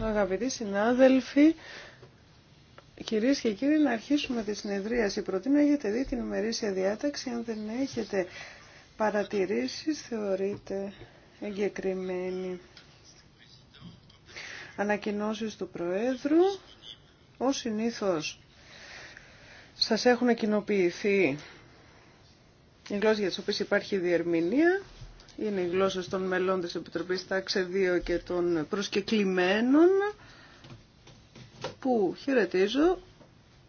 Αγαπητοί συνάδελφοι, κυρίε και κύριοι, να αρχίσουμε τη συνεδρίαση. Προτείνω έχετε δει την ημερήσια διάταξη. Αν δεν έχετε παρατηρήσει, θεωρείτε εγκεκριμένη. Ανακοινώσει του Προέδρου. Ω συνήθω, σα έχουν κοινοποιηθεί οι γλώσσε για τι οποίε υπάρχει διερμηνία είναι οι γλώσσες των μελών της Επιτροπής Τάξε 2 και των προσκεκλημένων που χαιρετίζω.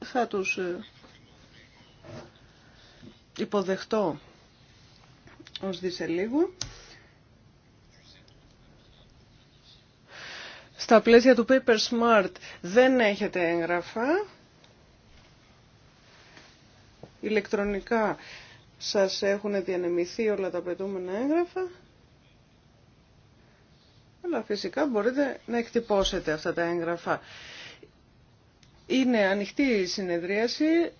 Θα τους ε, υποδεχτώ ως λίγο. Στα πλαίσια του Paper Smart δεν έχετε έγγραφα. Ηλεκτρονικά σας έχουν διανεμηθεί όλα τα πετούμενα έγγραφα. Αλλά φυσικά μπορείτε να εκτυπώσετε αυτά τα έγγραφα. Είναι ανοιχτή η συνεδρίαση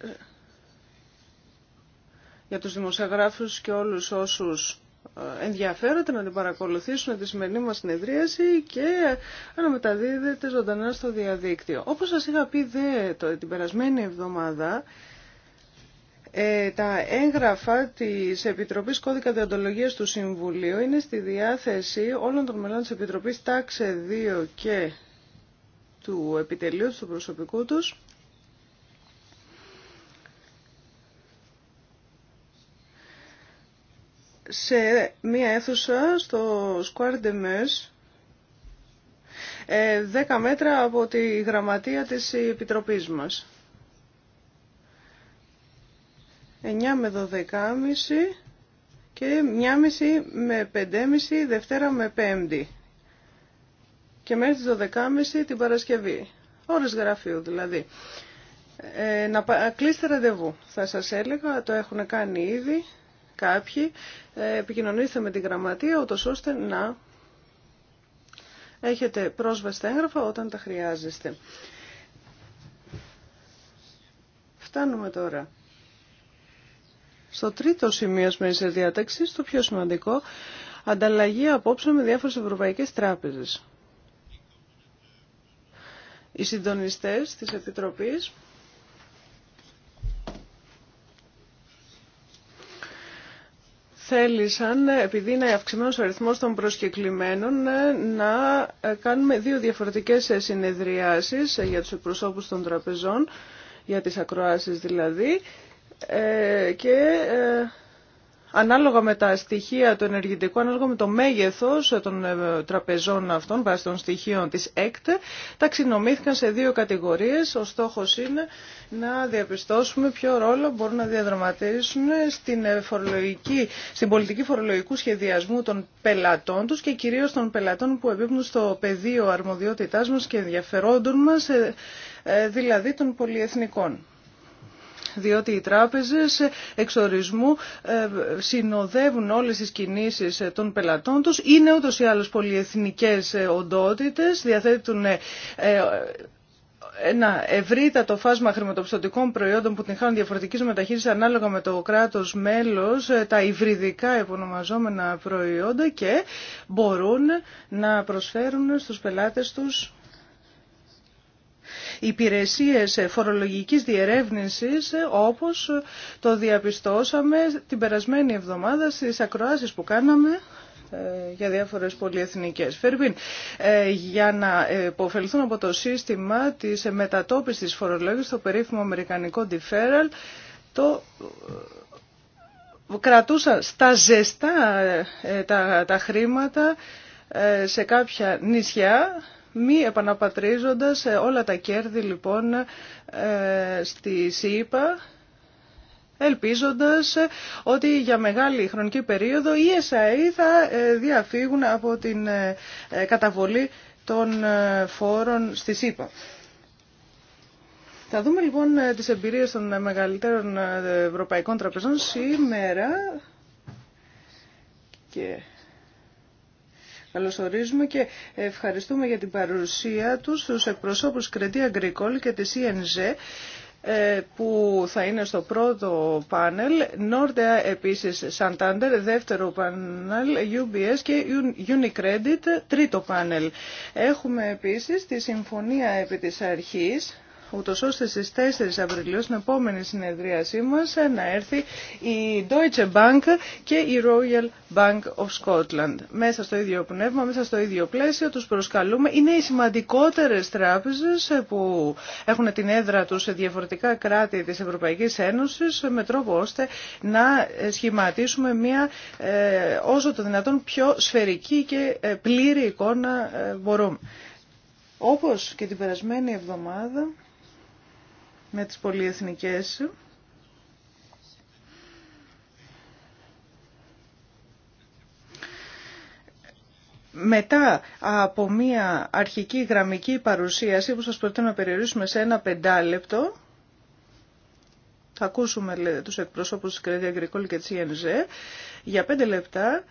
για τους δημοσιογράφους και όλους όσους ε, ενδιαφέρονται να την παρακολουθήσουν τη σημερινή μας συνεδρίαση και να μεταδίδεται ζωντανά στο διαδίκτυο. Όπως σας είχα πει το, την περασμένη εβδομάδα, ε, τα έγγραφα της Επιτροπής Κώδικα Διοντολογίας του Συμβουλίου είναι στη διάθεση όλων των μελών της Επιτροπής τάξε 2 και του επιτελείου του προσωπικού τους. σε μία αίθουσα στο Square de 10 ε, μέτρα από τη γραμματεία της Επιτροπής μας. 9 με 12.30 και 1.30 με 5.30 Δευτέρα με 5.00 και μέχρι τις 12.30 την Παρασκευή. Ώρες γραφείου δηλαδή. Ε, να κλείστε ραντεβού. Θα σας έλεγα, το έχουν κάνει ήδη κάποιοι. Ε, επικοινωνήστε με την γραμματεία, ούτως ώστε να έχετε πρόσβαση στα έγγραφα όταν τα χρειάζεστε. Φτάνουμε τώρα στο τρίτο σημείο της διάταξη, το πιο σημαντικό, ανταλλαγή απόψε με διάφορες ευρωπαϊκές τράπεζες. Οι συντονιστέ της Επιτροπή. θέλησαν, επειδή είναι αυξημένο ο αριθμό των προσκεκλημένων, να κάνουμε δύο διαφορετικέ συνεδριάσει για τους εκπροσώπους των τραπεζών, για τις ακροάσει δηλαδή. Ε, και ε, ανάλογα με τα στοιχεία του ενεργητικού, ανάλογα με το μέγεθος των ε, τραπεζών αυτών, βάσει των στοιχείων της ΕΚΤ, ταξινομήθηκαν σε δύο κατηγορίες. Ο στόχος είναι να διαπιστώσουμε ποιο ρόλο μπορούν να διαδραματίσουν στην, στην πολιτική φορολογικού σχεδιασμού των πελατών τους και κυρίως των πελατών που εμπίπτουν στο πεδίο αρμοδιότητάς μας και ενδιαφερόντων μας, δηλαδή των πολυεθνικών διότι οι τράπεζες εξορισμού ε, συνοδεύουν όλες τις κινήσεις ε, των πελατών τους, είναι ούτως ή άλλως πολυεθνικές ε, οντότητες, διαθέτουν ένα ευρύτατο φάσμα χρηματοπιστωτικών προϊόντων που την χάνουν διαφορετική μεταχείριση ανάλογα με το κράτο μέλο, τα υβριδικά επωνομαζόμενα προϊόντα και μπορούν να προσφέρουν στου πελάτε του υπηρεσίες φορολογικής διερεύνησης όπως το διαπιστώσαμε την περασμένη εβδομάδα στις ακροάσεις που κάναμε ε, για διάφορες πολυεθνικές. Φερμπίν, ε, για να υποφελθούν από το σύστημα της μετατόπισης της φορολόγησης, το περίφημο αμερικανικό deferral, το ε, κρατούσα στα ζεστά τα, τα χρήματα σε κάποια νησιά μη επαναπατρίζοντας ε, όλα τα κέρδη λοιπόν ε, στη ΣΥΠΑ ελπίζοντας ε, ότι για μεγάλη χρονική περίοδο οι ΕΣΑΗ θα διαφύγουν από την καταβολή των φόρων στη ΣΥΠΑ. Θα δούμε λοιπόν τις εμπειρίες των μεγαλύτερων ευρωπαϊκών τραπεζών σήμερα και καλωσορίζουμε και ευχαριστούμε για την παρουσία τους στους εκπροσώπους Κρετή Αγκρικόλ και της e ΕΝΖ που θα είναι στο πρώτο πάνελ, Νόρτεα επίσης Σαντάντερ, δεύτερο πάνελ, UBS και Unicredit, τρίτο πάνελ. Έχουμε επίσης τη συμφωνία επί της αρχής ούτως ώστε στις 4 Απριλίου στην επόμενη συνεδρίασή μας να έρθει η Deutsche Bank και η Royal Bank of Scotland. Μέσα στο ίδιο πνεύμα, μέσα στο ίδιο πλαίσιο τους προσκαλούμε. Είναι οι σημαντικότερες τράπεζες που έχουν την έδρα τους σε διαφορετικά κράτη της Ευρωπαϊκής Ένωσης με τρόπο ώστε να σχηματίσουμε μια ε, όσο το δυνατόν πιο σφαιρική και ε, πλήρη εικόνα ε, μπορούμε. Όπως και την περασμένη εβδομάδα με τις πολυεθνικές. Μετά από μία αρχική γραμμική παρουσίαση που σας προτείνω να περιορίσουμε σε ένα πεντάλεπτο, θα ακούσουμε τους εκπροσώπους της Κρέδια Γκρικόλ και της e για πέντε λεπτά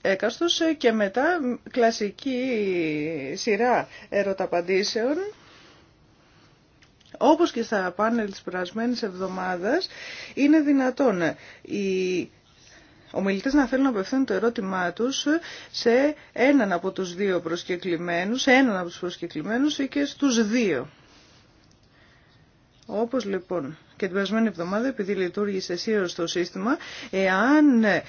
έκαστος και μετά κλασική σειρά ερωταπαντήσεων όπως και στα πάνελ της περασμένης εβδομάδας, είναι δυνατόν ε, οι ομιλητές να θέλουν να απευθύνουν το ερώτημά τους σε έναν από τους δύο προσκεκλημένους, σε έναν από τους προσκεκλημένους ή και στους δύο. Όπως λοιπόν και την περασμένη εβδομάδα, επειδή λειτουργήσε σύρως το σύστημα, εάν ε,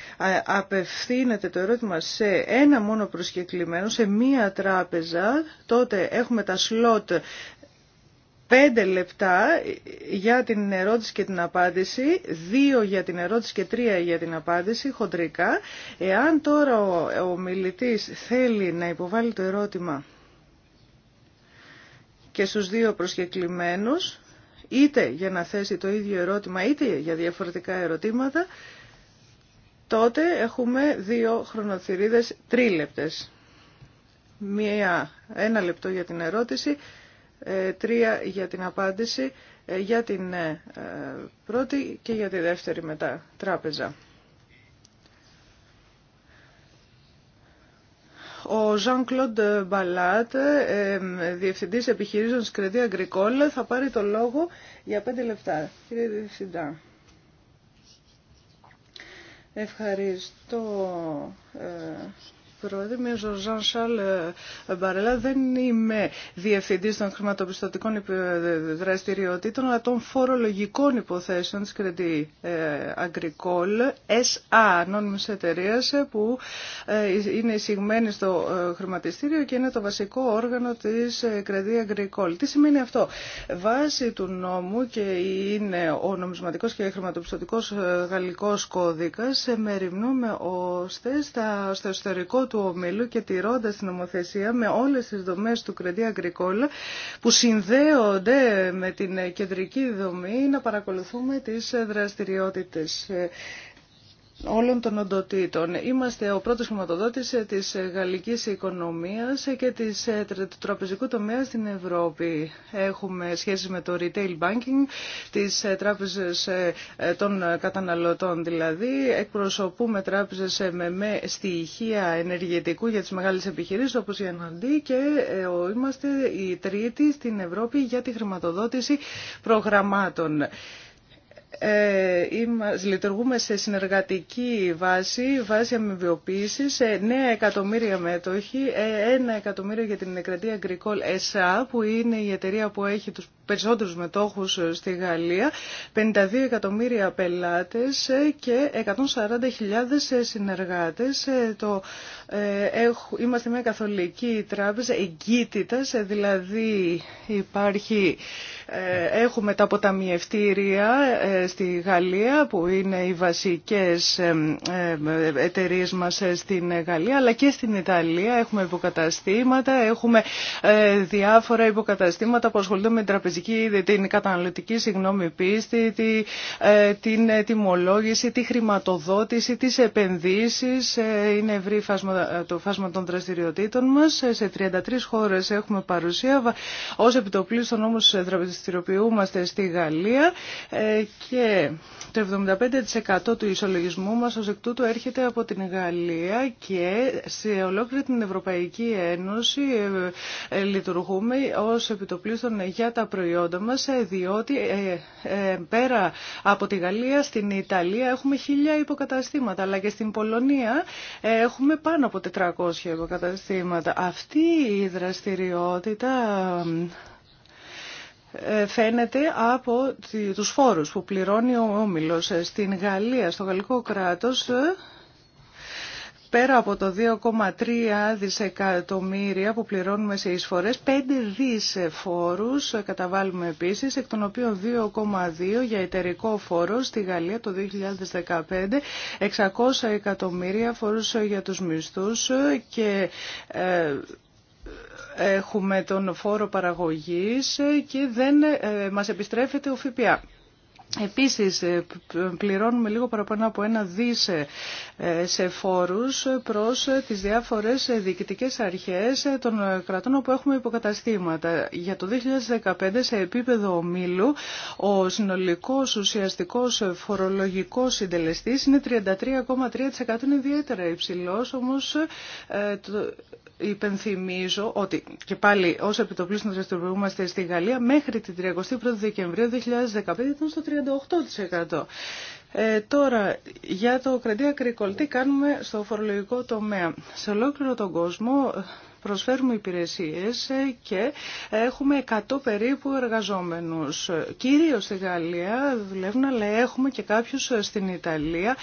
απευθύνεται το ερώτημα σε ένα μόνο προσκεκλημένο, σε μία τράπεζα, τότε έχουμε τα σλότ πέντε λεπτά για την ερώτηση και την απάντηση, δύο για την ερώτηση και τρία για την απάντηση, χοντρικά. Εάν τώρα ο, ο θέλει να υποβάλει το ερώτημα και στους δύο προσκεκλημένους, είτε για να θέσει το ίδιο ερώτημα, είτε για διαφορετικά ερωτήματα, τότε έχουμε δύο χρονοθυρίδες τρίλεπτες. Μία, ένα λεπτό για την ερώτηση, ε, τρία για την απάντηση ε, για την ε, πρώτη και για τη δεύτερη μετά τράπεζα. Ο Jean-Claude Μπαλάτ, Διευθυντής Επιχειρήσεων της Κρετή θα πάρει το λόγο για πέντε λεπτά. Κύριε Διευθυντά. Ευχαριστώ Πρόεδρε, με ο Ζωζάν Σαλ ε, Μπαρελά. Δεν είμαι διευθυντή των χρηματοπιστωτικών δραστηριοτήτων, αλλά των φορολογικών υποθέσεων τη Credit Αγκρικόλ ε, SA, ανώνυμης εταιρεία, ε, που είναι εισηγμένη στο χρηματιστήριο και είναι το βασικό όργανο τη Credit Αγκρικόλ. Τι σημαίνει αυτό. Βάση του νόμου και είναι ο νομισματικό και χρηματοπιστωτικό γαλλικό κώδικα, μεριμνούμε ώστε στο εσωτερικό του ομίλου και τηρώντα την νομοθεσία με όλες τις δομές του Κρεντή Αγκρικόλα που συνδέονται με την κεντρική δομή να παρακολουθούμε τις δραστηριότητες όλων των οντοτήτων. Είμαστε ο πρώτος χρηματοδότης της γαλλικής οικονομίας και της, ε, του τραπεζικού τομέα στην Ευρώπη. Έχουμε σχέσεις με το retail banking, τις ε, τράπεζες ε, των καταναλωτών δηλαδή. Εκπροσωπούμε τράπεζες με, με στοιχεία ενεργετικού για τις μεγάλες επιχειρήσεις όπως η Αναντή και είμαστε η τρίτη στην Ευρώπη για τη χρηματοδότηση προγραμμάτων. Ε, λειτουργούμε σε συνεργατική βάση, βάση αμοιβιοποίηση, σε 9 εκατομμύρια μέτοχοι, 1 ε, εκατομμύριο για την εκρατεία Γκρικόλ ΕΣΑ, που είναι η εταιρεία που έχει τους περισσότερους μετόχους ε, στη Γαλλία, 52 εκατομμύρια πελάτες και 140.000 συνεργάτες. Το ε, είμαστε μια καθολική τράπεζα εγκύτητας, ε, δηλαδή υπάρχει, ε, έχουμε τα αποταμιευτήρια στη Γαλλία που είναι οι βασικές εταιρείε μας στην Γαλλία αλλά και στην Ιταλία έχουμε υποκαταστήματα, έχουμε διάφορα υποκαταστήματα που ασχολούνται με την τραπεζική, την καταναλωτική συγγνώμη πίστη, την τιμολόγηση, τη χρηματοδότηση, τις επενδύσεις, είναι ευρύ το φάσμα των δραστηριοτήτων μας. Σε 33 χώρες έχουμε παρουσία. Ως επιτοπλίστων όμως δραστηριοποιούμαστε στη Γαλλία ε, και το 75% του ισολογισμού μας ως εκ τούτου έρχεται από την Γαλλία και σε ολόκληρη την Ευρωπαϊκή Ένωση ε, ε, λειτουργούμε ως επιτοπλίστων για τα προϊόντα μας διότι πέρα από τη Γαλλία στην Ιταλία έχουμε χιλιά υποκαταστήματα αλλά και στην Πολωνία έχουμε πάνω από 400 υποκαταστήματα. Αυτή η δραστηριότητα ε, φαίνεται από τους φόρους που πληρώνει ο Όμιλος ε, στην Γαλλία, στο γαλλικό κράτος ε, πέρα από το 2,3 δισεκατομμύρια που πληρώνουμε σε εισφορές, 5 δις φόρους καταβάλουμε επίσης, εκ των οποίων 2,2 για εταιρικό φόρο στη Γαλλία το 2015, 600 εκατομμύρια φόρους για τους μισθούς και ε, έχουμε τον φόρο παραγωγής και δεν ε, μας επιστρέφεται ο ΦΠΑ. Επίσης ε, πληρώνουμε λίγο παραπάνω από ένα δις ε, ε, σε φόρους προς τις διάφορες διοικητικές αρχές των κρατών όπου έχουμε υποκαταστήματα. Για το 2015 σε επίπεδο ομίλου ο συνολικός ουσιαστικός φορολογικός συντελεστής είναι 33,3% είναι ιδιαίτερα υψηλός όμως υπενθυμίζω ότι και πάλι ως επιτοπλίστων δραστηριοποιούμαστε στη Γαλλία μέχρι την 31 η Δεκεμβρίου 2015 ήταν στο 38%. Ε, τώρα, για το κρατή ακρικολ, κάνουμε στο φορολογικό τομέα. Σε ολόκληρο τον κόσμο ε, προσφέρουμε υπηρεσίες ε, και έχουμε 100 περίπου εργαζόμενους. Ε, κυρίως στη Γαλλία δουλεύουν, αλλά έχουμε και κάποιους στην Ιταλία,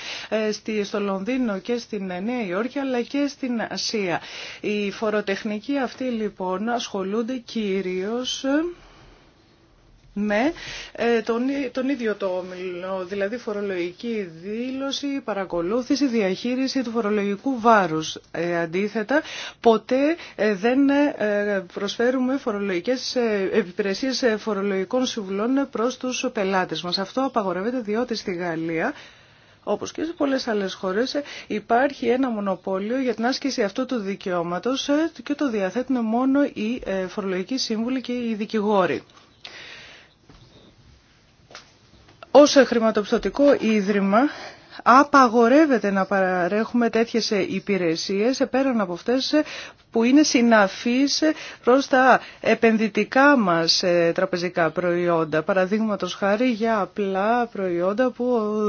στο Λονδίνο και στην Νέα Υόρκη, αλλά και στην Ασία. Οι φοροτεχνικοί αυτοί λοιπόν ασχολούνται κυρίως με ε, τον, τον ίδιο το όμιλο, δηλαδή φορολογική δήλωση, παρακολούθηση, διαχείριση του φορολογικού βάρους. Ε, αντίθετα, ποτέ ε, δεν προσφέρουμε φορολογικές υπηρεσίες φορολογικών συμβουλών προς τους πελάτες μας. Αυτό απαγορεύεται διότι στη Γαλλία όπως και σε πολλές άλλες χώρες, υπάρχει ένα μονοπόλιο για την άσκηση αυτού του δικαιώματος και το διαθέτουν μόνο οι φορολογικοί σύμβουλοι και οι δικηγόροι. ως χρηματοπιστωτικό ίδρυμα απαγορεύεται να παρέχουμε τέτοιες υπηρεσίες πέραν από αυτές που είναι συναφείς προς τα επενδυτικά μας ε, τραπεζικά προϊόντα. Παραδείγματος χάρη για απλά προϊόντα που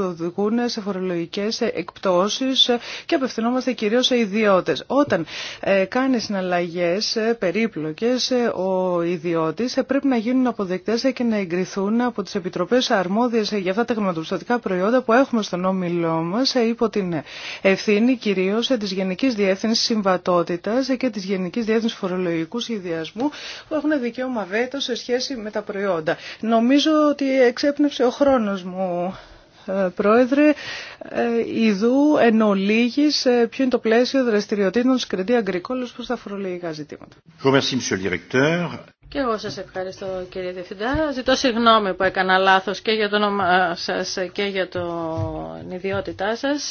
οδηγούν σε φορολογικές εκπτώσεις και απευθυνόμαστε κυρίως σε ιδιώτες. Όταν ε, κάνει συναλλαγές ε, περίπλοκες ο ιδιώτης πρέπει να γίνουν αποδεκτές και να εγκριθούν από τις επιτροπές αρμόδιες για αυτά τα χρηματοπιστωτικά προϊόντα που έχουμε στον όμιλό μας υπό την ευθύνη κυρίως της Γενικής Διεύθυνσης Συμβατότητας της Γενικής Διεύθυνσης Φορολογικού Σχεδιασμού που έχουν δικαίωμα βέτο σε σχέση με τα προϊόντα. Νομίζω ότι εξέπνευσε ο χρόνος μου. Ε, πρόεδρε, ειδού εν ολίγης, ε, ποιο είναι το πλαίσιο δραστηριοτήτων της Κρεντή Αγκρικόλους προς τα φορολογικά ζητήματα. Και εγώ σας ευχαριστώ κύριε Διευθυντά. Ζητώ συγγνώμη που έκανα λάθος και για το όνομά ε, σας και για την ιδιότητά σας.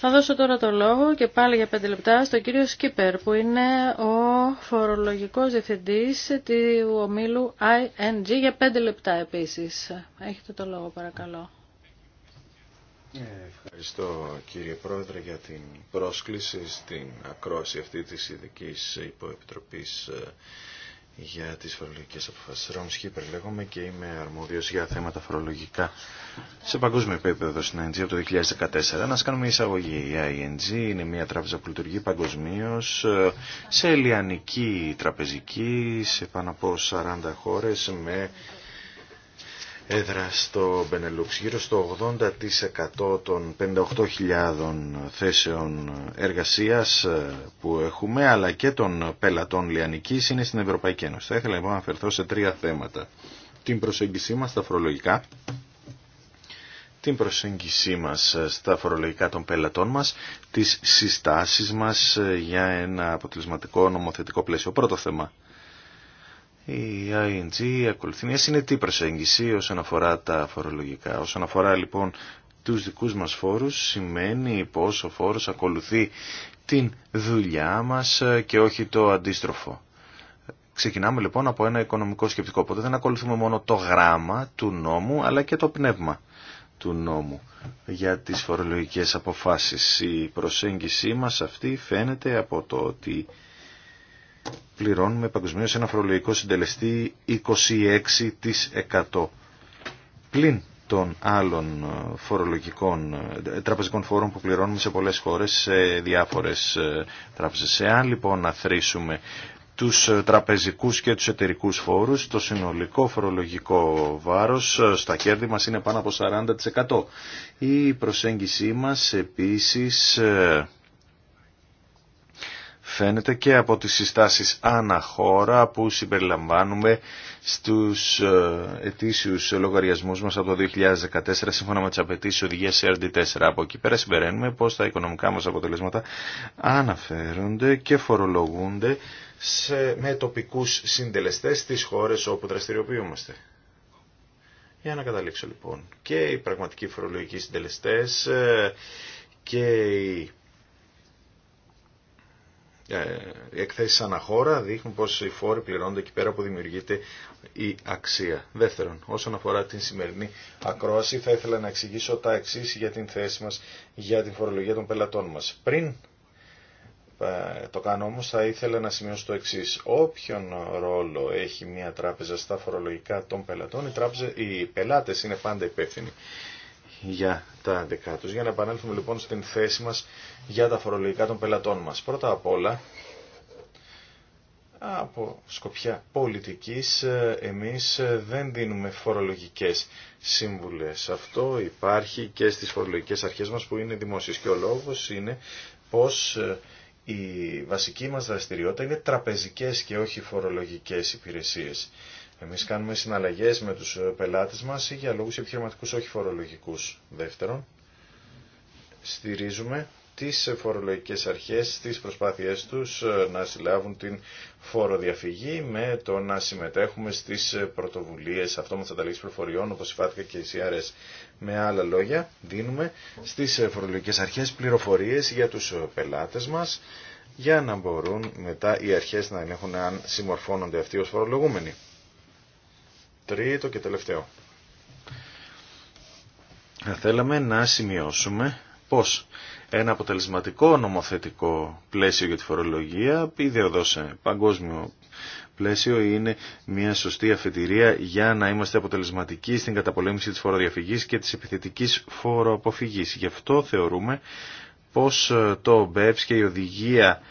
Θα δώσω τώρα το λόγο και πάλι για πέντε λεπτά στον κύριο Σκίπερ που είναι ο φορολογικός διευθυντής του ομίλου ING για πέντε λεπτά επίσης. Έχετε το λόγο παρακαλώ. Ε, ευχαριστώ κύριε Πρόεδρε για την πρόσκληση στην ακρόαση αυτή της ειδική Υποεπιτροπής ε, για τις φορολογικές αποφάσεις. Ρόμ Χίπερ λέγομαι και είμαι αρμόδιος για θέματα φορολογικά σε παγκόσμιο επίπεδο στην ING από το 2014. Να σας κάνουμε εισαγωγή. Η ING είναι μια τράπεζα που λειτουργεί παγκοσμίω σε ελιανική τραπεζική, σε πάνω από 40 χώρες με έδρα στο Μπενελούξ. Γύρω στο 80% των 58.000 θέσεων εργασίας ε, που έχουμε, αλλά και των πελατών λιανικής, είναι στην Ευρωπαϊκή Ένωση. Θα ήθελα λοιπόν να αφαιρθώ σε τρία θέματα. Την προσέγγισή μας στα φορολογικά, την προσέγγισή μας ε, στα φορολογικά των πελατών μας, τις συστάσεις μας ε, για ένα αποτελεσματικό νομοθετικό πλαίσιο. Πρώτο θέμα, η ING ακολουθεί μια συνετή προσέγγιση όσον αφορά τα φορολογικά. Όσον αφορά λοιπόν τους δικούς μας φόρους σημαίνει πως ο φόρος ακολουθεί την δουλειά μας και όχι το αντίστροφο. Ξεκινάμε λοιπόν από ένα οικονομικό σκεπτικό, οπότε δεν ακολουθούμε μόνο το γράμμα του νόμου αλλά και το πνεύμα του νόμου για τις φορολογικές αποφάσεις. Η προσέγγιση μας αυτή φαίνεται από το ότι πληρώνουμε παγκοσμίως ένα φορολογικό συντελεστή 26% πλην των άλλων ε, φορολογικών ε, τραπεζικών φόρων που πληρώνουμε σε πολλές χώρες, σε διάφορες ε, τράπεζες. Εάν λοιπόν αθροίσουμε τους τραπεζικούς και τους εταιρικούς φόρους, το συνολικό φορολογικό βάρος στα κέρδη μας είναι πάνω από 40%. Η προσέγγισή μας επίσης φαίνεται και από τις συστάσεις αναχώρα που συμπεριλαμβάνουμε στους ε, ετήσιους λογαριασμούς μας από το 2014 σύμφωνα με τις απαιτήσεις οδηγίας CRD4. Από εκεί πέρα συμπεραίνουμε πως τα οικονομικά μας αποτελέσματα αναφέρονται και φορολογούνται σε, με τοπικούς συντελεστές στις χώρες όπου δραστηριοποιούμαστε. Για να καταλήξω λοιπόν. Και οι πραγματικοί φορολογικοί συντελεστές ε, και οι ε, εκθέσεις αναχώρα δείχνουν πως οι φόροι πληρώνονται εκεί πέρα που δημιουργείται η αξία. Δεύτερον, όσον αφορά την σημερινή ακρόαση θα ήθελα να εξηγήσω τα εξή για την θέση μας για την φορολογία των πελατών μας. Πριν ε, το κάνω όμως θα ήθελα να σημειώσω το εξή. Όποιον ρόλο έχει μια τράπεζα στα φορολογικά των πελατών, οι, τράπεζα, οι πελάτες είναι πάντα υπεύθυνοι για τα δικά Για να επανέλθουμε λοιπόν στην θέση μας για τα φορολογικά των πελατών μας. Πρώτα απ' όλα, από σκοπιά πολιτικής, ε, εμείς ε, δεν δίνουμε φορολογικές σύμβουλες. Αυτό υπάρχει και στις φορολογικές αρχές μας που είναι δημόσιες και ο λόγος είναι πως ε, η βασική μας δραστηριότητα είναι τραπεζικές και όχι φορολογικές υπηρεσίες. Εμείς κάνουμε συναλλαγές με τους ε, πελάτες μας ή για λόγους επιχειρηματικούς όχι φορολογικούς. Δεύτερον, στηρίζουμε τις ε, φορολογικές αρχές τις προσπάθειές τους ε, να συλλάβουν την φοροδιαφυγή με το να συμμετέχουμε στις πρωτοβουλίες αυτόματος ανταλλαγής προφοριών όπως η ΦΑΤΚΑ και η ΣΥΑΡΕΣ. Με άλλα λόγια δίνουμε στις φορολογικές αρχές πληροφορίες για τους πελάτες μας για να μπορούν μετά οι αρχές να ελέγχουν αν συμμορφώνονται αυτοί ως φορολογούμενοι τρίτο και τελευταίο. Θέλαμε να σημειώσουμε πως ένα αποτελεσματικό νομοθετικό πλαίσιο για τη φορολογία, ιδεοδό σε παγκόσμιο πλαίσιο, είναι μια σωστή αφετηρία για να είμαστε αποτελεσματικοί στην καταπολέμηση της φοροδιαφυγής και της επιθετικής φοροαποφυγής. Γι' αυτό θεωρούμε πως το BEPS και η οδηγία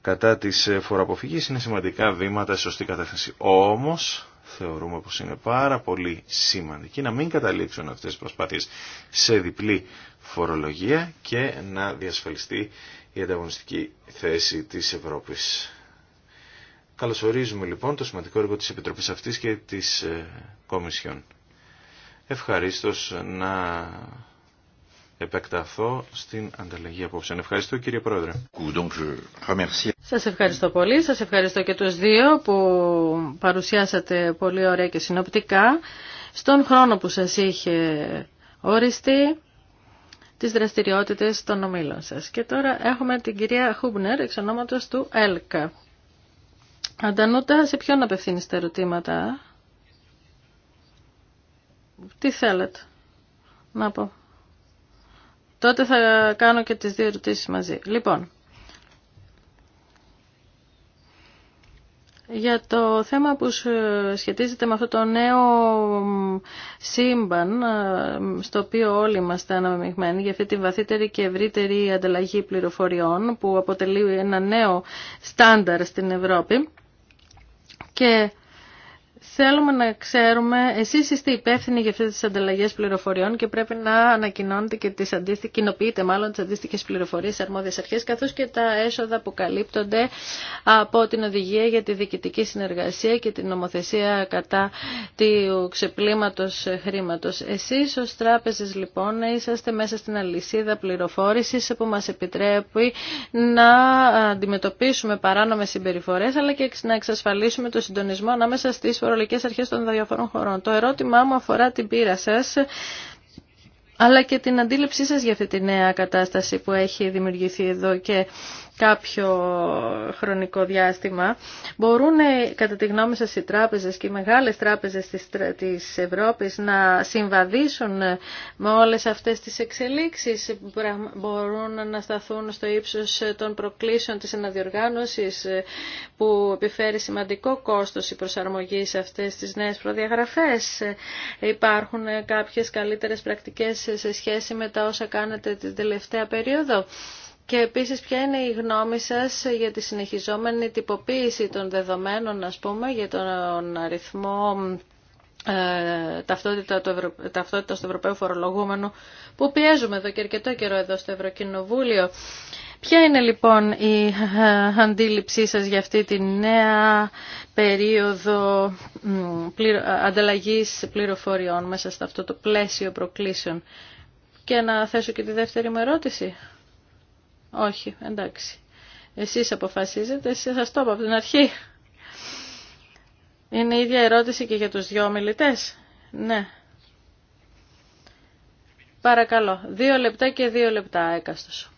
κατά της φοροαποφυγής είναι σημαντικά βήματα σε σωστή κατεύθυνση. Όμως, θεωρούμε πως είναι πάρα πολύ σημαντική να μην καταλήξουν αυτές τις προσπάθειες σε διπλή φορολογία και να διασφαλιστεί η ανταγωνιστική θέση της Ευρώπης. Καλωσορίζουμε λοιπόν το σημαντικό έργο της Επιτροπής αυτής και της ε, Κομισιόν. Ευχαρίστως να επεκταθώ στην ανταλλαγή απόψε. Ευχαριστώ κύριε Πρόεδρε. Σας ευχαριστώ πολύ. Σας ευχαριστώ και τους δύο που παρουσιάσατε πολύ ωραία και συνοπτικά στον χρόνο που σας είχε οριστεί τις δραστηριότητες των ομίλων σας. Και τώρα έχουμε την κυρία Χούμπνερ, εξ ονόματος του ΕΛΚΑ. Αντανούτα, σε ποιον απευθύνεις τα ερωτήματα, τι θέλετε να πω. Τότε θα κάνω και τις δύο ερωτήσεις μαζί. Λοιπόν, για το θέμα που σχετίζεται με αυτό το νέο σύμπαν στο οποίο όλοι είμαστε αναμειγμένοι για αυτή τη βαθύτερη και ευρύτερη ανταλλαγή πληροφοριών που αποτελεί ένα νέο στάνταρ στην Ευρώπη και Θέλουμε να ξέρουμε, εσείς είστε υπεύθυνοι για αυτές τις ανταλλαγές πληροφοριών και πρέπει να ανακοινώνετε και τις αντίστοιχες, κοινοποιείτε μάλλον τις αντίστοιχες πληροφορίες σε αρμόδιες αρχές, καθώς και τα έσοδα που καλύπτονται από την οδηγία για τη διοικητική συνεργασία και την νομοθεσία κατά του ξεπλήματος χρήματος. Εσείς ως τράπεζες λοιπόν είσαστε μέσα στην αλυσίδα πληροφόρησης που μας επιτρέπει να αντιμετωπίσουμε παράνομες συμπεριφορές αλλά και να εξασφαλίσουμε το συντονισμό ανάμεσα στις Ευρωπαϊκές Αρχές των διαφορών χωρών. Το ερώτημά μου αφορά την πείρα σας, αλλά και την αντίληψή σας για αυτή τη νέα κατάσταση που έχει δημιουργηθεί εδώ και κάποιο χρονικό διάστημα, μπορούν ε, κατά τη γνώμη σας οι τράπεζες και οι μεγάλες τράπεζες της, της Ευρώπης να συμβαδίσουν ε, με όλες αυτές τις εξελίξεις, μπορούν να σταθούν στο ύψος ε, των προκλήσεων της αναδιοργάνωσης που επιφέρει σημαντικό κόστος η προσαρμογή σε αυτές τις νέες προδιαγραφές. Υπάρχουν κάποιες καλύτερες πρακτικές σε σχέση με τα όσα κάνετε την τελευταία περίοδο. Και επίσης ποια είναι η γνώμη σας για τη συνεχιζόμενη τυποποίηση των δεδομένων, ας πούμε, για τον αριθμό ε, ταυτότητα, του ταυτότητα του Ευρωπαίου Φορολογούμενου που πιέζουμε εδώ και αρκετό καιρό εδώ στο Ευρωκοινοβούλιο. Ποια είναι λοιπόν η ε, αντίληψή σας για αυτή τη νέα περίοδο ανταλλαγή ανταλλαγής πληροφοριών μέσα σε αυτό το πλαίσιο προκλήσεων. Και να θέσω και τη δεύτερη μου ερώτηση. Όχι, εντάξει. Εσείς αποφασίζετε, εσείς σας το είπα από την αρχή. Είναι η ίδια ερώτηση και για τους δυο ομιλητές. Ναι. Παρακαλώ, δύο λεπτά και δύο λεπτά έκαστος.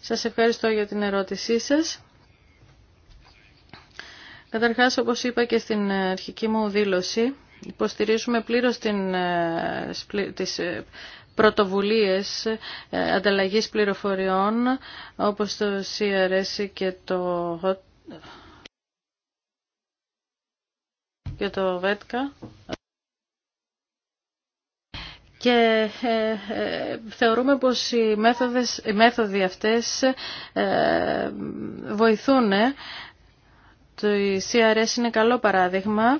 Σας ευχαριστώ για την ερώτησή σας. Καταρχάς, όπως είπα και στην αρχική μου δήλωση, Υποστηρίζουμε πλήρως την, ε, τις ε, πρωτοβουλίες ε, ανταλλαγής πληροφοριών όπως το CRS και το, και το Και θεωρούμε πως οι, μέθοδες, οι μέθοδοι αυτές βοηθούν. Το CRS είναι καλό παράδειγμα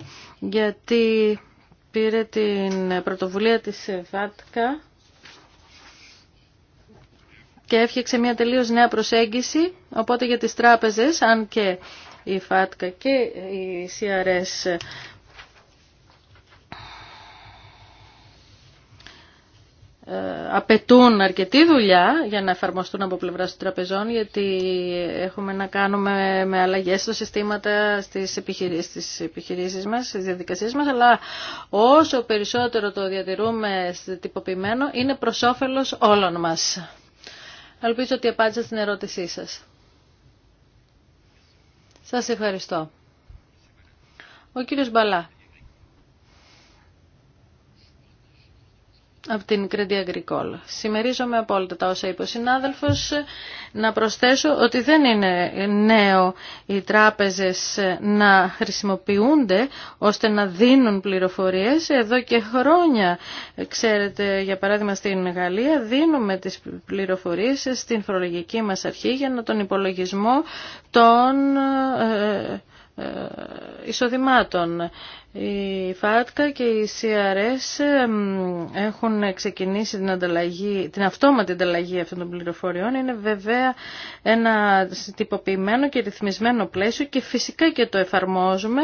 γιατί πήρε την πρωτοβουλία της ΒΑΤΚΑ και έφτιαξε μια τελείως νέα προσέγγιση, οπότε για τις τράπεζες, αν και η ΦΑΤΚΑ και οι CRS Ε, απαιτούν αρκετή δουλειά για να εφαρμοστούν από πλευρά των τραπεζών γιατί έχουμε να κάνουμε με αλλαγές στα συστήματα στις επιχειρήσεις, στις επιχειρήσεις μας, στις διαδικασίες μας αλλά όσο περισσότερο το διατηρούμε τυποποιημένο είναι προς όφελος όλων μας. Ελπίζω ότι απάντησα στην ερώτησή σας. Σας ευχαριστώ. Ο κύριος Μπαλά. από την Κρεντή Αγκρικόλ. απόλυτα τα όσα είπε ο συνάδελφος. Να προσθέσω ότι δεν είναι νέο οι τράπεζες να χρησιμοποιούνται ώστε να δίνουν πληροφορίες. Εδώ και χρόνια, ξέρετε, για παράδειγμα στην Γαλλία, δίνουμε τις πληροφορίες στην φορολογική μας αρχή για να τον υπολογισμό των ε, ε, εισοδημάτων. Η ΦΑΤΚΑ και οι CRS ε, έχουν ξεκινήσει την, ανταλλαγή, την αυτόματη ανταλλαγή αυτών των πληροφοριών. Είναι βέβαια ένα τυποποιημένο και ρυθμισμένο πλαίσιο και φυσικά και το εφαρμόζουμε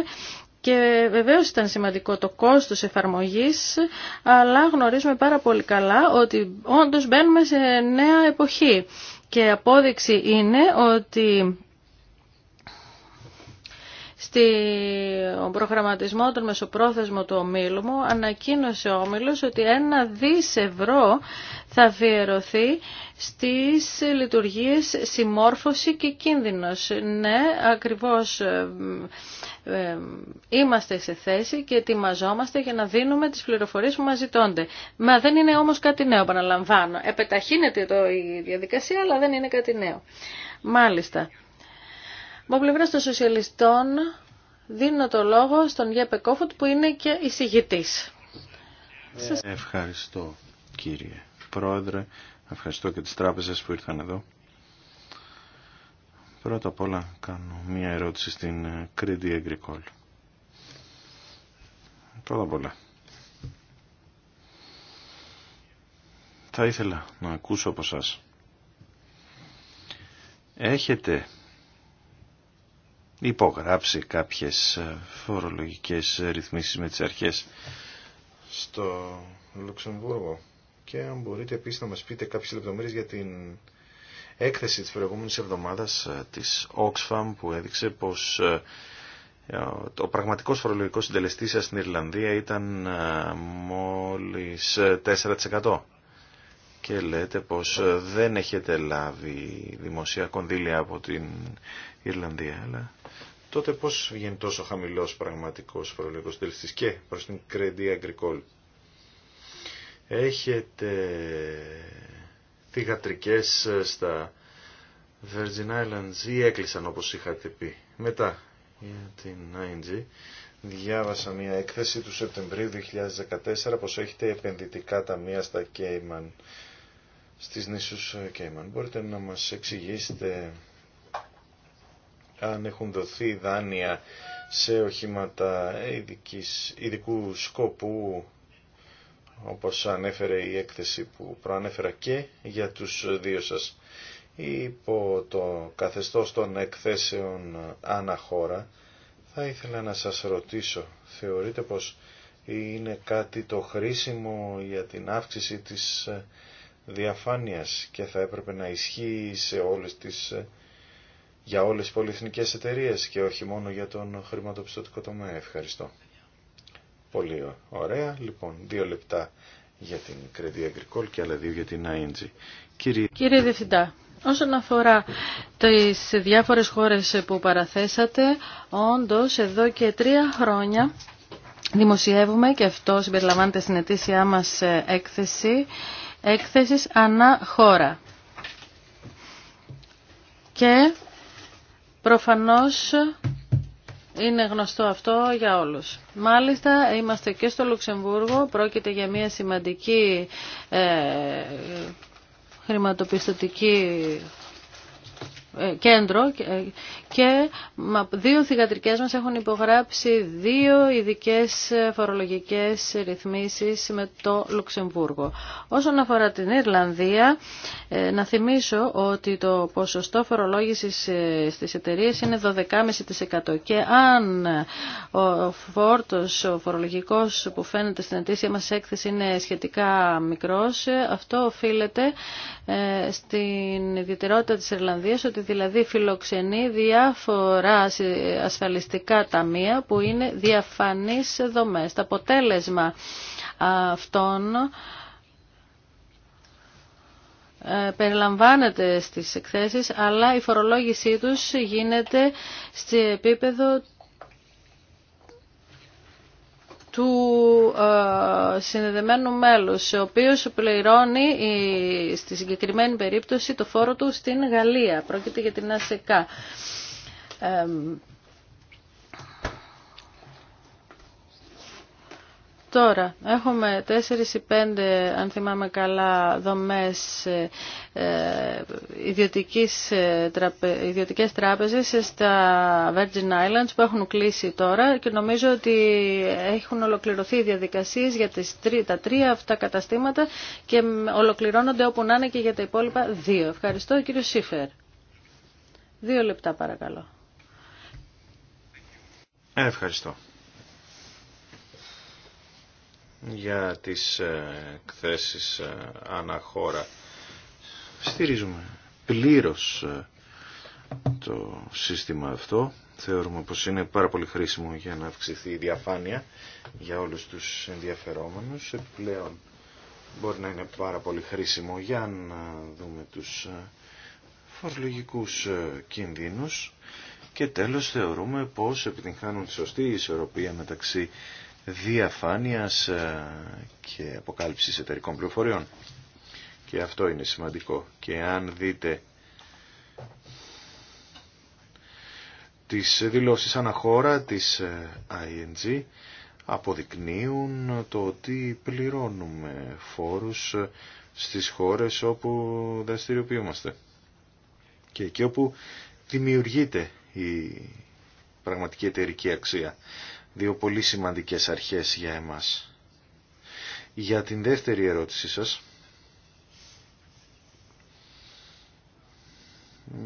και βεβαίως ήταν σημαντικό το κόστος εφαρμογής, αλλά γνωρίζουμε πάρα πολύ καλά ότι όντως μπαίνουμε σε νέα εποχή. Και απόδειξη είναι ότι στον προγραμματισμό των μεσοπρόθεσμων του ομίλου μου ανακοίνωσε ο όμιλος ότι ένα δις ευρώ θα αφιερωθεί στις λειτουργίες συμμόρφωση και κίνδυνος. Ναι, ακριβώς ε, ε, είμαστε σε θέση και ετοιμαζόμαστε για να δίνουμε τις πληροφορίες που μας ζητώνται. Μα δεν είναι όμως κάτι νέο, επαναλαμβάνω. Επεταχύνεται το, η διαδικασία, αλλά δεν είναι κάτι νέο. Μάλιστα. Από πλευρά των σοσιαλιστών δίνω το λόγο στον Γιέπε Κόφουτ που είναι και εισηγητής. Ε, ευχαριστώ κύριε Πρόεδρε, ευχαριστώ και τις τράπεζες που ήρθαν εδώ. Πρώτα απ' όλα κάνω μία ερώτηση στην Credit ε, Εγκρικόλ. Πρώτα απ' όλα. Θα ήθελα να ακούσω από σας. Έχετε υπογράψει κάποιες ε, φορολογικές ρυθμίσεις με τις αρχές στο Λουξεμβούργο. Και αν μπορείτε επίσης να μας πείτε κάποιες λεπτομέρειες για την έκθεση της προηγούμενης εβδομάδας ε, της Oxfam που έδειξε πως ε, ο πραγματικός φορολογικός συντελεστής σας στην Ιρλανδία ήταν μόλις 4% και λέτε πως ε, δεν έχετε λάβει δημοσία κονδύλια από την Ιρλανδία, αλλά τότε πώς βγαίνει τόσο χαμηλός πραγματικός φορολογικός και προς την Credit Agricole. Έχετε θηγατρικές ε, στα Virgin Islands ή έκλεισαν όπως είχατε πει. Μετά για την ING διάβασα μια έκθεση του Σεπτεμβρίου 2014 πως έχετε επενδυτικά ταμεία στα Cayman στις νήσους ε, Κέιμαν. Μπορείτε να μας εξηγήσετε αν έχουν δοθεί δάνεια σε οχήματα ειδικής, ειδικού σκοπού όπως ανέφερε η έκθεση που προανέφερα και για τους δύο σας υπό το καθεστώς των εκθέσεων αναχώρα θα ήθελα να σας ρωτήσω θεωρείτε πως είναι κάτι το χρήσιμο για την αύξηση της ε, διαφάνειας και θα έπρεπε να ισχύει σε όλες τις, για όλες τις πολυεθνικές εταιρείες και όχι μόνο για τον χρηματοπιστωτικό τομέα. Ευχαριστώ. Πολύ ωραία. Λοιπόν, δύο λεπτά για την Credit Agricole και άλλα δύο για την ING. Κύριε, Κύριε Διευθυντά, όσον αφορά τις διάφορες χώρες που παραθέσατε, όντως εδώ και τρία χρόνια δημοσιεύουμε και αυτό συμπεριλαμβάνεται στην ετήσια μας ε, έκθεση έκθεσης ανά χώρα. Και προφανώς είναι γνωστό αυτό για όλους. Μάλιστα, είμαστε και στο Λουξεμβούργο. Πρόκειται για μια σημαντική ε, χρηματοπιστωτική ε, κέντρο και ε, δύο θηγατρικές μας έχουν υπογράψει δύο ειδικέ ε, φορολογικές ρυθμίσεις με το Λουξεμβούργο. Όσον αφορά την Ιρλανδία, να θυμίσω ότι το ποσοστό φορολόγησης στις εταιρείες είναι 12,5% και αν ο φόρτος ο φορολογικός που φαίνεται στην ετήσια μας έκθεση είναι σχετικά μικρός, αυτό οφείλεται ε, στην ιδιαιτερότητα της Ιρλανδίας ότι δηλαδή φιλοξενεί διάφορα ασφαλιστικά ταμεία που είναι διαφανείς δομές. Το αποτέλεσμα αυτών ε, περιλαμβάνεται στις εκθέσεις αλλά η φορολόγησή τους γίνεται σε επίπεδο του ε, συνδεδεμένου μέλους, ο οποίος πληρώνει ε, στη συγκεκριμένη περίπτωση το φόρο του στην Γαλλία. Πρόκειται για την ΑΣΕΚΑ. Ε, Τώρα, έχουμε 4 ή 5, αν θυμάμαι καλά, δομές ε, ε, ιδιωτικής, ε, ιδιωτικές τράπεζες στα Virgin Islands που έχουν κλείσει τώρα και νομίζω ότι έχουν ολοκληρωθεί οι διαδικασίες για τις, τα τρία αυτά καταστήματα και ολοκληρώνονται όπου να είναι και για τα υπόλοιπα δύο. Ευχαριστώ, κύριο Σίφερ. Δύο λεπτά παρακαλώ. Ευχαριστώ για τις ε, εκθέσεις ε, αναχώρα. Στηρίζουμε πλήρως ε, το σύστημα αυτό. Θεωρούμε πως είναι πάρα πολύ χρήσιμο για να αυξηθεί η διαφάνεια για όλους τους ενδιαφερόμενους. Επιπλέον μπορεί να είναι πάρα πολύ χρήσιμο για να δούμε τους φορολογικούς κινδύνους. Και τέλος θεωρούμε πως επιτυγχάνουν τη σωστή ισορροπία μεταξύ διαφάνειας ε, και αποκάλυψης εταιρικών πληροφοριών. Και αυτό είναι σημαντικό. Και αν δείτε τις δηλώσεις αναχώρα της ε, ING αποδεικνύουν το ότι πληρώνουμε φόρους ε, στις χώρες όπου δραστηριοποιούμαστε. Και εκεί όπου δημιουργείται η πραγματική εταιρική αξία δύο πολύ σημαντικές αρχές για εμάς. Για την δεύτερη ερώτησή σας,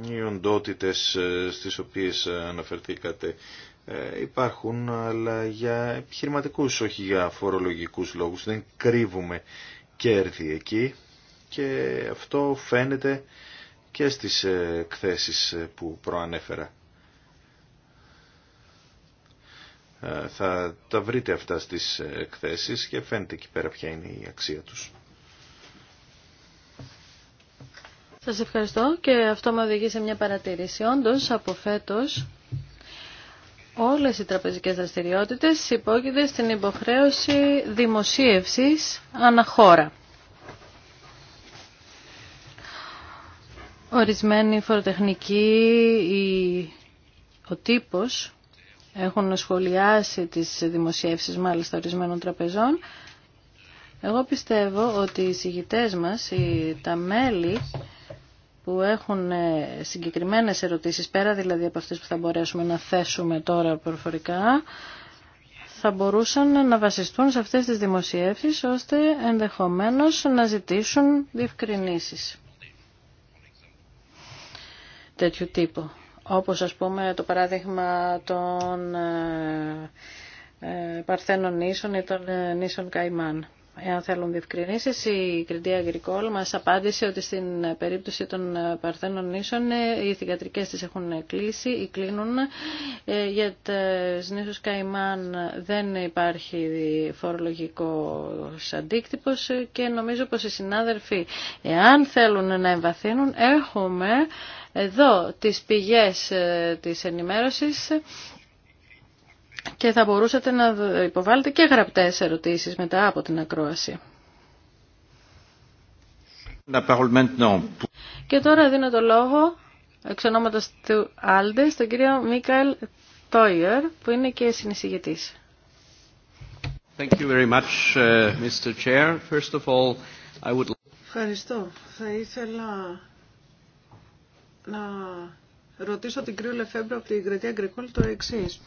οι οντότητες ε, στις οποίες ε, αναφερθήκατε ε, υπάρχουν, αλλά για επιχειρηματικούς, όχι για φορολογικούς λόγους. Δεν κρύβουμε κέρδη εκεί και αυτό φαίνεται και στις εκθέσεις που προανέφερα. Ε, θα τα βρείτε αυτά στις ε, εκθέσεις και φαίνεται εκεί πέρα ποια είναι η αξία τους. Σας ευχαριστώ και αυτό με οδηγεί σε μια παρατήρηση. Όντως, από φέτος, όλες οι τραπεζικές δραστηριότητες υπόκειται στην υποχρέωση δημοσίευσης αναχώρα. Ορισμένοι φοροτεχνικοί, ο τύπος έχουν σχολιάσει τις δημοσιεύσεις μάλιστα ορισμένων τραπεζών. Εγώ πιστεύω ότι οι συγητές μας, τα μέλη που έχουν ε, συγκεκριμένες ερωτήσεις, πέρα δηλαδή από αυτές που θα μπορέσουμε να θέσουμε τώρα προφορικά, θα μπορούσαν να βασιστούν σε αυτές τις δημοσιεύσεις, ώστε ενδεχομένως να ζητήσουν διευκρινήσεις τέτοιου τύπου όπως ας πούμε το παράδειγμα των ε, ε, Παρθένων νήσων ή των ε, νήσων Καϊμάν. Εάν θέλουν διευκρινήσεις, η Κρυντία Αγρικόλ μας απάντησε ότι στην περίπτωση των Παρθένων νήσων οι θηγατρικές τις έχουν κλείσει ή κλείνουν. Για τις νήσους Καϊμάν δεν υπάρχει φορολογικό αντίκτυπος και νομίζω πως οι συνάδελφοι, εάν θέλουν να εμβαθύνουν, έχουμε εδώ τις πηγές ε, της ενημέρωσης και θα μπορούσατε να υποβάλλετε και γραπτές ερωτήσεις μετά από την ακρόαση. Και τώρα δίνω το λόγο εξ ονόματος του Άλντε στον κύριο Μίκαελ Τόιερ που είναι και συνεισηγητής. Ευχαριστώ. Θα ήθελα να ρωτήσω την κρύο Λεφέμπρο από την Γκρετία Γκρικόλ το εξή.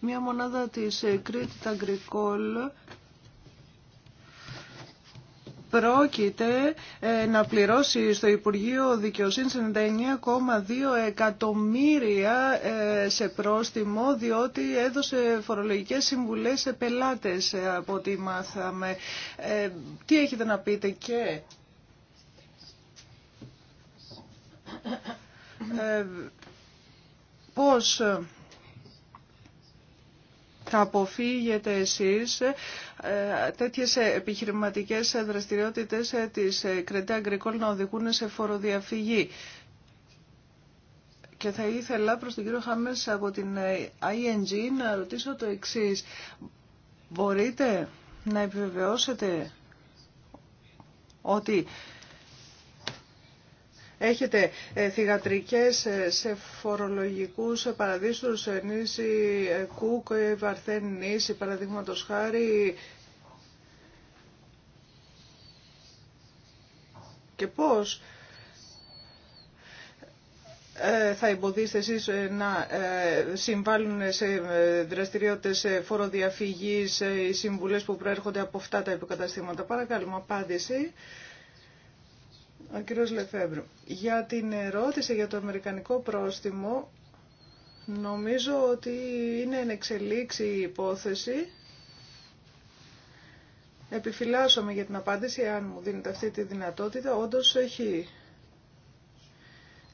Μία μονάδα της Κρήτη Αγκρικόλ πρόκειται ε, να πληρώσει στο Υπουργείο Δικαιοσύνης 99,2 εκατομμύρια ε, σε πρόστιμο διότι έδωσε φορολογικές συμβουλές σε πελάτες ε, από ό,τι μάθαμε. τι έχετε να πείτε και πώς θα αποφύγετε εσείς ε, τέτοιες επιχειρηματικές δραστηριότητες ε, της Κρετά Αγκρικόλ να οδηγούν σε φοροδιαφυγή. Και θα ήθελα προς τον κύριο Χάμες από την ε, ING να ρωτήσω το εξής. Μπορείτε να επιβεβαιώσετε ότι Έχετε ε, θηγατρικές ε, σε φορολογικούς ε, παραδείσους, νήσι Κούκ, Βαρθέν νήσι, παραδείγματος χάρη. Και πώς θα εμποδίσετε εσείς να συμβάλλουν σε δραστηριότητες φοροδιαφυγής οι συμβουλές που προέρχονται από αυτά τα υποκαταστήματα. Παρακαλούμε απάντηση. Ο κύριο Λεφέμπρου. Για την ερώτηση για το αμερικανικό πρόστιμο, νομίζω ότι είναι εν η υπόθεση. Επιφυλάσσομαι για την απάντηση, αν μου δίνετε αυτή τη δυνατότητα. όντω έχει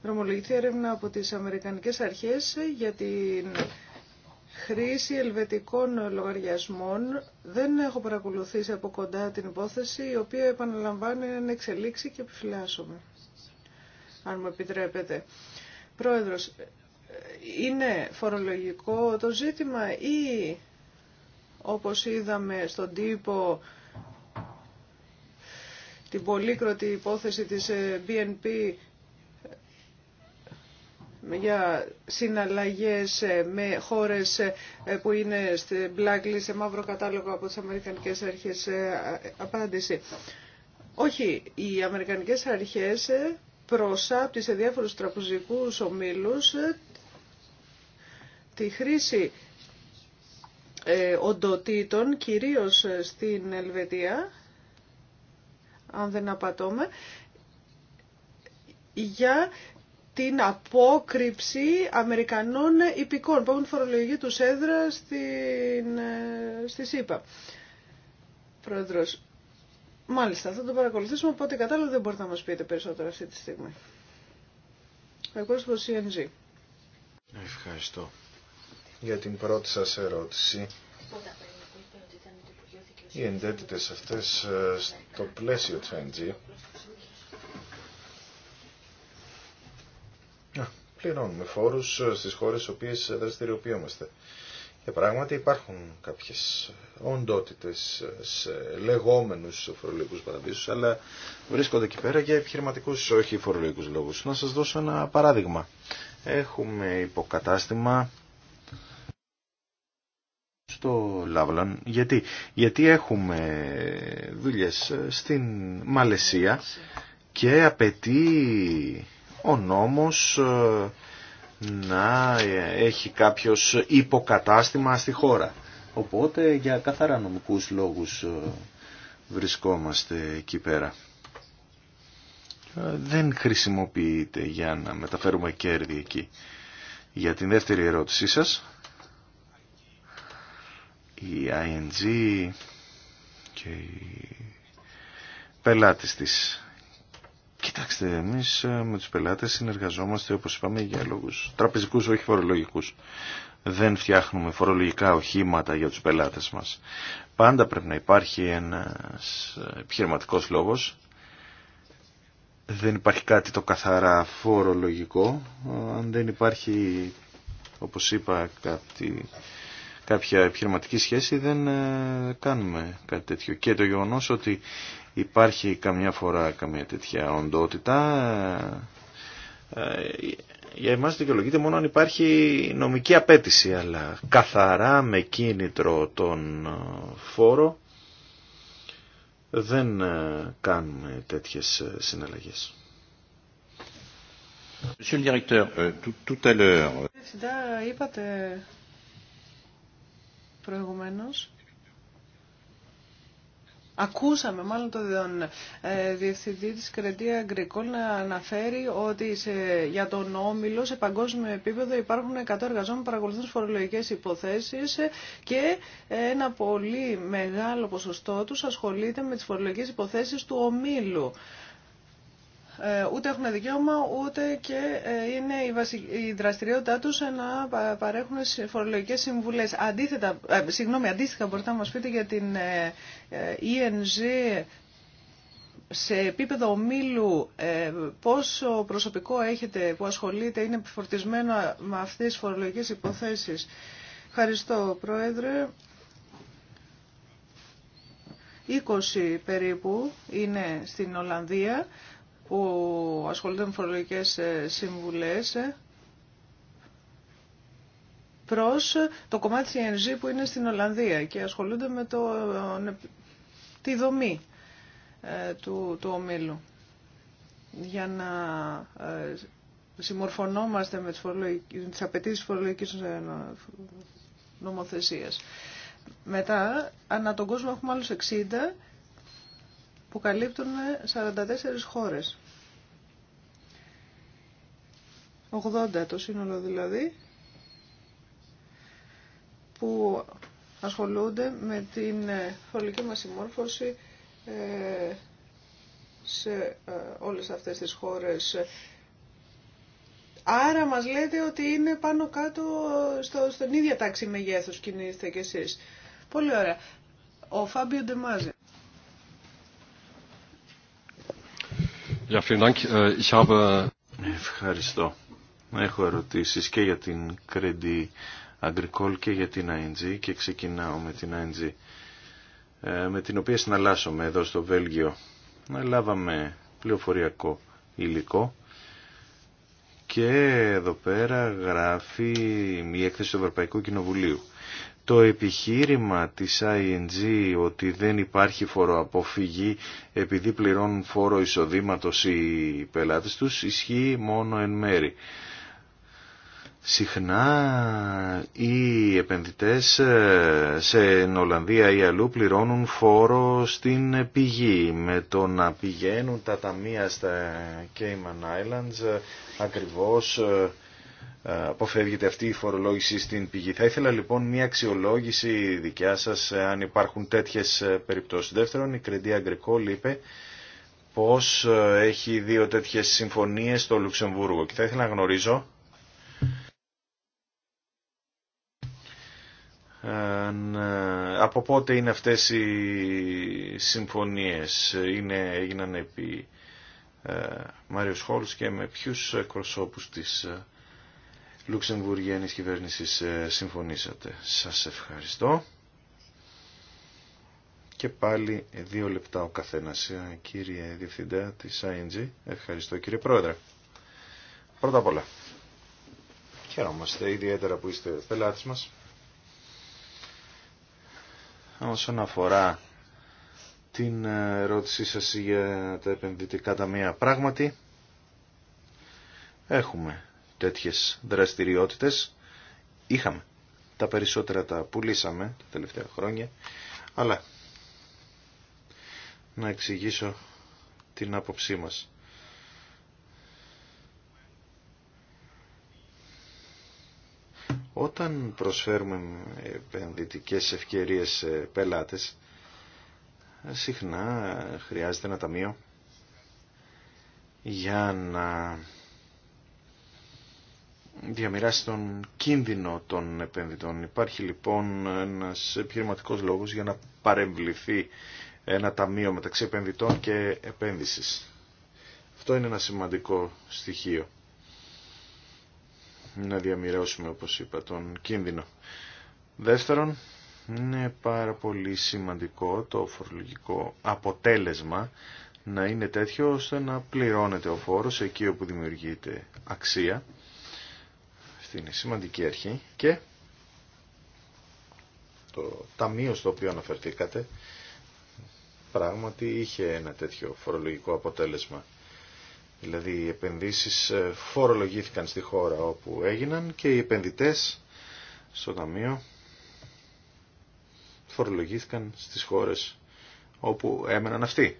δρομολογηθεί έρευνα από τις Αμερικανικές Αρχές για την χρήση ελβετικών λογαριασμών. Δεν έχω παρακολουθήσει από κοντά την υπόθεση, η οποία επαναλαμβάνει να εξελίξει και επιφυλάσσομαι. Αν μου επιτρέπετε. Πρόεδρος, είναι φορολογικό το ζήτημα ή όπως είδαμε στον τύπο την πολύκροτη υπόθεση της ε, BNP για συναλλαγές ε, με χώρες ε, που είναι στη blacklist, σε μαύρο κατάλογο από τις Αμερικανικές Αρχές ε, απάντηση. Όχι, οι Αμερικανικές Αρχές προσάπτει σε διάφορους τραπεζικούς ομίλους τη χρήση οντοτήτων, κυρίως στην Ελβετία, αν δεν απατώμε, για την απόκρυψη Αμερικανών υπηκών που έχουν φορολογική του έδρα στην, ε, στη ΣΥΠΑ. Πρόεδρος, μάλιστα θα το παρακολουθήσουμε, οπότε κατάλληλα δεν μπορείτε να μας πείτε περισσότερα αυτή τη στιγμή. CNG. Ευχαριστώ για την πρώτη σας ερώτηση. Οι εντέτητες αυτές ε, στο πλαίσιο του NG πληρώνουμε φόρους ε, στις χώρες στις οποίε δραστηριοποιούμαστε. Και πράγματι υπάρχουν κάποιες οντότητες ε, σε λεγόμενους φορολογικού παραδείσου, αλλά βρίσκονται εκεί πέρα για επιχειρηματικού όχι φορολογικού λόγους. Να σας δώσω ένα παράδειγμα. Έχουμε υποκατάστημα στο Λάβλαν. Γιατί, Γιατί έχουμε δουλειέ στην Μαλαισία και απαιτεί ο νόμος ε, να ε, έχει κάποιος υποκατάστημα στη χώρα. Οπότε για καθαρά νομικούς λόγους ε, βρισκόμαστε εκεί πέρα. Δεν χρησιμοποιείται για να μεταφέρουμε κέρδη εκεί. Για την δεύτερη ερώτησή σας, η ING και οι πελάτες της Κοιτάξτε, εμείς ε, με του πελάτες συνεργαζόμαστε, όπως είπαμε, για λόγου τραπεζικούς, όχι φορολογικού. Δεν φτιάχνουμε φορολογικά οχήματα για τους πελάτες μας. Πάντα πρέπει να υπάρχει ένας επιχειρηματικό λόγος. Δεν υπάρχει κάτι το καθαρά φορολογικό. Αν δεν υπάρχει, όπως είπα, κάτι, κάποια επιχειρηματική σχέση, δεν ε, κάνουμε κάτι τέτοιο. Και το γεγονό ότι υπάρχει καμιά φορά καμία τέτοια οντότητα. Ε, για εμάς δικαιολογείται μόνο αν υπάρχει νομική απέτηση, αλλά καθαρά με κίνητρο τον ε, φόρο δεν ε, κάνουμε τέτοιες συναλλαγές. Monsieur le Directeur, euh, tout, à l'heure. είπατε προηγουμένως Ακούσαμε μάλλον τον ε, Διευθυντή της Κρετίας Αγκρικόλ να αναφέρει ότι για τον Όμιλο σε παγκόσμιο επίπεδο υπάρχουν 100 εργαζόμενοι που παρακολουθούν φορολογικές υποθέσεις και ένα πολύ μεγάλο ποσοστό τους ασχολείται με τις φορολογικές υποθέσεις του Ομίλου. Ε, ούτε έχουν δικαίωμα ούτε και ε, είναι η, δραστηριότητά τους να παρέχουν φορολογικές συμβουλές. Αντίθετα, ε, συγγνώμη, αντίστοιχα μπορείτε να μας πείτε για την ENG σε επίπεδο ομίλου πόσο προσωπικό έχετε που ασχολείται, είναι επιφορτισμένο με αυτές τις φορολογικές υποθέσεις. Ευχαριστώ, Πρόεδρε. 20 περίπου είναι στην Ολλανδία που ασχολούνται με φορολογικές ε, συμβουλές ε, προς το κομμάτι της ENG που είναι στην Ολλανδία και ασχολούνται με το, ε, τη δομή του, του ομίλου για να συμμορφωνόμαστε με τις, απαιτήσει απαιτήσεις φορολογικής νομοθεσίας. Μετά, ανά τον κόσμο έχουμε άλλους 60 που καλύπτουν 44 χώρες. 80 το σύνολο δηλαδή, που ασχολούνται με την ε, φορολογική μας συμμόρφωση ε, σε ε, όλες αυτές τις χώρες. Άρα μας λέτε ότι είναι πάνω κάτω στο, στον ίδια τάξη μεγέθους κινείστε κι εσείς. Πολύ ωραία. Ο Φάμπιο Ντεμάζε. Äh, Ευχαριστώ. Έχω ερωτήσεις και για την Credit Agricole και για την ING και ξεκινάω με την ING ε, με την οποία συναλλάσσομαι εδώ στο Βέλγιο. Λάβαμε πληροφοριακό υλικό και εδώ πέρα γράφει η έκθεση του Ευρωπαϊκού Κοινοβουλίου. Το επιχείρημα της ING ότι δεν υπάρχει φοροαποφυγή επειδή πληρώνουν φόρο εισοδήματος οι πελάτες τους ισχύει μόνο εν μέρη. Συχνά οι επενδυτές ε, σε Ολλανδία ή αλλού πληρώνουν φόρο στην πηγή με το να πηγαίνουν τα ταμεία στα Cayman Islands ε, ακριβώς ε, αποφεύγεται αυτή η φορολόγηση στην πηγή. Θα ήθελα λοιπόν μια αξιολόγηση δικιά σας αν υπάρχουν τέτοιες περιπτώσεις. Δεύτερον, η Κρεντή Αγκρικόλ είπε πως έχει δύο τέτοιες συμφωνίες στο Λουξεμβούργο και θα ήθελα να γνωρίζω Ε, από πότε είναι αυτές οι συμφωνίες είναι, έγιναν επί ε, Μάριος Χόλς και με ποιους εκπροσώπους της ε, Λουξεμβουργιανής κυβέρνησης ε, συμφωνήσατε. Σας ευχαριστώ. Και πάλι δύο λεπτά ο καθένας. Ε, κύριε Διευθυντά της ING, ευχαριστώ κύριε Πρόεδρε. Πρώτα απ' όλα, χαιρόμαστε ιδιαίτερα που είστε πελάτης μας όσον αφορά την ερώτησή σας για τα επενδυτικά ταμεία. Πράγματι, έχουμε τέτοιες δραστηριότητες. Είχαμε. Τα περισσότερα τα πουλήσαμε τα τελευταία χρόνια. Αλλά να εξηγήσω την άποψή μας. Όταν προσφέρουμε επενδυτικές ευκαιρίες σε πελάτες, συχνά χρειάζεται ένα ταμείο για να διαμοιράσει τον κίνδυνο των επενδυτών. Υπάρχει λοιπόν ένας επιχειρηματικός λόγος για να παρεμβληθεί ένα ταμείο μεταξύ επενδυτών και επένδυσης. Αυτό είναι ένα σημαντικό στοιχείο να διαμοιρώσουμε, όπως είπα, τον κίνδυνο. Δεύτερον, είναι πάρα πολύ σημαντικό το φορολογικό αποτέλεσμα να είναι τέτοιο ώστε να πληρώνεται ο φόρος εκεί όπου δημιουργείται αξία. Αυτή είναι η σημαντική αρχή και το ταμείο στο οποίο αναφερθήκατε πράγματι είχε ένα τέτοιο φορολογικό αποτέλεσμα. Δηλαδή οι επενδύσεις ε, φορολογήθηκαν στη χώρα όπου έγιναν και οι επενδυτές στο ταμείο φορολογήθηκαν στις χώρες όπου έμεναν αυτοί.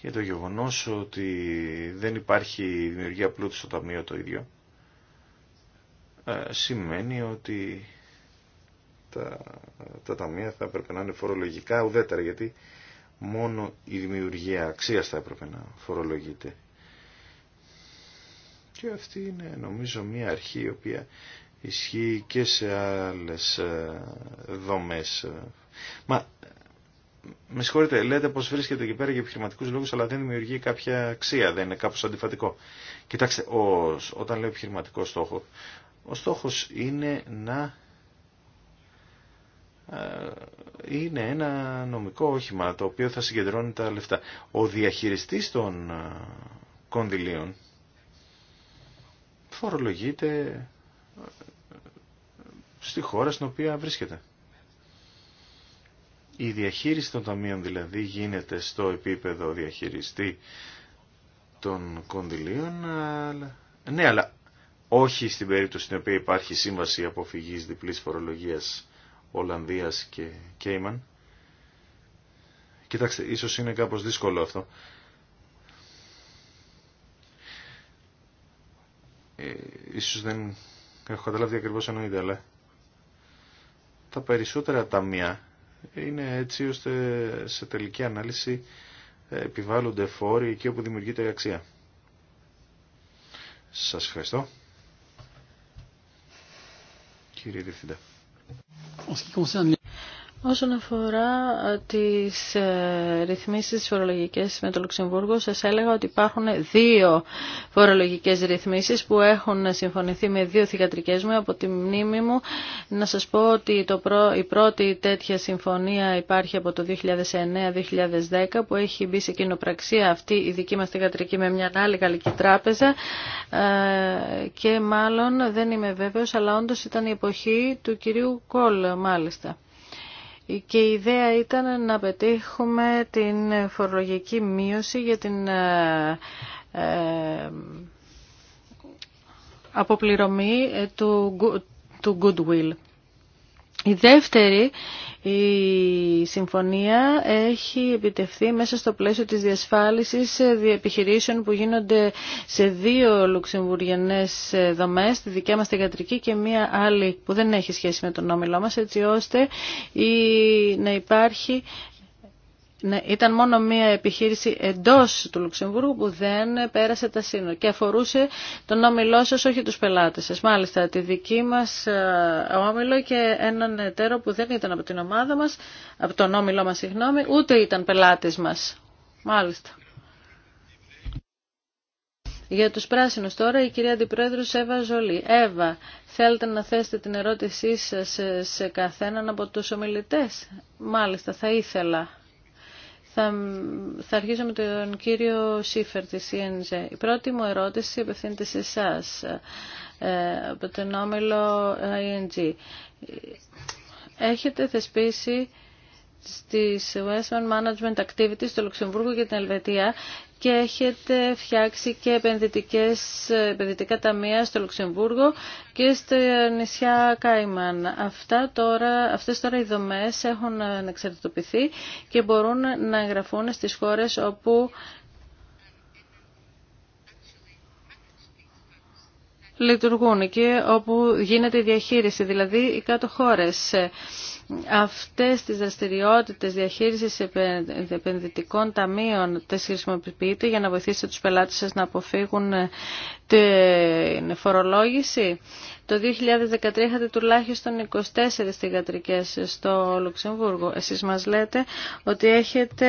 Και το γεγονός ότι δεν υπάρχει δημιουργία πλούτου στο ταμείο το ίδιο ε, σημαίνει ότι τα, τα ταμεία θα έπρεπε να είναι φορολογικά ουδέτερα γιατί μόνο η δημιουργία αξίας θα έπρεπε να φορολογείται. Και αυτή είναι νομίζω μια αρχή η οποία ισχύει και σε άλλες ε, δομές. Μα με συγχωρείτε, λέτε πως βρίσκεται εκεί πέρα για επιχειρηματικούς λόγους αλλά δεν δημιουργεί κάποια αξία, δεν είναι κάπως αντιφατικό. Κοιτάξτε, ο, όταν λέω επιχειρηματικό στόχο, ο στόχος είναι να είναι ένα νομικό όχημα το οποίο θα συγκεντρώνει τα λεφτά. Ο διαχειριστής των κονδυλίων φορολογείται στη χώρα στην οποία βρίσκεται. Η διαχείριση των ταμείων δηλαδή γίνεται στο επίπεδο διαχειριστή των κονδυλίων, αλλά... ναι, αλλά όχι στην περίπτωση στην οποία υπάρχει σύμβαση αποφυγής διπλής φορολογίας Ολλανδίας και Κέιμαν. Κοιτάξτε, ίσως είναι κάπως δύσκολο αυτό. Ε, ίσως δεν έχω καταλάβει ακριβώς εννοείται, αλλά τα περισσότερα ταμεία είναι έτσι ώστε σε τελική ανάλυση επιβάλλονται φόροι εκεί όπου δημιουργείται η αξία. Σας ευχαριστώ. Κύριε Διευθυντά en ce qui concerne Όσον αφορά ε, τις ε, ρυθμίσεις φορολογικές με το Λουξεμβούργο, σας έλεγα ότι υπάρχουν δύο φορολογικές ρυθμίσεις που έχουν συμφωνηθεί με δύο θηγατρικές μου από τη μνήμη μου. Να σας πω ότι το η πρώτη τέτοια συμφωνία υπάρχει από το 2009-2010 που έχει μπει σε κοινοπραξία αυτή η δική μας θηγατρική με μια άλλη γαλλική τράπεζα ε, και μάλλον δεν είμαι βέβαιος αλλά όντως ήταν η εποχή του κυρίου Κόλ μάλιστα και η ιδέα ήταν να πετύχουμε την φορολογική μείωση για την ε, ε, αποπληρωμή ε, του, του goodwill. Η δεύτερη η συμφωνία έχει επιτευχθεί μέσα στο πλαίσιο της διασφάλισης επιχειρήσεων που γίνονται σε δύο λουξεμβουργιανές δομές, τη δικιά μας την και μία άλλη που δεν έχει σχέση με τον όμιλό μας, έτσι ώστε η, να υπάρχει ναι, ήταν μόνο μία επιχείρηση εντός του Λουξεμβούργου που δεν πέρασε τα σύνορα και αφορούσε τον όμιλό σας, όχι τους πελάτες σας. Μάλιστα, τη δική μας ε, όμιλο και έναν εταίρο που δεν ήταν από την ομάδα μας, από τον όμιλό μας, συγγνώμη, ούτε ήταν πελάτες μας. Μάλιστα. Για τους πράσινους τώρα η κυρία Αντιπρόεδρος Εύα Ζολή. Εύα, θέλετε να θέσετε την ερώτησή σας σε καθέναν από τους ομιλητές. Μάλιστα, θα ήθελα. Θα, θα αρχίσω με τον κύριο Σίφερ της CNJ. Η πρώτη μου ερώτηση απευθύνεται σε εσά ε, από τον όμιλο ING. Έχετε θεσπίσει στις Westman Management Activities στο Λουξεμβούργο και την Ελβετία και έχετε φτιάξει και επενδυτικά ταμεία στο Λουξεμβούργο και στα νησιά Κάιμαν. Αυτά τώρα, αυτές τώρα οι δομές έχουν εξαρτητοποιηθεί και μπορούν να εγγραφούν στις χώρες όπου λειτουργούν και όπου γίνεται η διαχείριση, δηλαδή οι κάτω χώρες αυτές τις δραστηριότητες διαχείρισης επενδυτικών ταμείων τις χρησιμοποιείτε για να βοηθήσετε τους πελάτες σας να αποφύγουν ε, την φορολόγηση. Το 2013 είχατε τουλάχιστον 24 θηγατρικές στο Λουξεμβούργο. Εσείς μας λέτε ότι έχετε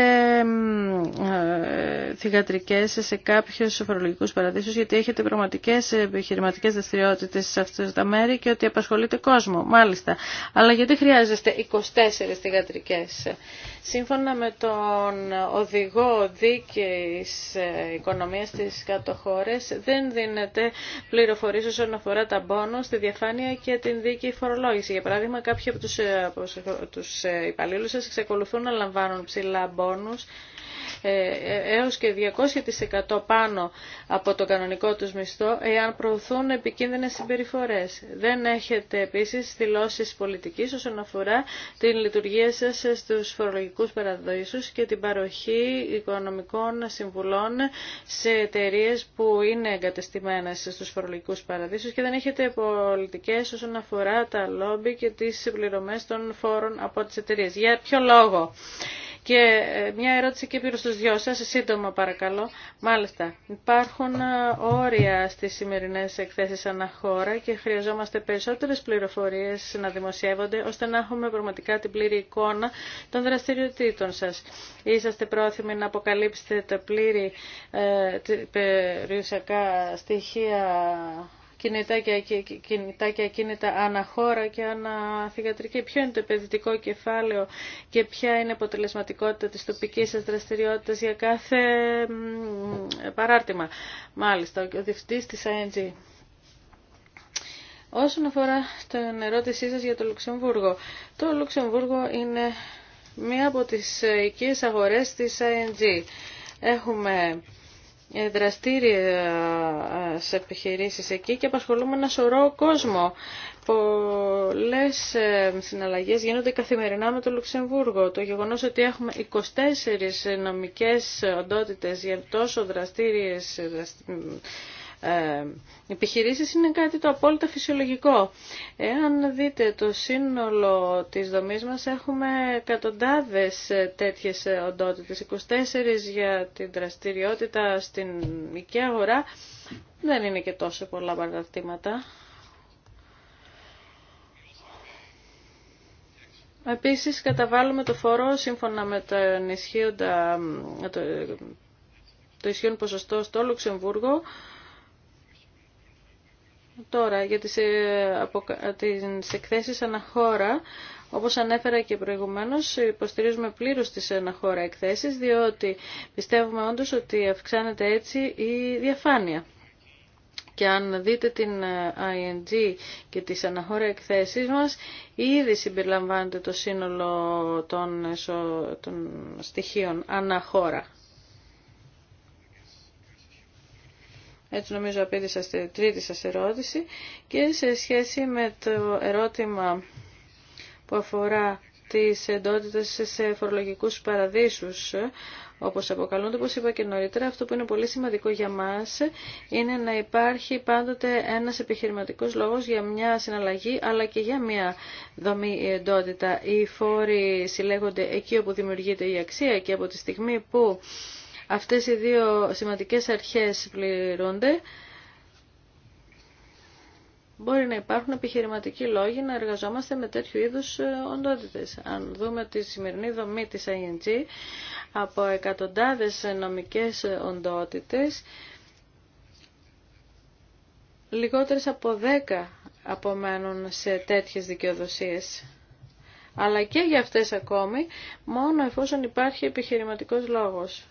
ε, θηγατρικές σε κάποιους φορολογικούς παραδείσους γιατί έχετε πραγματικές επιχειρηματικές δραστηριότητες σε αυτές τα μέρη και ότι απασχολείται κόσμο. Μάλιστα. Αλλά γιατί χρειάζεστε 24 θηγατρικές. Σύμφωνα με τον οδηγό δίκαιης ε, οικονομίας στις κάτω χώρες, δεν δίνεται πληροφορίες όσον αφορά τα μπόνους, στη διαφάνεια και την δίκαιη φορολόγηση. Για παράδειγμα, κάποιοι από τους, ε, από τους ε, υπαλλήλους σας εξακολουθούν να λαμβάνουν ψηλά μπόνους, ε, ε, έως και 200% πάνω από το κανονικό τους μισθό εάν προωθούν επικίνδυνες συμπεριφορές. Δεν έχετε επίσης δηλώσει πολιτικής όσον αφορά την λειτουργία σας στους φορολογικούς παραδοήσους και την παροχή οικονομικών συμβουλών σε εταιρείε που είναι εγκατεστημένες στους φορολογικούς παραδείσους και δεν έχετε πολιτικές όσον αφορά τα λόμπι και τις συμπληρωμές των φόρων από τις εταιρείε. Για ποιο λόγο. Και ε, μια ερώτηση και πήρω στους δυο σας, σύντομα παρακαλώ. Μάλιστα, υπάρχουν ε, όρια στις σημερινές εκθέσεις αναχώρα και χρειαζόμαστε περισσότερες πληροφορίες να δημοσιεύονται ώστε να έχουμε πραγματικά την πλήρη εικόνα των δραστηριοτήτων σας. Είσαστε πρόθυμοι να αποκαλύψετε τα πλήρη ε, περιουσιακά στοιχεία κινητά και, κινητά αναχώρα και αναθυγατρική. Ποιο είναι το επενδυτικό κεφάλαιο και ποια είναι η αποτελεσματικότητα της τοπικής σας δραστηριότητας για κάθε παράρτημα. Μάλιστα, ο διευθυντής της ING. Όσον αφορά την ερώτησή σας για το Λουξεμβούργο. Το Λουξεμβούργο είναι μία από τις οικίες αγορές της ING. Έχουμε ε, δραστήριες επιχειρήσεις εκεί και απασχολούμε ένα σωρό κόσμο. Πολλές ε, συναλλαγές γίνονται καθημερινά με το Λουξεμβούργο. Το γεγονός ότι έχουμε 24 νομικές οντότητες για τόσο δραστήριες ε, επιχειρήσεις είναι κάτι το απόλυτα φυσιολογικό. Εάν δείτε το σύνολο της δομής μας έχουμε εκατοντάδες τέτοιες οντότητες, 24 για την δραστηριότητα στην οικία αγορά, δεν είναι και τόσο πολλά παραδείγματα. Επίσης καταβάλουμε το φόρο σύμφωνα με το, το, το ισχύον ποσοστό στο Λουξεμβούργο Τώρα, για τις, ε, τις εκθέσεις αναχώρα, όπως ανέφερα και προηγουμένως, υποστηρίζουμε πλήρως τις αναχώρα εκθέσεις, διότι πιστεύουμε όντως ότι αυξάνεται έτσι η διαφάνεια. Και αν δείτε την ε, ING και τις αναχώρα εκθέσεις μας, ήδη συμπεριλαμβάνεται το σύνολο των στοιχείων αναχώρα. Έτσι νομίζω απήντησα στη τρίτη σας ερώτηση και σε σχέση με το ερώτημα που αφορά τις εντότητες σε φορολογικούς παραδείσους, όπως αποκαλούνται, όπως είπα και νωρίτερα, αυτό που είναι πολύ σημαντικό για μας είναι να υπάρχει πάντοτε ένας επιχειρηματικός λόγος για μια συναλλαγή, αλλά και για μια δομή εντότητα. Οι φόροι συλλέγονται εκεί όπου δημιουργείται η αξία και από τη στιγμή που αυτές οι δύο σημαντικές αρχές πληρούνται, Μπορεί να υπάρχουν επιχειρηματικοί λόγοι να εργαζόμαστε με τέτοιου είδους ε, οντότητες. Αν δούμε τη σημερινή δομή της ING από εκατοντάδες νομικές οντότητες, λιγότερες από 10 απομένουν σε τέτοιες δικαιοδοσίες. Αλλά και για αυτές ακόμη, μόνο εφόσον υπάρχει επιχειρηματικός λόγος.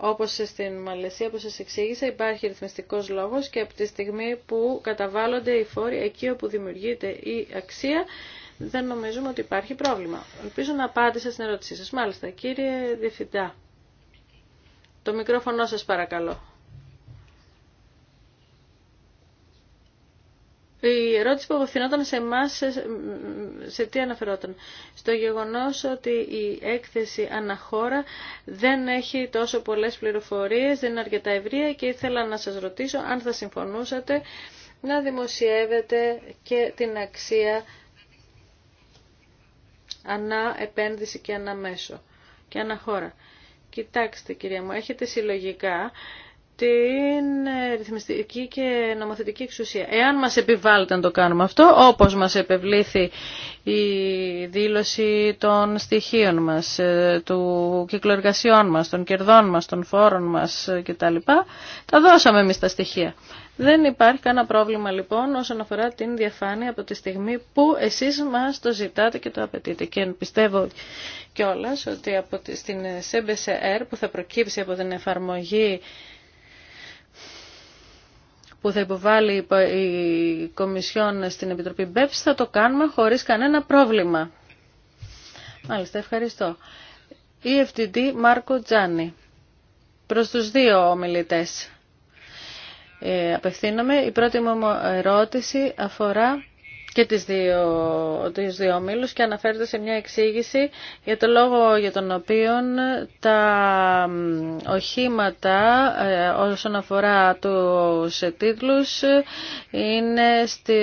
Όπως στην Μαλαισία, που σας εξήγησα, υπάρχει ρυθμιστικός λόγος και από τη στιγμή που καταβάλλονται οι φόροι εκεί όπου δημιουργείται η αξία, δεν νομίζουμε ότι υπάρχει πρόβλημα. Ελπίζω να απάντησα στην ερώτησή σας. Μάλιστα, κύριε Διευθυντά, το μικρόφωνο σας παρακαλώ. Η ερώτηση που απευθυνόταν σε εμά σε, τι αναφερόταν. Στο γεγονός ότι η έκθεση αναχώρα δεν έχει τόσο πολλές πληροφορίες, δεν είναι αρκετά ευρεία και ήθελα να σας ρωτήσω αν θα συμφωνούσατε να δημοσιεύετε και την αξία ανά επένδυση και ανά και αναχώρα. Κοιτάξτε κυρία μου, έχετε συλλογικά την ε, ρυθμιστική και νομοθετική εξουσία. Εάν μας επιβάλλεται να το κάνουμε αυτό, όπως μας επευλήθη η δήλωση των στοιχείων μας, ε, του κυκλοεργασιών μας, των κερδών μας, των φόρων μας ε, κτλ, τα δώσαμε εμείς τα στοιχεία. Δεν υπάρχει κανένα πρόβλημα λοιπόν όσον αφορά την διαφάνεια από τη στιγμή που εσείς μας το ζητάτε και το απαιτείτε. Και πιστεύω κιόλας ότι από τη, στην που θα προκύψει από την εφαρμογή που θα υποβάλει η Κομισιόν στην Επιτροπή ΜΠΕΠΣ θα το κάνουμε χωρίς κανένα πρόβλημα. Μάλιστα, ευχαριστώ. EFTD Μάρκο Τζάνι. Προς τους δύο ομιλητές. Ε, απευθύνομαι. Η πρώτη μου ερώτηση αφορά και τις δύο, τις δύο και αναφέρεται σε μια εξήγηση για το λόγο για τον οποίο τα οχήματα ε, όσον αφορά τους τίτλους είναι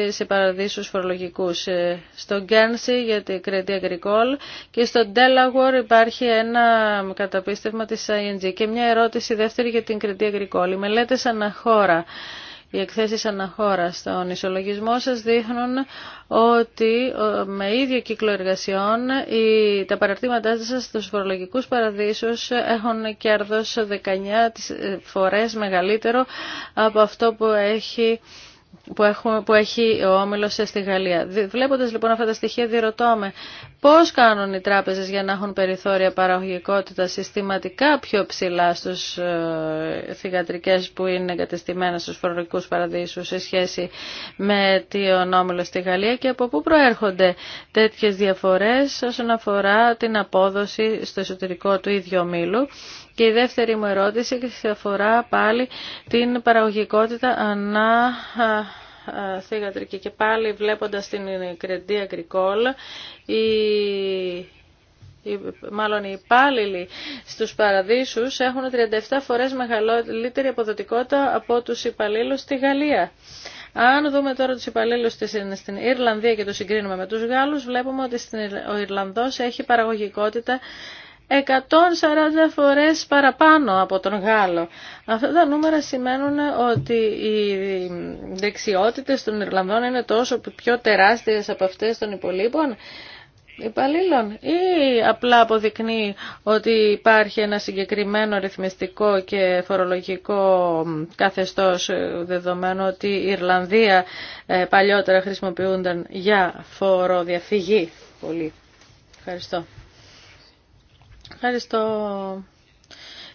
σε παραδείσους φορολογικούς. Ε, στο Γκένσι για την Κρέτη Αγρικόλ και στο Ντέλαγουρ υπάρχει ένα καταπίστευμα της ING και μια ερώτηση δεύτερη για την Κρέτη Αγρικόλ. Οι μελέτες αναχώρα οι εκθέσεις αναχώρα στον ισολογισμό σας δείχνουν ότι ε, με ίδιο κύκλο εργασιών τα παραρτήματά σας στους φορολογικούς παραδείσους έχουν κέρδος 19 φορές μεγαλύτερο από αυτό που έχει που, έχουμε, που έχει ο Όμιλος στη Γαλλία. Βλέποντας λοιπόν αυτά τα στοιχεία διερωτώμε πώς κάνουν οι τράπεζες για να έχουν περιθώρια παραγωγικότητα συστηματικά πιο ψηλά στους ε, που είναι εγκατεστημένα στους φορολογικούς παραδείσους σε σχέση με τον Όμιλο στη Γαλλία και από πού προέρχονται τέτοιες διαφορές όσον αφορά την απόδοση στο εσωτερικό του ίδιου ομίλου και η δεύτερη μου ερώτηση αφορά πάλι την παραγωγικότητα ανά θηγατρική. Και πάλι βλέποντας την κρεντή Αγκρικόλ, η μάλλον οι υπάλληλοι στους παραδείσους έχουν 37 φορές μεγαλύτερη αποδοτικότητα από τους υπαλλήλους στη Γαλλία. Αν δούμε τώρα τους υπαλλήλους στην Ιρλανδία και το συγκρίνουμε με τους Γάλλους, βλέπουμε ότι ο Ιρλανδός έχει παραγωγικότητα 140 φορές παραπάνω από τον Γάλλο. Αυτά τα νούμερα σημαίνουν ότι οι δεξιότητες των Ιρλανδών είναι τόσο πιο τεράστιες από αυτές των υπολείπων υπαλλήλων ή απλά αποδεικνύει ότι υπάρχει ένα συγκεκριμένο ρυθμιστικό και φορολογικό καθεστώς ε, δεδομένου ότι η Ιρλανδία ε, παλιότερα χρησιμοποιούνταν για φοροδιαφυγή πολύ. Ευχαριστώ. Ευχαριστώ.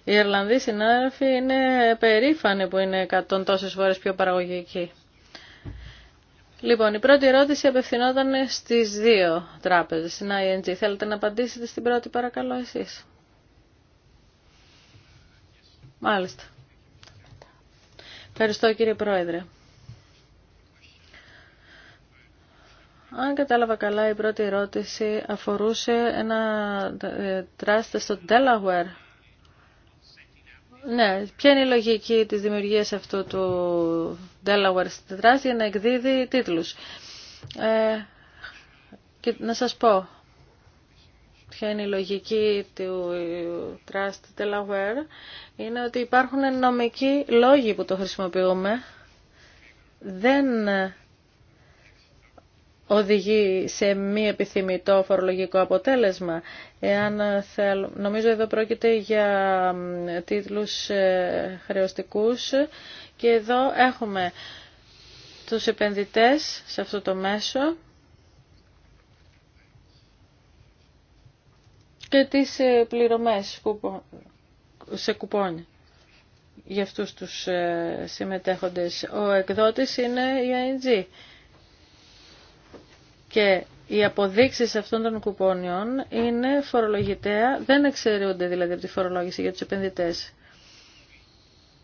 Οι Ιρλανδοί συνάδελφοι είναι περήφανοι που είναι εκατόν τόσες φορές πιο παραγωγικοί. Λοιπόν, η πρώτη ερώτηση απευθυνόταν στις δύο τράπεζες, στην ING. Θέλετε να απαντήσετε στην πρώτη, παρακαλώ, εσείς. Μάλιστα. Ευχαριστώ, κύριε Πρόεδρε. Αν κατάλαβα καλά, η πρώτη ερώτηση αφορούσε ένα ε, τράστε στο Delaware. Ναι, ποια είναι η λογική της δημιουργίας αυτού του Delaware Trust για να εκδίδει τίτλους. Ε, και να σας πω ποια είναι η λογική του Trust Delaware είναι ότι υπάρχουν νομικοί λόγοι που το χρησιμοποιούμε. Δεν οδηγεί σε μη επιθυμητό φορολογικό αποτέλεσμα. Εάν θέλ... Νομίζω εδώ πρόκειται για τίτλους ε, χρεωστικούς και εδώ έχουμε τους επενδυτές σε αυτό το μέσο και τις ε, πληρωμές σε κουπόνι για αυτούς τους ε, συμμετέχοντες. Ο εκδότης είναι η ING. Και οι αποδείξεις αυτών των κουπόνιων είναι φορολογητέα, δεν εξαιρούνται δηλαδή από τη φορολόγηση για τους επενδυτές.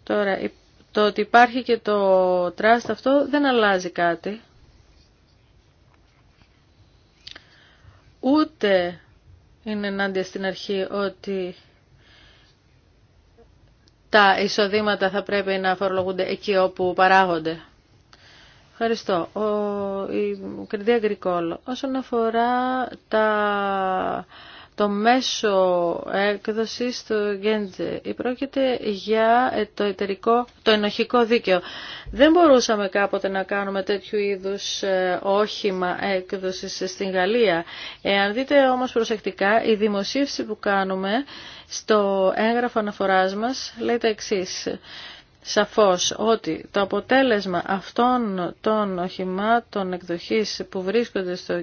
Τώρα, το ότι υπάρχει και το trust αυτό δεν αλλάζει κάτι. Ούτε είναι ενάντια στην αρχή ότι τα εισοδήματα θα πρέπει να φορολογούνται εκεί όπου παράγονται. Ευχαριστώ. Ο, η Κρυντή Αγκρικόλ, όσον αφορά τα, το μέσο έκδοσης του Γκέντζε, πρόκειται για το, εταιρικό, το ενοχικό δίκαιο. Δεν μπορούσαμε κάποτε να κάνουμε τέτοιου είδους ε, όχημα έκδοσης στην Γαλλία. Εάν δείτε όμως προσεκτικά, η δημοσίευση που κάνουμε στο έγγραφο αναφοράς μας λέει τα εξής σαφώς ότι το αποτέλεσμα αυτών των οχημάτων εκδοχής που βρίσκονται στο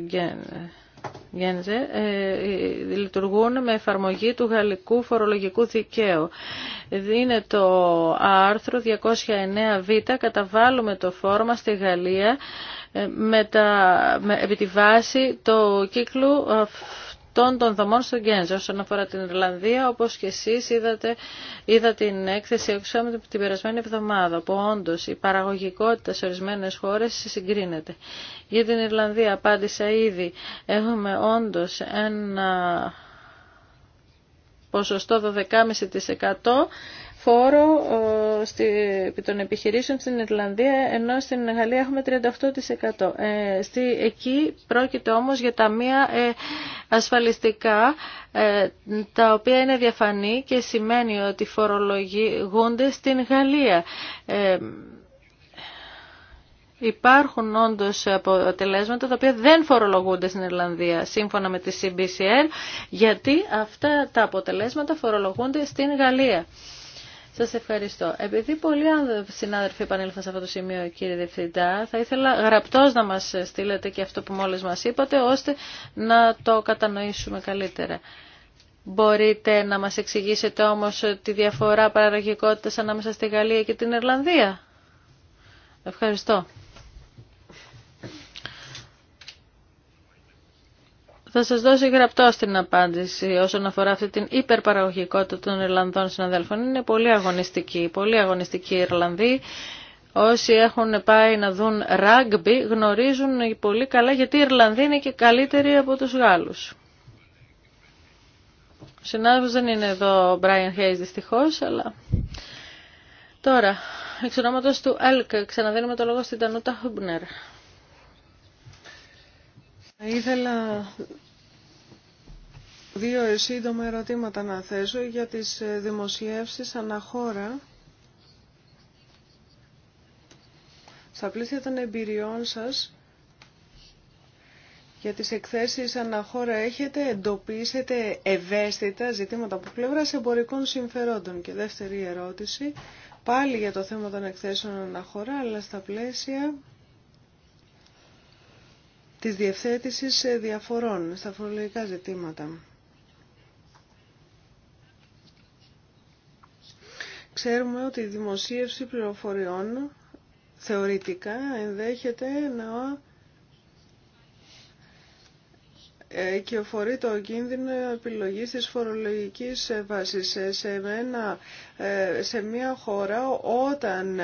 Γένζε ε, ε, λειτουργούν με εφαρμογή του γαλλικού φορολογικού δικαίου. Είναι το άρθρο 209β, καταβάλουμε το φόρμα στη Γαλλία ε, με τα, με, επί τη βάση το κύκλου των δομών στο Γκένζο. Όσον αφορά την Ιρλανδία, όπως και εσείς είδατε, είδα την έκθεση έξω την περασμένη εβδομάδα, που όντω η παραγωγικότητα σε ορισμένε χώρε συγκρίνεται. Για την Ιρλανδία απάντησα ήδη, έχουμε όντω ένα ποσοστό 12,5% φόρο ε, επί των επιχειρήσεων στην Ιρλανδία, ενώ στην Γαλλία έχουμε 38%. Ε, εκεί πρόκειται όμως για τα ταμεία ε, ασφαλιστικά, τα οποία είναι διαφανή και σημαίνει ότι φορολογούνται στην Γαλλία. Υπάρχουν όντω αποτελέσματα τα οποία δεν φορολογούνται στην Ιρλανδία σύμφωνα με τη CBCR γιατί αυτά τα αποτελέσματα φορολογούνται στην Γαλλία. Σας ευχαριστώ. Επειδή πολλοί συνάδελφοι επανήλθαν σε αυτό το σημείο, κύριε Διευθυντά, θα ήθελα γραπτός να μας στείλετε και αυτό που μόλις μας είπατε, ώστε να το κατανοήσουμε καλύτερα. Μπορείτε να μας εξηγήσετε όμως τη διαφορά παραγωγικότητας ανάμεσα στη Γαλλία και την Ιρλανδία. Ευχαριστώ. Θα σας δώσω γραπτό στην απάντηση όσον αφορά αυτή την υπερπαραγωγικότητα των Ιρλανδών συναδέλφων. Είναι πολύ αγωνιστική, πολύ αγωνιστική οι Ιρλανδοί. Όσοι έχουν πάει να δουν ράγμπι γνωρίζουν πολύ καλά γιατί οι Ιρλανδοί είναι και καλύτεροι από τους Γάλλους. Ο συνάδελφος δεν είναι εδώ ο Μπράιν Χέις δυστυχώς, αλλά... Τώρα, εξ ονόματος του ΕΛΚ, ξαναδίνουμε το λόγο στην Τανούτα Χούμπνερ. Θα ήθελα Δύο σύντομα ερωτήματα να θέσω για τις ε, δημοσιεύσεις αναχώρα. Στα πλήθεια των εμπειριών σας, για τις εκθέσεις αναχώρα έχετε, εντοπίσετε ευαίσθητα ζητήματα από πλευρά εμπορικών συμφερόντων. Και δεύτερη ερώτηση, πάλι για το θέμα των εκθέσεων αναχώρα, αλλά στα πλαίσια της διευθέτησης ε, διαφορών στα φορολογικά ζητήματα. Ξέρουμε ότι η δημοσίευση πληροφοριών θεωρητικά ενδέχεται να ε, κυοφορεί το κίνδυνο επιλογής της φορολογικής βάσης σε, μια ε, χώρα όταν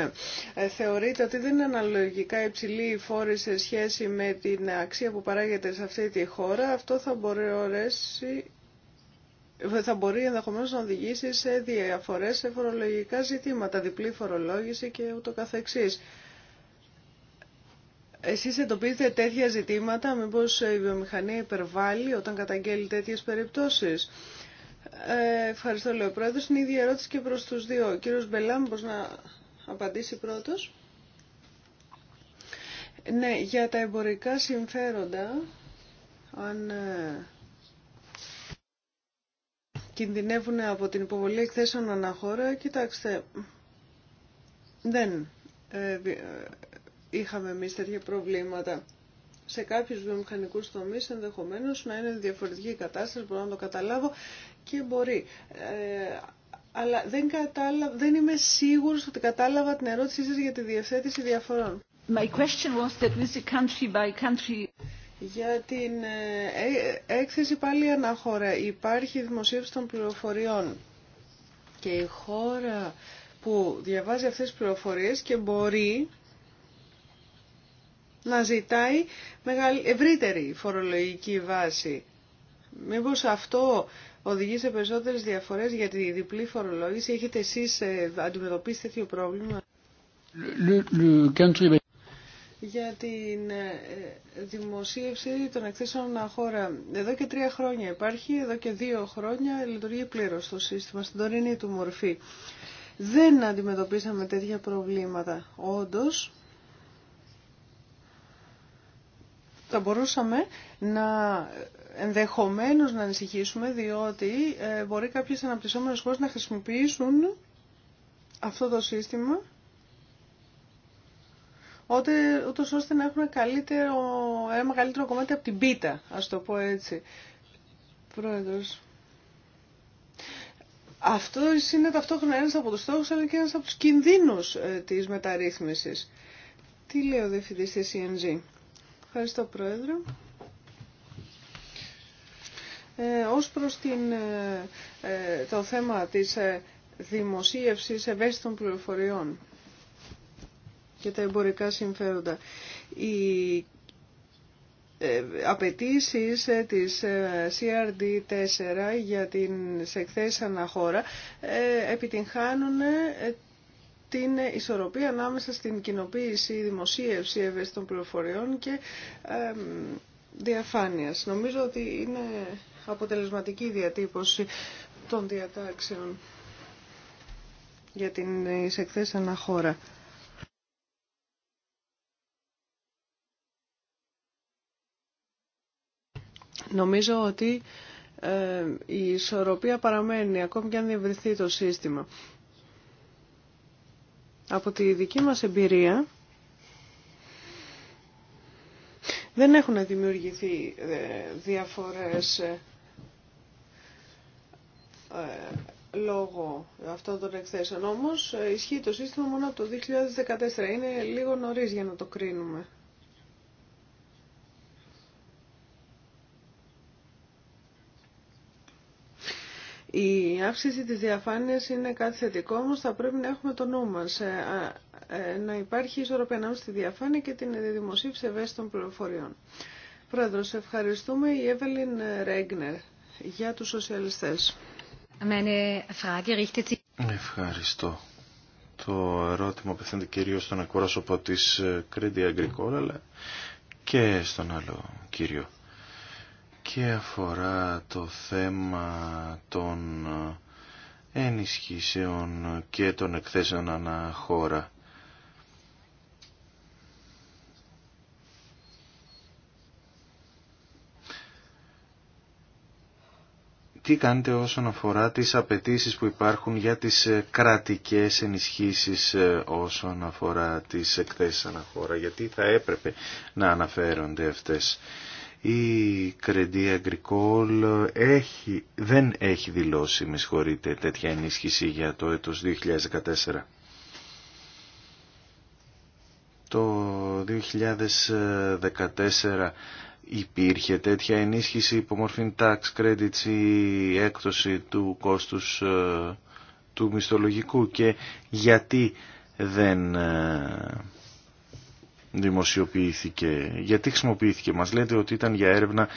ε, θεωρείται ότι δεν είναι αναλογικά υψηλή η φόρη σε σχέση με την αξία που παράγεται σε αυτή τη χώρα αυτό θα μπορέσει θα μπορεί ενδεχομένω να οδηγήσει σε διαφορέ σε φορολογικά ζητήματα, διπλή φορολόγηση και ούτω καθεξή. Εσείς εντοπίζετε τέτοια ζητήματα, μήπως η βιομηχανία υπερβάλλει όταν καταγγέλει τέτοιες περιπτώσεις. Ε, ευχαριστώ, λέω πρόεδρος. Είναι η ίδια ερώτηση και προς τους δύο. Ο κύριος Μπελά, να απαντήσει πρώτος. Ναι, για τα εμπορικά συμφέροντα, αν ε, κινδυνεύουν από την υποβολή εκθέσεων αναχώρα, κοιτάξτε, δεν ε, ε, είχαμε εμεί τέτοια προβλήματα. Σε κάποιους βιομηχανικούς τομείς ενδεχομένως να είναι διαφορετική η κατάσταση, μπορώ να το καταλάβω και μπορεί. Ε, αλλά δεν, δεν είμαι σίγουρος ότι κατάλαβα την ερώτησή σας για τη διευθέτηση διαφορών. My question was that with the country by country... Για την ε, ε, έκθεση πάλι αναχώρα υπάρχει δημοσίευση των πληροφοριών και η χώρα που διαβάζει αυτές τις πληροφορίες και μπορεί να ζητάει ευρύτερη φορολογική βάση. Μήπως αυτό οδηγεί σε περισσότερες διαφορές για τη διπλή φορολόγηση. Έχετε εσείς ε, αντιμετωπίσει τέτοιο πρόβλημα για την ε, δημοσίευση των εκθέσεων αναχώρα. Εδώ και τρία χρόνια υπάρχει, εδώ και δύο χρόνια λειτουργεί πλήρως το σύστημα στην τωρινή του μορφή. Δεν αντιμετωπίσαμε τέτοια προβλήματα. Όντως, θα μπορούσαμε να ενδεχομένως να ανησυχήσουμε διότι ε, μπορεί κάποιες αναπτυσσόμενες χώρες να χρησιμοποιήσουν αυτό το σύστημα Ότε, ούτως ώστε να έχουμε καλύτερο, ένα μεγαλύτερο κομμάτι από την πίτα, ας το πω έτσι. Πρόεδρος. Αυτό είναι ταυτόχρονα ένας από τους στόχους, αλλά και ένας από τους κινδύνους ε, της μεταρρύθμισης. Τι λέει ο διευθυντής της CNG. Ευχαριστώ, Πρόεδρε. Ε, ως προς την, ε, ε, το θέμα της ε, δημοσίευσης ευαίσθητων πληροφοριών και τα εμπορικά συμφέροντα. Οι ε, απαιτήσει ε, της ε, CRD4 για την εκθέσει αναχώρα επιτυγχάνουν την ισορροπία ανάμεσα στην κοινοποίηση, δημοσίευση ευαίσθητων πληροφοριών και διαφάνειας. Νομίζω ότι είναι αποτελεσματική διατύπωση των διατάξεων για την εκθέσει αναχώρα. Νομίζω ότι ε, η ισορροπία παραμένει ακόμη και αν διευρυθεί το σύστημα. Από τη δική μας εμπειρία δεν έχουν δημιουργηθεί ε, διαφορές ε, λόγω αυτών των εκθέσεων. Όμως ισχύει το σύστημα μόνο από το 2014. Είναι λίγο νωρίς για να το κρίνουμε. Η αύξηση της διαφάνειας είναι κάτι θετικό, όμως θα πρέπει να έχουμε το νου μας. Ε, ε, να υπάρχει ισορροπία ανάμεσα στη διαφάνεια και την δημοσίευση ευαίσθητων πληροφοριών. Πρόεδρος, ευχαριστούμε η Εύελιν Ρέγνερ για τους σοσιαλιστές. Ευχαριστώ. Το ερώτημα απευθύνεται κυρίως στον εκπρόσωπο της Κρίντια ε, αλλά και στον άλλο κύριο και αφορά το θέμα των ενισχύσεων και των εκθέσεων ανά χώρα. Τι κάνετε όσον αφορά τις απαιτήσεις που υπάρχουν για τις κρατικές ενισχύσεις ε, όσον αφορά τις εκθέσεις αναχώρα, γιατί θα έπρεπε να αναφέρονται αυτές η Credit Agricole έχει, δεν έχει δηλώσει, με συγχωρείτε, τέτοια ενίσχυση για το έτος 2014. Το 2014 υπήρχε τέτοια ενίσχυση μορφή tax credits ή έκπτωση του κόστους ε, του μισθολογικού και γιατί δεν ε, δημοσιοποιήθηκε. Γιατί χρησιμοποιήθηκε. Μας λέτε ότι ήταν για έρευνα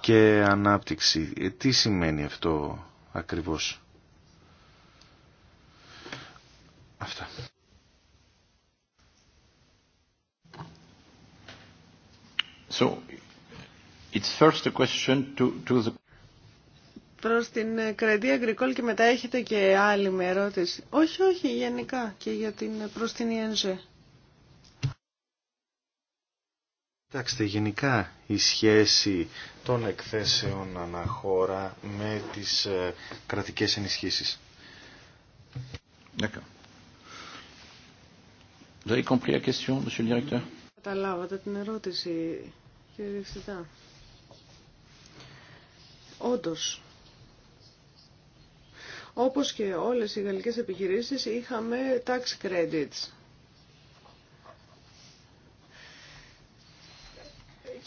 και ανάπτυξη. Ε, τι σημαίνει αυτό ακριβώς. Αυτά. So, it's first a question to, to the... Προς την ε, Κρεντή Αγκρικόλ και μετά έχετε και άλλη με ερώτηση. Όχι, όχι, γενικά και για την, ε, προς την ΙΕΝΖΕ. Κοιτάξτε, γενικά η σχέση των εκθέσεων αναχώρα με τις ε, κρατικές ενισχύσεις. Καταλάβατε την ερώτηση, κύριε Διευθυντά. Όντως, όπως και όλες οι γαλλικές επιχειρήσεις, είχαμε tax credits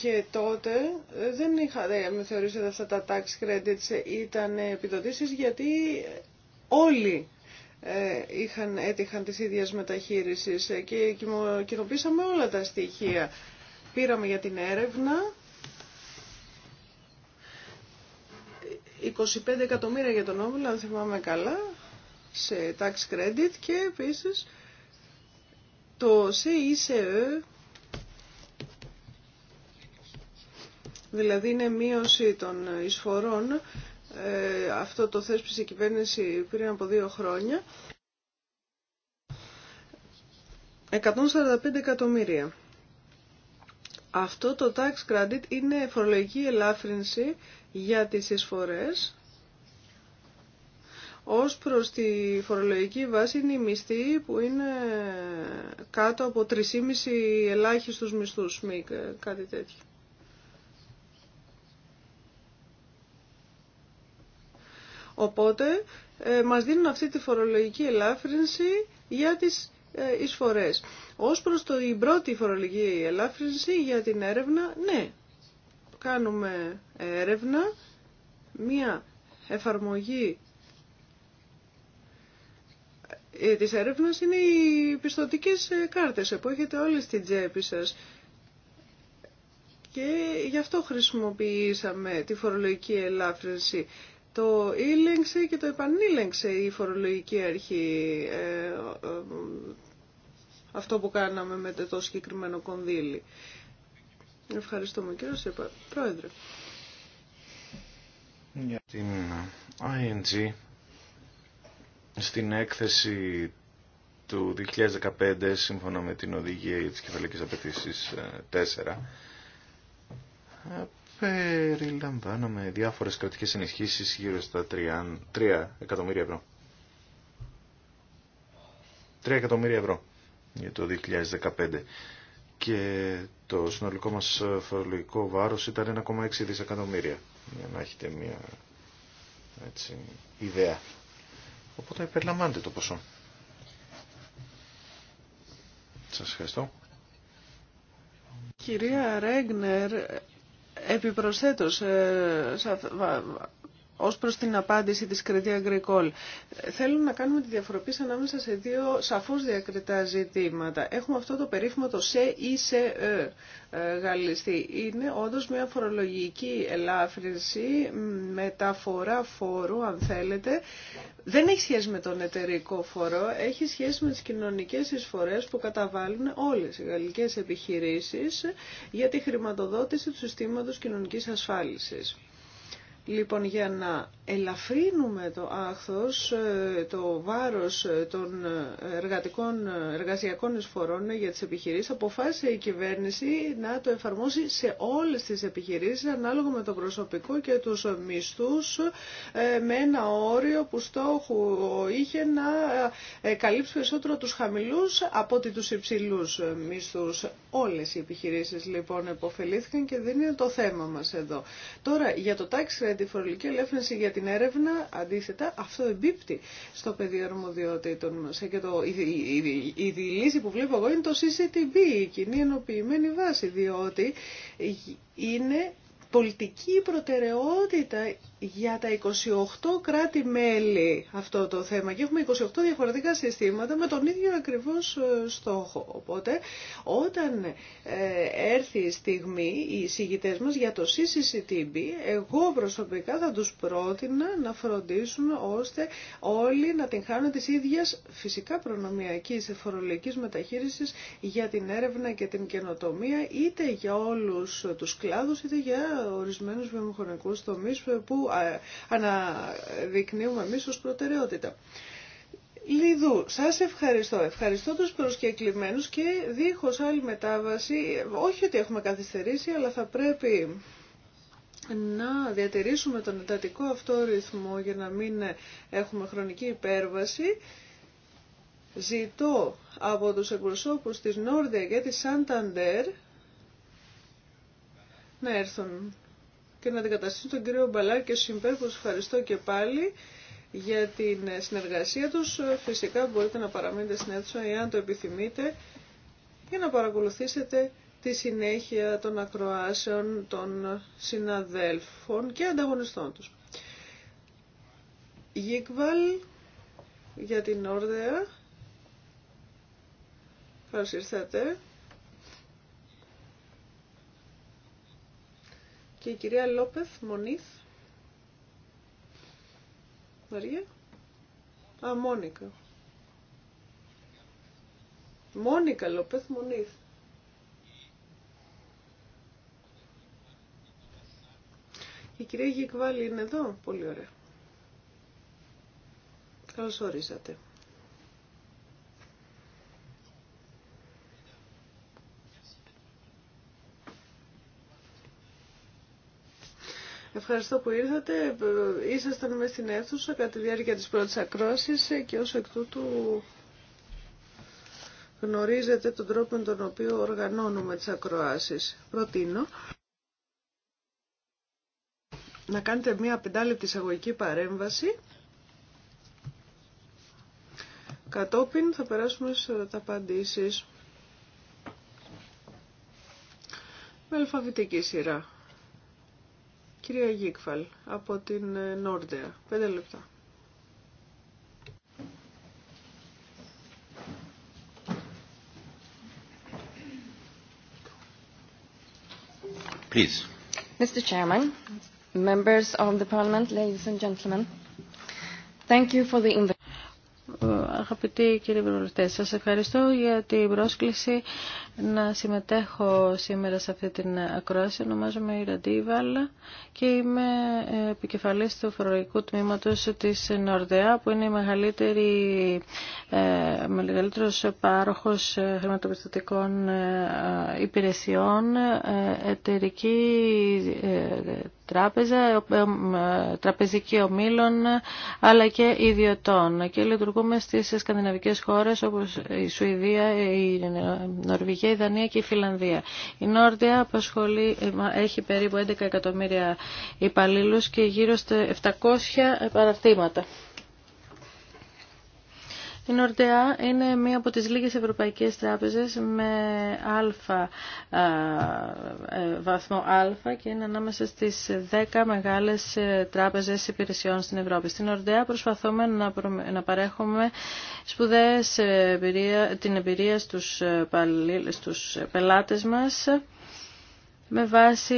Και τότε ε, δεν είχα, με θεωρήσει αυτά τα tax credits ε, ήταν επιδοτήσεις γιατί όλοι ε, είχαν, έτυχαν τις ίδιες μεταχείρισης και κοινοποίησαμε όλα τα στοιχεία. Πήραμε για την έρευνα 25 εκατομμύρια για τον όμιλο, αν θυμάμαι καλά, σε tax credit και επίσης το CICE δηλαδή είναι μείωση των εισφορών, ε, αυτό το θέσπισε η κυβέρνηση πριν από δύο χρόνια, 145 εκατομμύρια. Αυτό το tax credit είναι φορολογική ελάφρυνση για τις εισφορές ως προς τη φορολογική βάση είναι η μισθή που είναι κάτω από 3,5 ελάχιστους μισθούς, κάτι τέτοιο. Οπότε ε, μας δίνουν αυτή τη φορολογική ελάφρυνση για τις ε, εισφορές. Ως προς το, η πρώτη φορολογική ελάφρυνση για την έρευνα, ναι, κάνουμε έρευνα, μία εφαρμογή ε, της έρευνας είναι οι πιστοτικές κάρτες που έχετε όλες στην τσέπη σας. Και γι' αυτό χρησιμοποιήσαμε τη φορολογική ελάφρυνση το ήλεγξε και το επανήλεγξε η φορολογική αρχή ε, ε, αυτό που κάναμε με το συγκεκριμένο κονδύλι. Ευχαριστούμε κύριο Σύπα. Πρόεδρε. Για την ING στην έκθεση του 2015 σύμφωνα με την οδηγία για τις κεφαλικές απαιτήσεις 4 ε, περιλαμβάνομαι διάφορες κρατικές ενισχύσεις γύρω στα 3, 3 εκατομμύρια ευρώ. 3 εκατομμύρια ευρώ για το 2015 και το συνολικό μας φορολογικό βάρος ήταν 1,6 δισεκατομμύρια για να έχετε μια έτσι, ιδέα οπότε περιλαμβάνετε το ποσό Σας ευχαριστώ Κυρία Ρέγνερ Επιπροσθέτως, ε, ως προς την απάντηση της Κρετή Αγκρικόλ. Θέλουμε να κάνουμε τη διαφοροποίηση ανάμεσα σε δύο σαφώς διακριτά ζητήματα. Έχουμε αυτό το περίφημο το σε ή ε, ε, γαλλιστή. Είναι όντως μια φορολογική ελάφρυνση, μεταφορά φόρου αν θέλετε. Δεν έχει σχέση με τον εταιρικό φορό, έχει σχέση με τις κοινωνικές εισφορές που καταβάλουν όλες οι γαλλικές επιχειρήσεις για τη χρηματοδότηση του συστήματος κοινωνικής ασφάλισης. Λοιπόν, για να ελαφρύνουμε το άχθος, ε, το βάρος ε, των ε, εργατικών, εργασιακών εισφορών για τις επιχειρήσεις, αποφάσισε η κυβέρνηση να το εφαρμόσει σε όλες τις επιχειρήσεις, ανάλογα με το προσωπικό και τους μισθούς, με ένα όριο που στόχου είχε να καλύψει περισσότερο τους χαμηλούς από ότι τους υψηλούς μισθούς. Όλες οι επιχειρήσεις λοιπόν επωφελήθηκαν και δεν είναι το θέμα μας εδώ. Τώρα, για τη φορολογική ελεύθερη για την έρευνα, αντίθετα, αυτό εμπίπτει στο πεδίο αρμοδιότητων μα. Ε, και το, η, η, λύση που βλέπω εγώ είναι το CCTV, η κοινή ενοποιημένη βάση, διότι είναι πολιτική προτεραιότητα για τα 28 κράτη-μέλη αυτό το θέμα και έχουμε 28 διαφορετικά συστήματα με τον ίδιο ακριβώς ε, στόχο. Οπότε όταν ε, έρθει η στιγμή οι εισηγητές μας για το CCCTB εγώ προσωπικά θα τους πρότεινα να φροντίσουν ώστε όλοι να την χάνουν της ίδιας φυσικά προνομιακής φορολογικής μεταχείρισης για την έρευνα και την καινοτομία είτε για όλους τους κλάδους είτε για Ορισμένου βιομηχανικού τομεί που ε, αναδεικνύουμε εμεί ω προτεραιότητα. Λιδού, σας ευχαριστώ. Ευχαριστώ τους προσκεκλημένους και δίχως άλλη μετάβαση, όχι ότι έχουμε καθυστερήσει, αλλά θα πρέπει να διατηρήσουμε τον εντατικό αυτό ρυθμό για να μην έχουμε χρονική υπέρβαση. Ζητώ από τους εκπροσώπους της Νόρδια και της Σανταντέρ να έρθουν και να αντικαταστήσουν τον κύριο Μπαλά και Σιμπέρ που ευχαριστώ και πάλι για την συνεργασία τους. Φυσικά μπορείτε να παραμείνετε στην αίθουσα εάν το επιθυμείτε για να παρακολουθήσετε τη συνέχεια των ακροάσεων των συναδέλφων και ανταγωνιστών τους. Γίκβαλ για την Όρδεα. Καλώς ήρθατε. και η κυρία Λόπεθ Μονίθ. Μαρία. Α, Μόνικα. Μόνικα Λόπεθ Μονίθ. Η κυρία Γεκβάλη είναι εδώ. Πολύ ωραία. Καλώς ορίσατε. Ευχαριστώ που ήρθατε. Ήσασταν μέσα στην αίθουσα κατά τη διάρκεια της πρώτης ακρόσης και ως εκ τούτου γνωρίζετε τον τρόπο με τον οποίο οργανώνουμε τις ακροάσεις. Προτείνω να κάνετε μία πεντάλεπτη εισαγωγική παρέμβαση. Κατόπιν θα περάσουμε σε απαντήσεις με αλφαβητική σειρά κυρία Γίκφαλ από την Νόρντεα. Πέντε λεπτά. Please. Mr. Chairman, members of the Parliament, ladies and gentlemen, thank you for the invitation αγαπητοί κύριοι Σας ευχαριστώ για την πρόσκληση να συμμετέχω σήμερα σε αυτή την ακρόαση. Ονομάζομαι Ιραντίβαλ και είμαι επικεφαλή του φορολογικού τμήματος της Νορδεά, που είναι η μεγαλύτερη, ε, μεγαλύτερος πάροχος χρηματοπιστωτικών ε, υπηρεσιών, ε, εταιρική τράπεζα, ε, ε, ε, τραπεζική ομίλων, αλλά και ιδιωτών. Και λειτουργούμε στις σκανδιναβικές χώρες όπως η Σουηδία, η Νορβηγία, η Δανία και η Φιλανδία. Η Νόρδια απασχολεί, έχει περίπου 11 εκατομμύρια υπαλλήλους και γύρω στα 700 παραρτήματα. Η Νορτέα είναι μία από τις λίγες ευρωπαϊκές τράπεζες με αλφα, ε, βαθμό α και είναι ανάμεσα στις 10 μεγάλες ε, τράπεζες υπηρεσιών στην Ευρώπη. Στην Νορτέα προσπαθούμε να παρέχουμε σπουδαίες ε, την εμπειρία στους, πελάτες μας με βάση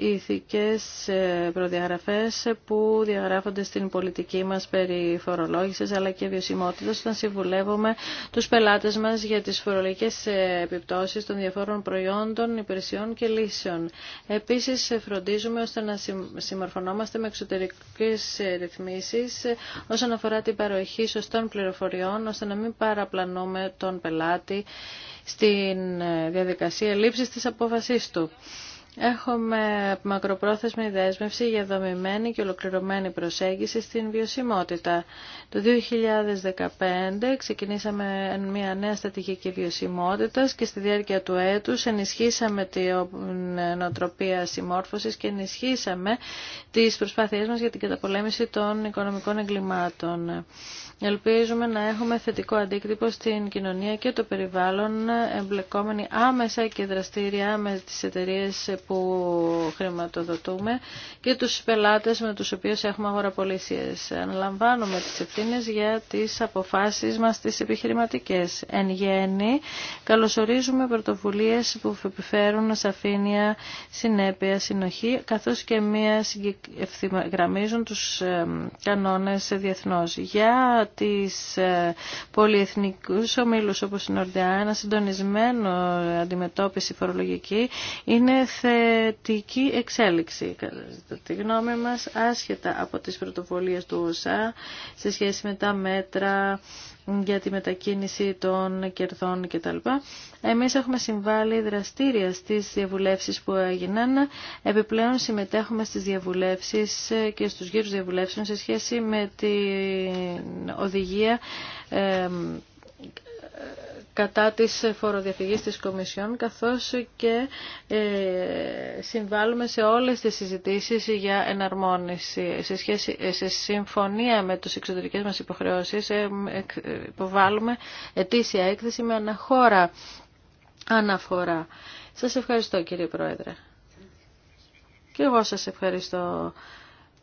ηθικές ε, προδιαγραφές που διαγράφονται στην πολιτική μας περί φορολόγησης αλλά και βιωσιμότητας όταν συμβουλεύουμε τους πελάτες μας για τις φορολογικές ε, επιπτώσεις των διαφόρων προϊόντων, υπηρεσιών και λύσεων. Επίσης ε, φροντίζουμε ώστε να συμμορφωνόμαστε με εξωτερικές ρυθμίσεις όσον αφορά την παροχή σωστών πληροφοριών ώστε να μην παραπλανούμε τον πελάτη στην ε, διαδικασία λήψης της απόφασής του. Έχουμε μακροπρόθεσμη δέσμευση για δομημένη και ολοκληρωμένη προσέγγιση στην βιωσιμότητα. Το 2015 ξεκινήσαμε μια νέα στρατηγική βιωσιμότητα και στη διάρκεια του έτους ενισχύσαμε την νοοτροπία συμμόρφωσης και ενισχύσαμε τις προσπάθειές μας για την καταπολέμηση των οικονομικών εγκλημάτων. Ελπίζουμε να έχουμε θετικό αντίκτυπο στην κοινωνία και το περιβάλλον, εμπλεκόμενοι άμεσα και δραστήρια με τις εταιρείες που χρηματοδοτούμε και τους πελάτες με τους οποίους έχουμε αγοραπολίσεις. Αναλαμβάνουμε τις ευθύνες για τις αποφάσεις μας τις επιχειρηματικές. Εν γέννη, καλωσορίζουμε πρωτοβουλίες που επιφέρουν σαφήνεια, συνέπεια, συνοχή, καθώς και μία γραμμίζουν τους κανόνες διεθνώς. Για της ε, πολυεθνικούς ομίλους όπως η Νορδιά, ένα συντονισμένο ε, αντιμετώπιση φορολογική είναι θετική εξέλιξη. Κατά τη γνώμη μας, άσχετα από τις πρωτοβολίες του ΟΣΑ σε σχέση με τα μέτρα για τη μετακίνηση των κερδών κτλ. Εμείς έχουμε συμβάλει δραστήρια στις διαβουλεύσεις που έγιναν. Επιπλέον συμμετέχουμε στις διαβουλεύσεις και στους γύρους διαβουλεύσεων σε σχέση με την οδηγία ε, κατά της φοροδιαφυγής της Κομισιόν καθώς και ε, συμβάλλουμε σε όλες τις συζητήσεις για εναρμόνιση. Σε, ε, συμφωνία με τις εξωτερικές μας υποχρεώσεις ε, υποβάλλουμε ετήσια έκθεση με αναχώρα αναφορά. Σας ευχαριστώ κύριε Πρόεδρε. Και εγώ σας ευχαριστώ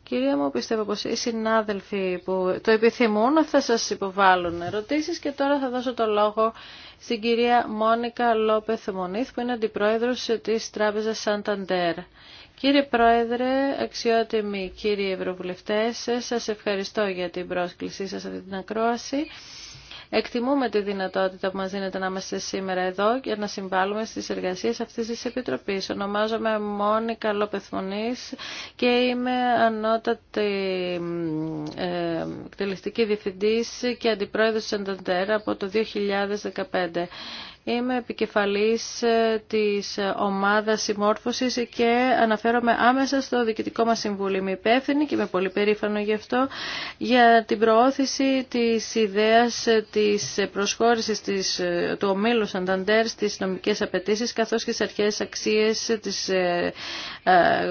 Κυρία μου, πιστεύω πως οι συνάδελφοι που το επιθυμούν θα σας υποβάλουν ερωτήσεις και τώρα θα δώσω το λόγο στην κυρία Μόνικα Λόπεθ Μονίθ που είναι αντιπρόεδρος της Τράπεζας Σανταντέρ. Κύριε Πρόεδρε, αξιότιμοι κύριοι Ευρωβουλευτές, σας ευχαριστώ για την πρόσκλησή σας αυτή την ακρόαση. Εκτιμούμε τη δυνατότητα που μας δίνεται να είμαστε σήμερα εδώ για να συμβάλλουμε στις εργασίες αυτής της Επιτροπής. Ονομάζομαι Μόνη Καλόπεθμονής και είμαι ανώτατη ε, εκτελεστική διευθυντής και αντιπρόεδρος της από το 2015. Είμαι επικεφαλής ε, της ομάδας συμμόρφωσης και αναφέρομαι άμεσα στο Διοικητικό μας Συμβούλιο. Είμαι υπεύθυνη και είμαι πολύ περήφανο γι' αυτό για την προώθηση της ιδέας ε, της προσχώρησης της, ε, του ομίλου Σανταντέρ στις νομικές απαιτήσεις καθώς και στις αρχές αξίες της,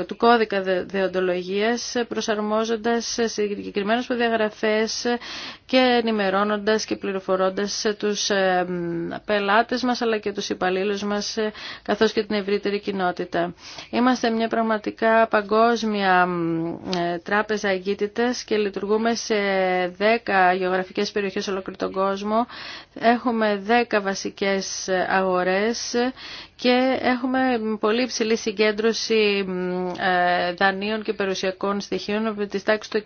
του κώδικα δεοντολογίας προσαρμόζοντας συγκεκριμένε προδιαγραφές και ενημερώνοντας και πληροφορώντας τους πελάτες μας αλλά και τους υπαλλήλους μας ε, καθώς και την ευρύτερη κοινότητα. Είμαστε μια πραγματικά παγκόσμια ε, τράπεζα εγκύτητας και λειτουργούμε σε 10 γεωγραφικές περιοχές ολόκληρο τον κόσμο. Έχουμε 10 βασικές αγορές και έχουμε πολύ υψηλή συγκέντρωση ε, δανείων και περιουσιακών στοιχείων από τη τάξη του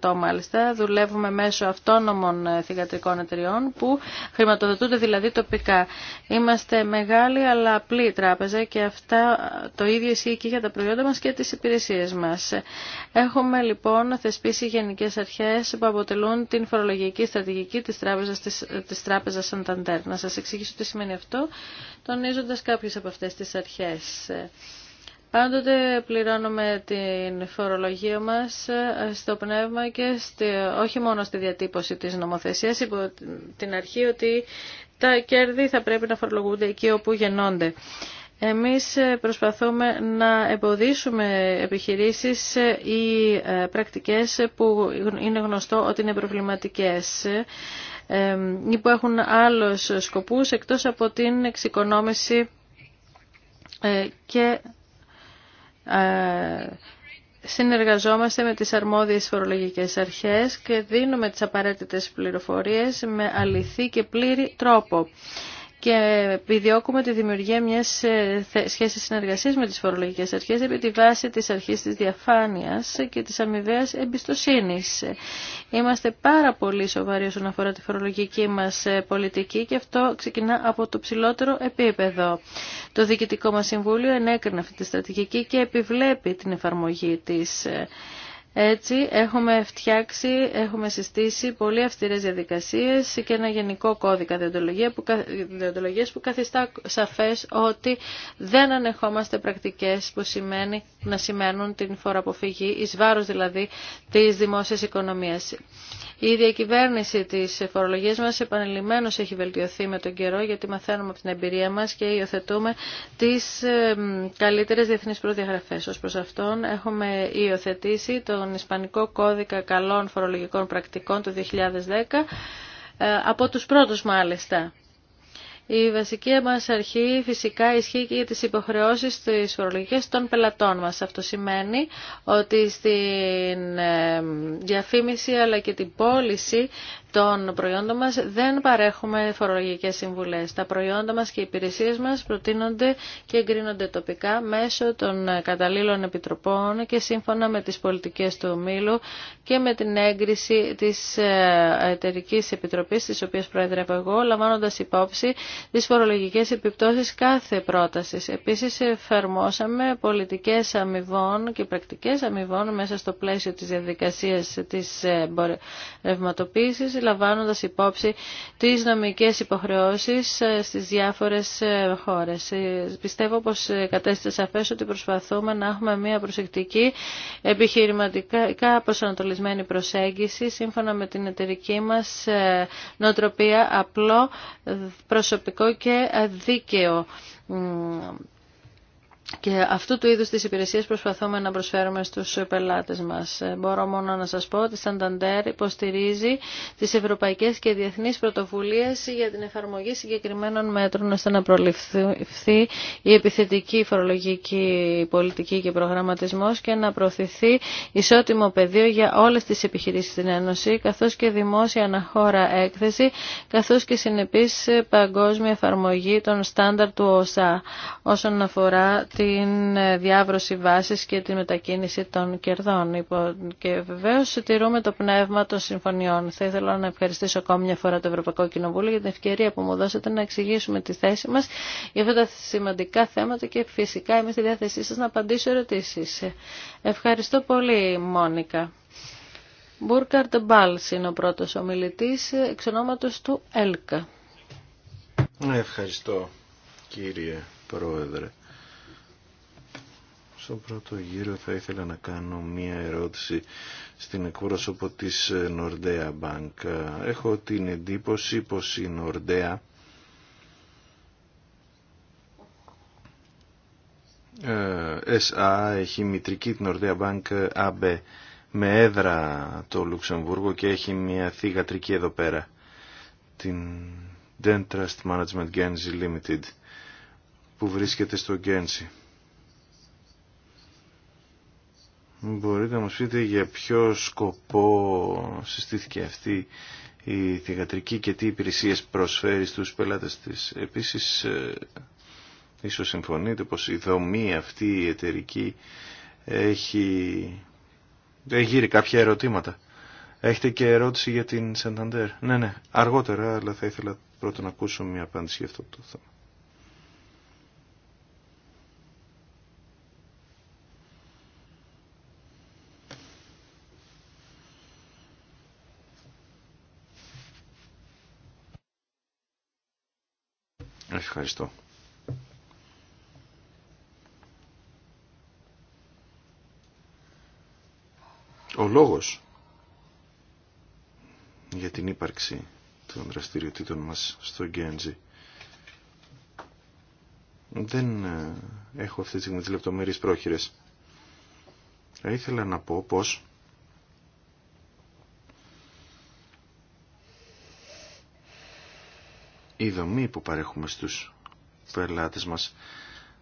60% μάλιστα. Δουλεύουμε μέσω αυτόνομων ε, θηγατρικών εταιριών που χρηματοδοτούνται δηλαδή τοπικά. Είμαστε μεγάλη αλλά απλή τράπεζα και αυτά το ίδιο ισχύει και για τα προϊόντα μας και τις υπηρεσίες μας. Έχουμε λοιπόν θεσπίσει γενικές αρχές που αποτελούν την φορολογική στρατηγική της τράπεζας, της, ε, της τράπεζας Santander. Να σας εξηγήσω τι σημαίνει αυτό, τονίζοντας κάποιες από αυτές τις αρχές. Πάντοτε πληρώνουμε την φορολογία μας ε, στο πνεύμα και στη, όχι μόνο στη διατύπωση της νομοθεσίας, υπό την αρχή ότι τα κέρδη θα πρέπει να φορολογούνται εκεί όπου γεννώνται. Εμείς ε, προσπαθούμε να εμποδίσουμε επιχειρήσεις ε, ή πρακτικές που είναι γνωστό ότι είναι προβληματικές ή που έχουν άλλους σκοπούς εκτός από την εξοικονόμηση ε, και ε, συνεργαζόμαστε με τις αρμόδιες φορολογικές αρχές και δίνουμε τις απαραίτητες πληροφορίες με αληθή και πλήρη τρόπο και επιδιώκουμε τη δημιουργία μιας ε, σχέσης συνεργασίας με τις φορολογικές αρχές επί τη βάση της αρχής της διαφάνειας και της αμοιβαίας εμπιστοσύνης. Είμαστε πάρα πολύ σοβαροί όσον αφορά τη φορολογική μας ε, πολιτική και αυτό ξεκινά από το ψηλότερο επίπεδο. Το Διοικητικό μας Συμβούλιο ενέκρινε αυτή τη στρατηγική και επιβλέπει την εφαρμογή της. Έτσι έχουμε φτιάξει, έχουμε συστήσει πολύ αυστηρές διαδικασίες και ένα γενικό κώδικα διοντολογίας που καθιστά σαφές ότι δεν ανεχόμαστε πρακτικές που σημαίνει, να σημαίνουν την φοροαποφυγή εις βάρος δηλαδή της δημόσιας οικονομίας. Η διακυβέρνηση της φορολογία μας επανειλημμένω έχει βελτιωθεί με τον καιρό γιατί μαθαίνουμε από την εμπειρία μας και υιοθετούμε τις καλύτερες διεθνεί προδιαγραφές. Ω προς αυτόν έχουμε υιοθετήσει τον Ισπανικό Κώδικα Καλών Φορολογικών Πρακτικών του 2010 ε, από τους πρώτους μάλιστα. Η βασική μας αρχή φυσικά ισχύει και για τις υποχρεώσεις της φορολογικής των πελατών μας. Αυτό σημαίνει ότι στην ε, διαφήμιση αλλά και την πώληση των προϊόντων μας δεν παρέχουμε φορολογικές συμβουλές. Τα προϊόντα μας και οι υπηρεσίες μας προτείνονται και εγκρίνονται τοπικά μέσω των καταλήλων επιτροπών και σύμφωνα με τις πολιτικές του ομίλου και με την έγκριση της ε, εταιρική Επιτροπής της οποίας προεδρεύω εγώ, λαμβάνοντας υπόψη τις φορολογικές επιπτώσεις κάθε πρότασης. Επίσης εφαρμόσαμε πολιτικές αμοιβών και πρακτικές αμοιβών μέσα στο πλαίσιο της διαδικασίας της ρευματοποίησης, λαμβάνοντας υπόψη τις νομικές υποχρεώσεις ε, στις διάφορες ε, χώρες. Ε, πιστεύω πως κατέστησε σαφές ότι προσπαθούμε να έχουμε μια προσεκτική επιχειρηματικά προσανατολισμένη προσέγγιση σύμφωνα με την εταιρική μας νοοτροπία απλό προσωπικό προσωπικό και δίκαιο και αυτού του είδους τις υπηρεσίες προσπαθούμε να προσφέρουμε στους πελάτες μας. Ε, μπορώ μόνο να σας πω ότι η Santander υποστηρίζει τις ευρωπαϊκές και διεθνείς πρωτοβουλίες για την εφαρμογή συγκεκριμένων μέτρων ώστε να προληφθεί η επιθετική φορολογική πολιτική και προγραμματισμός και να προωθηθεί ισότιμο πεδίο για όλες τις επιχειρήσεις στην Ένωση καθώς και δημόσια αναχώρα έκθεση καθώς και συνεπής παγκόσμια εφαρμογή των στάνταρ του ΟΣΑ όσον αφορά την ε, διάβρωση βάσης και τη μετακίνηση των κερδών. Και βεβαίως τηρούμε το πνεύμα των συμφωνιών. Θα ήθελα να ευχαριστήσω ακόμη μια φορά το Ευρωπαϊκό Κοινοβούλιο για την ευκαιρία που μου δώσατε να εξηγήσουμε τη θέση μας για αυτά τα σημαντικά θέματα και φυσικά είμαι στη διάθεσή σας να απαντήσω ερωτήσεις. Ευχαριστώ πολύ Μόνικα. Μπούρκαρτ Μπάλς είναι ο πρώτος ομιλητής εξ του ΕΛΚΑ. Ευχαριστώ κύριε Πρόεδρε. Στον πρώτο γύρο θα ήθελα να κάνω μία ερώτηση στην εκπρόσωπο της ε, Nordea Bank. Έχω την εντύπωση πως η Nordea ε, SA έχει μητρική την Nordea Bank AB με έδρα το Λουξεμβούργο και έχει μια θηγατρική εδώ πέρα την Dentrust Management Guernsey Limited που βρίσκεται στο Guernsey. Μπορείτε να μας πείτε για ποιο σκοπό συστήθηκε αυτή η θηγατρική και τι υπηρεσίες προσφέρει στους πελάτες της. Επίσης, ε, ίσως συμφωνείτε πως η δομή αυτή η εταιρική έχει... γύρει κάποια ερωτήματα. Έχετε και ερώτηση για την Σενταντέρ. Ναι, ναι, αργότερα, αλλά θα ήθελα πρώτα να ακούσω μια απάντηση για αυτό το θέμα. Ευχαριστώ. Ο λόγος για την ύπαρξη των δραστηριοτήτων μας στο Γκέντζι. Δεν ε, έχω αυτή τη στιγμή τις λεπτομέρειες πρόχειρες. Θα ήθελα να πω πως η δομή που παρέχουμε στους πελάτες μας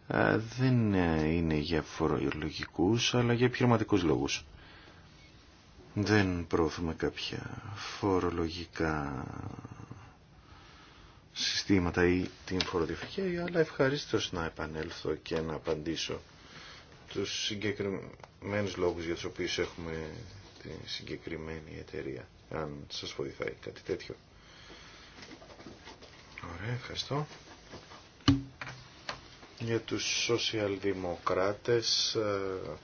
ε, δεν ε, είναι για φορολογικούς αλλά για επιχειρηματικούς λόγους. Δεν προωθούμε κάποια φορολογικά συστήματα ή την φοροδιοφυγία αλλά ευχαρίστω να επανέλθω και να απαντήσω τους συγκεκριμένους λόγους για τους οποίους έχουμε τη συγκεκριμένη εταιρεία, αν σας βοηθάει κάτι τέτοιο. Ωραία, ευχαριστώ. Για τους σοσιαλδημοκράτες ε,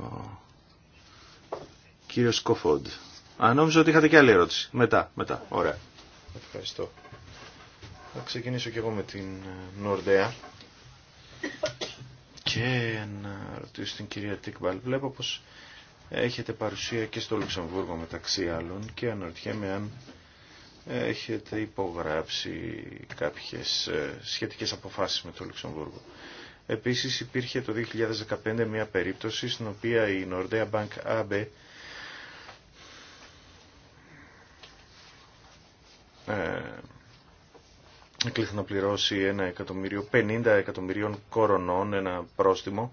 ο κύριος Κοφόντ. Α, νόμιζα ότι είχατε και άλλη ερώτηση. Μετά, μετά. Ωραία. Ευχαριστώ. Θα ξεκινήσω και εγώ με την ε, Νορδέα. Και να ρωτήσω την κυρία Τίκμπαλ. Βλέπω πως έχετε παρουσία και στο Λουξεμβούργο μεταξύ άλλων και αναρωτιέμαι αν έχετε υπογράψει κάποιες ε, σχετικές αποφάσεις με το Λουξεμβούργο. Επίσης υπήρχε το 2015 μια περίπτωση στην οποία η Nordea Bank AB ε, εκλήθη να πληρώσει ένα εκατομμύριο, 50 εκατομμυρίων κορονών, ένα πρόστιμο,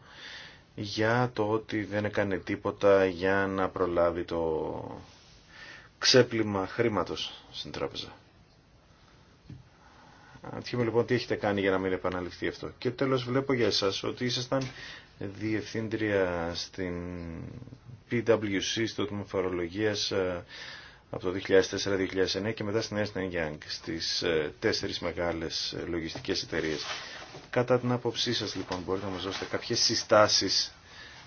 για το ότι δεν έκανε τίποτα για να προλάβει το ξέπλυμα χρήματος στην τράπεζα. Αναρωτιέμαι λοιπόν τι έχετε κάνει για να μην επαναληφθεί αυτό. Και τέλος βλέπω για εσάς ότι ήσασταν διευθύντρια στην PwC στο τμήμα φορολογίας ε, από το 2004-2009 και μετά στην Ernst Young στις ε, τέσσερις μεγάλες λογιστικές εταιρείες. Κατά την άποψή σας λοιπόν μπορείτε να μας δώσετε κάποιες συστάσεις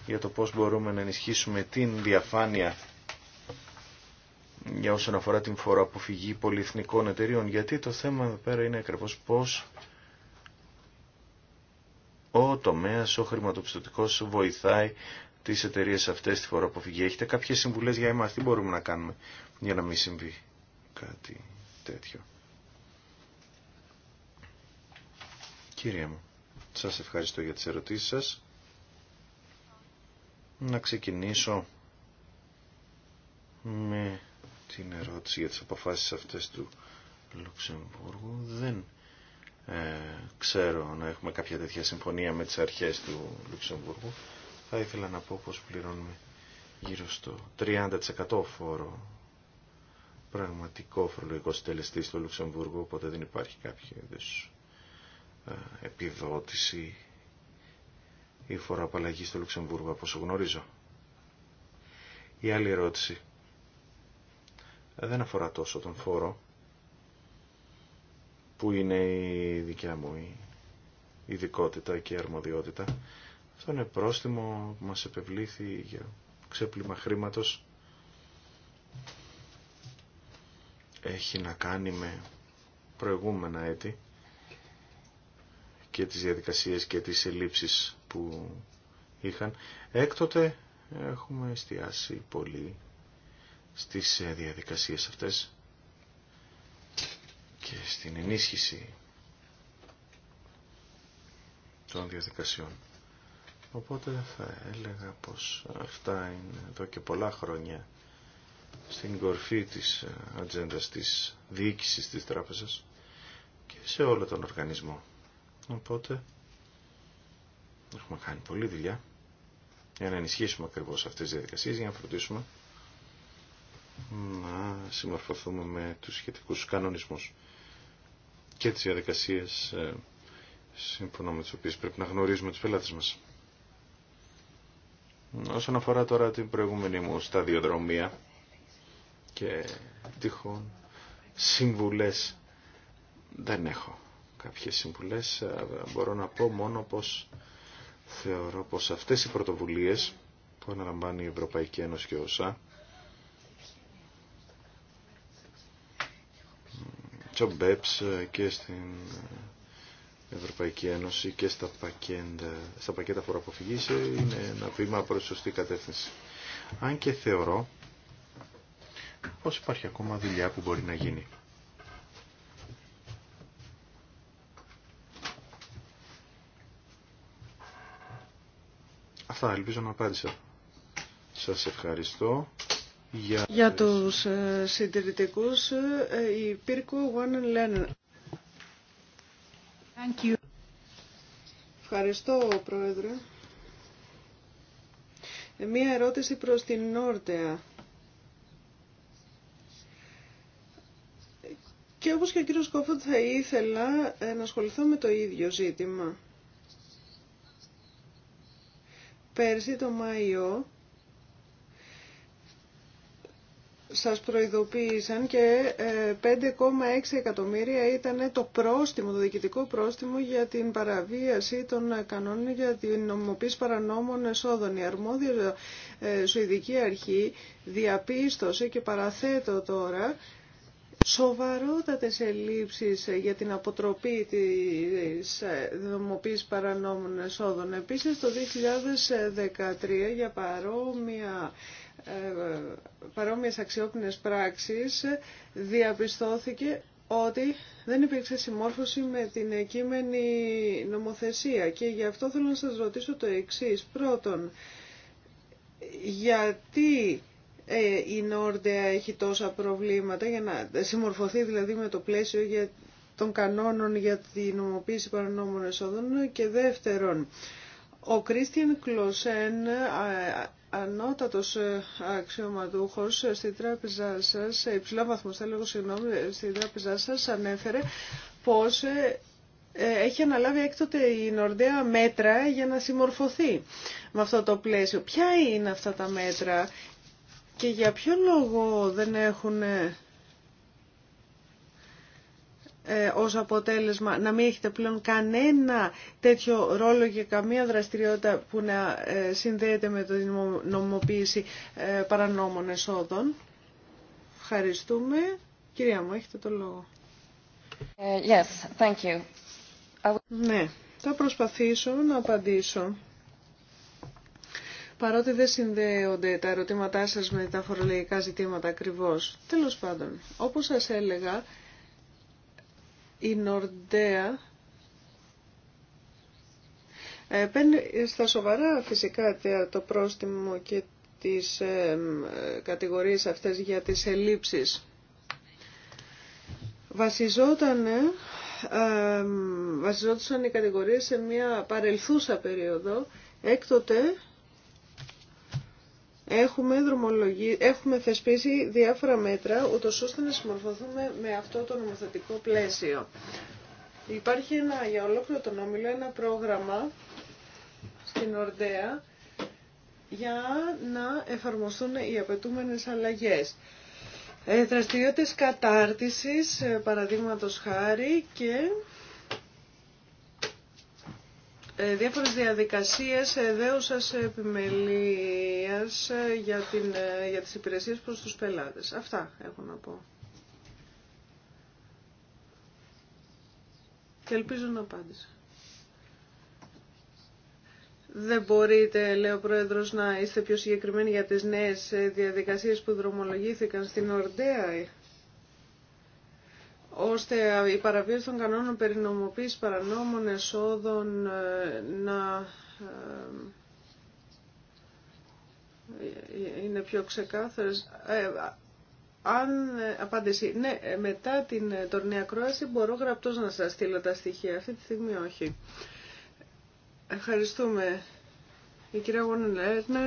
για το πώς μπορούμε να ενισχύσουμε την διαφάνεια για όσον αφορά την φοροαποφυγή πολυεθνικών εταιρείων. Γιατί το θέμα εδώ πέρα είναι ακριβώς πώς ο τομέας, ο χρηματοπιστωτικός βοηθάει τις εταιρείες αυτές τη φοροαποφυγή. Έχετε κάποιες συμβουλές για εμάς, τι μπορούμε να κάνουμε για να μην συμβεί κάτι τέτοιο. Κύριε μου, σας ευχαριστώ για τις ερωτήσεις σας. Να ξεκινήσω με την ερώτηση για τις αποφάσεις αυτές του Λουξεμβούργου. Δεν ε, ξέρω να έχουμε κάποια τέτοια συμφωνία με τις αρχές του Λουξεμβούργου. Θα ήθελα να πω πως πληρώνουμε γύρω στο 30% φόρο πραγματικό φορολογικό συντελεστή στο Λουξεμβούργο, οπότε δεν υπάρχει κάποιο ε, επιδότηση ή φοροαπαλλαγή στο Λουξεμβούργο, από όσο γνωρίζω. Η άλλη ερώτηση ε, δεν αφορά τόσο τον φόρο, που είναι η δικιά μου η ειδικότητα και η αρμοδιότητα. Αυτό είναι πρόστιμο που μας επευλήθη για ξέπλυμα χρήματος. Έχει να κάνει με προηγούμενα έτη και τις διαδικασίες και τις ελλείψεις που είχαν. Έκτοτε έχουμε εστιάσει πολύ στις διαδικασίες αυτές και στην ενίσχυση των διαδικασιών. Οπότε θα έλεγα πως αυτά είναι εδώ και πολλά χρόνια στην κορφή της ατζέντας της διοίκησης της τράπεζας και σε όλο τον οργανισμό. Οπότε έχουμε κάνει πολλή δουλειά για να ενισχύσουμε ακριβώ αυτές τι διαδικασίε για να φροντίσουμε να συμμορφωθούμε με τους σχετικούς κανονισμού και τις διαδικασίε ε, σύμφωνα με τις οποίε πρέπει να γνωρίζουμε του πελάτε μας. Όσον αφορά τώρα την προηγούμενη μου σταδιοδρομία και τυχόν συμβουλές δεν έχω κάποιες συμβουλές. Ε, μπορώ να πω μόνο πως θεωρώ πως αυτές οι πρωτοβουλίες που αναλαμβάνει η Ευρωπαϊκή Ένωση και ΩΣΑ τσομπέψ ε, και στην Ευρωπαϊκή Ένωση και στα, πακέντα, στα πακέτα φοροαποφυγής ε, είναι ένα βήμα προς σωστή κατεύθυνση. Αν και θεωρώ πως υπάρχει ακόμα δουλειά που μπορεί να γίνει. Αυτά, ελπίζω να απάντησα. Σας ευχαριστώ. Για, για τους ε, συντηρητικούς, ε, η Πύρκο Thank you. Ευχαριστώ, Πρόεδρε. Ε, μία ερώτηση προς την Νόρτεα. Και όπως και ο κύριος Κόφωτ θα ήθελα να ασχοληθώ με το ίδιο ζήτημα. Πέρσι το Μάιο σας προειδοποίησαν και 5,6 ε, εκατομμύρια ήταν το πρόστιμο, το διοικητικό πρόστιμο για την παραβίαση των κανόνων για την νομιμοποίηση παρανόμων εσόδων. Η αρμόδια ε, Σουηδική Αρχή διαπίστωσε και παραθέτω τώρα σοβαρότατες ελλείψεις για την αποτροπή της δημοποίησης ε, παρανόμων εσόδων. Επίσης το 2013 για παρόμοια ε, παρόμοιες αξιόπινες πράξεις διαπιστώθηκε ότι δεν υπήρξε συμμόρφωση με την εκείμενη νομοθεσία και γι' αυτό θέλω να σας ρωτήσω το εξής. Πρώτον, γιατί ε, η Νόρντεα έχει τόσα προβλήματα για να συμμορφωθεί δηλαδή με το πλαίσιο για των κανόνων για την νομοποίηση παρανόμων εσόδων και δεύτερον. Ο Κρίστιαν Κλωσέν, ε, ανώτατος ε, αξιωματούχος στην τράπεζά σας, υψηλά βαθμό θα λέγω συγγνώμη, στην τράπεζά σας ανέφερε πως έχει αναλάβει έκτοτε η Νορδέα μέτρα για να συμμορφωθεί με αυτό το πλαίσιο. Ποια είναι αυτά τα μέτρα, και για ποιο λόγο δεν έχουν ε, ε, ως αποτέλεσμα να μην έχετε πλέον κανένα τέτοιο ρόλο και καμία δραστηριότητα που να ε, συνδέεται με την νομοποίηση ε, παρανόμων εσόδων. Ευχαριστούμε. Κυρία μου, έχετε το λόγο. Yes, thank you. Ναι, θα προσπαθήσω να απαντήσω παρότι δεν συνδέονται τα ερωτήματά σας με τα φορολογικά ζητήματα ακριβώς. Τέλος πάντων, όπως σας έλεγα, η Νορντέα ε, παίρνει στα σοβαρά φυσικά το πρόστιμο και τις ε, κατηγορίες αυτές για τις ελλείψεις. Βασιζόταν ε, οι κατηγορίες σε μια παρελθούσα περίοδο. Έκτοτε Έχουμε, δρομολογή, έχουμε θεσπίσει διάφορα μέτρα, ούτως ώστε να συμμορφωθούμε με αυτό το νομοθετικό πλαίσιο. Υπάρχει ένα, για ολόκληρο τον όμιλο ένα πρόγραμμα στην Ορδέα για να εφαρμοστούν οι απαιτούμενες αλλαγές. Ε, δραστηριότητες κατάρτισης, ε, παραδείγματος χάρη, και ε, διάφορες διαδικασίες δέωσας επιμελίας ε, για, την, ε, για τις υπηρεσίες προς τους πελάτες. Αυτά έχω να πω. Και ελπίζω να απάντησα. Δεν μπορείτε, λέει ο Πρόεδρος, να είστε πιο συγκεκριμένοι για τις νέες διαδικασίες που δρομολογήθηκαν στην Ορντέα ώστε η παραβίαση των κανόνων περί παρανόμων εσόδων ε, να ε, είναι πιο ξεκάθαρες. Ε, αν απάντηση, ναι, μετά την τορνή ακρόαση μπορώ γραπτός να σας στείλω τα στοιχεία. Αυτή τη στιγμή όχι. Ευχαριστούμε η κυρία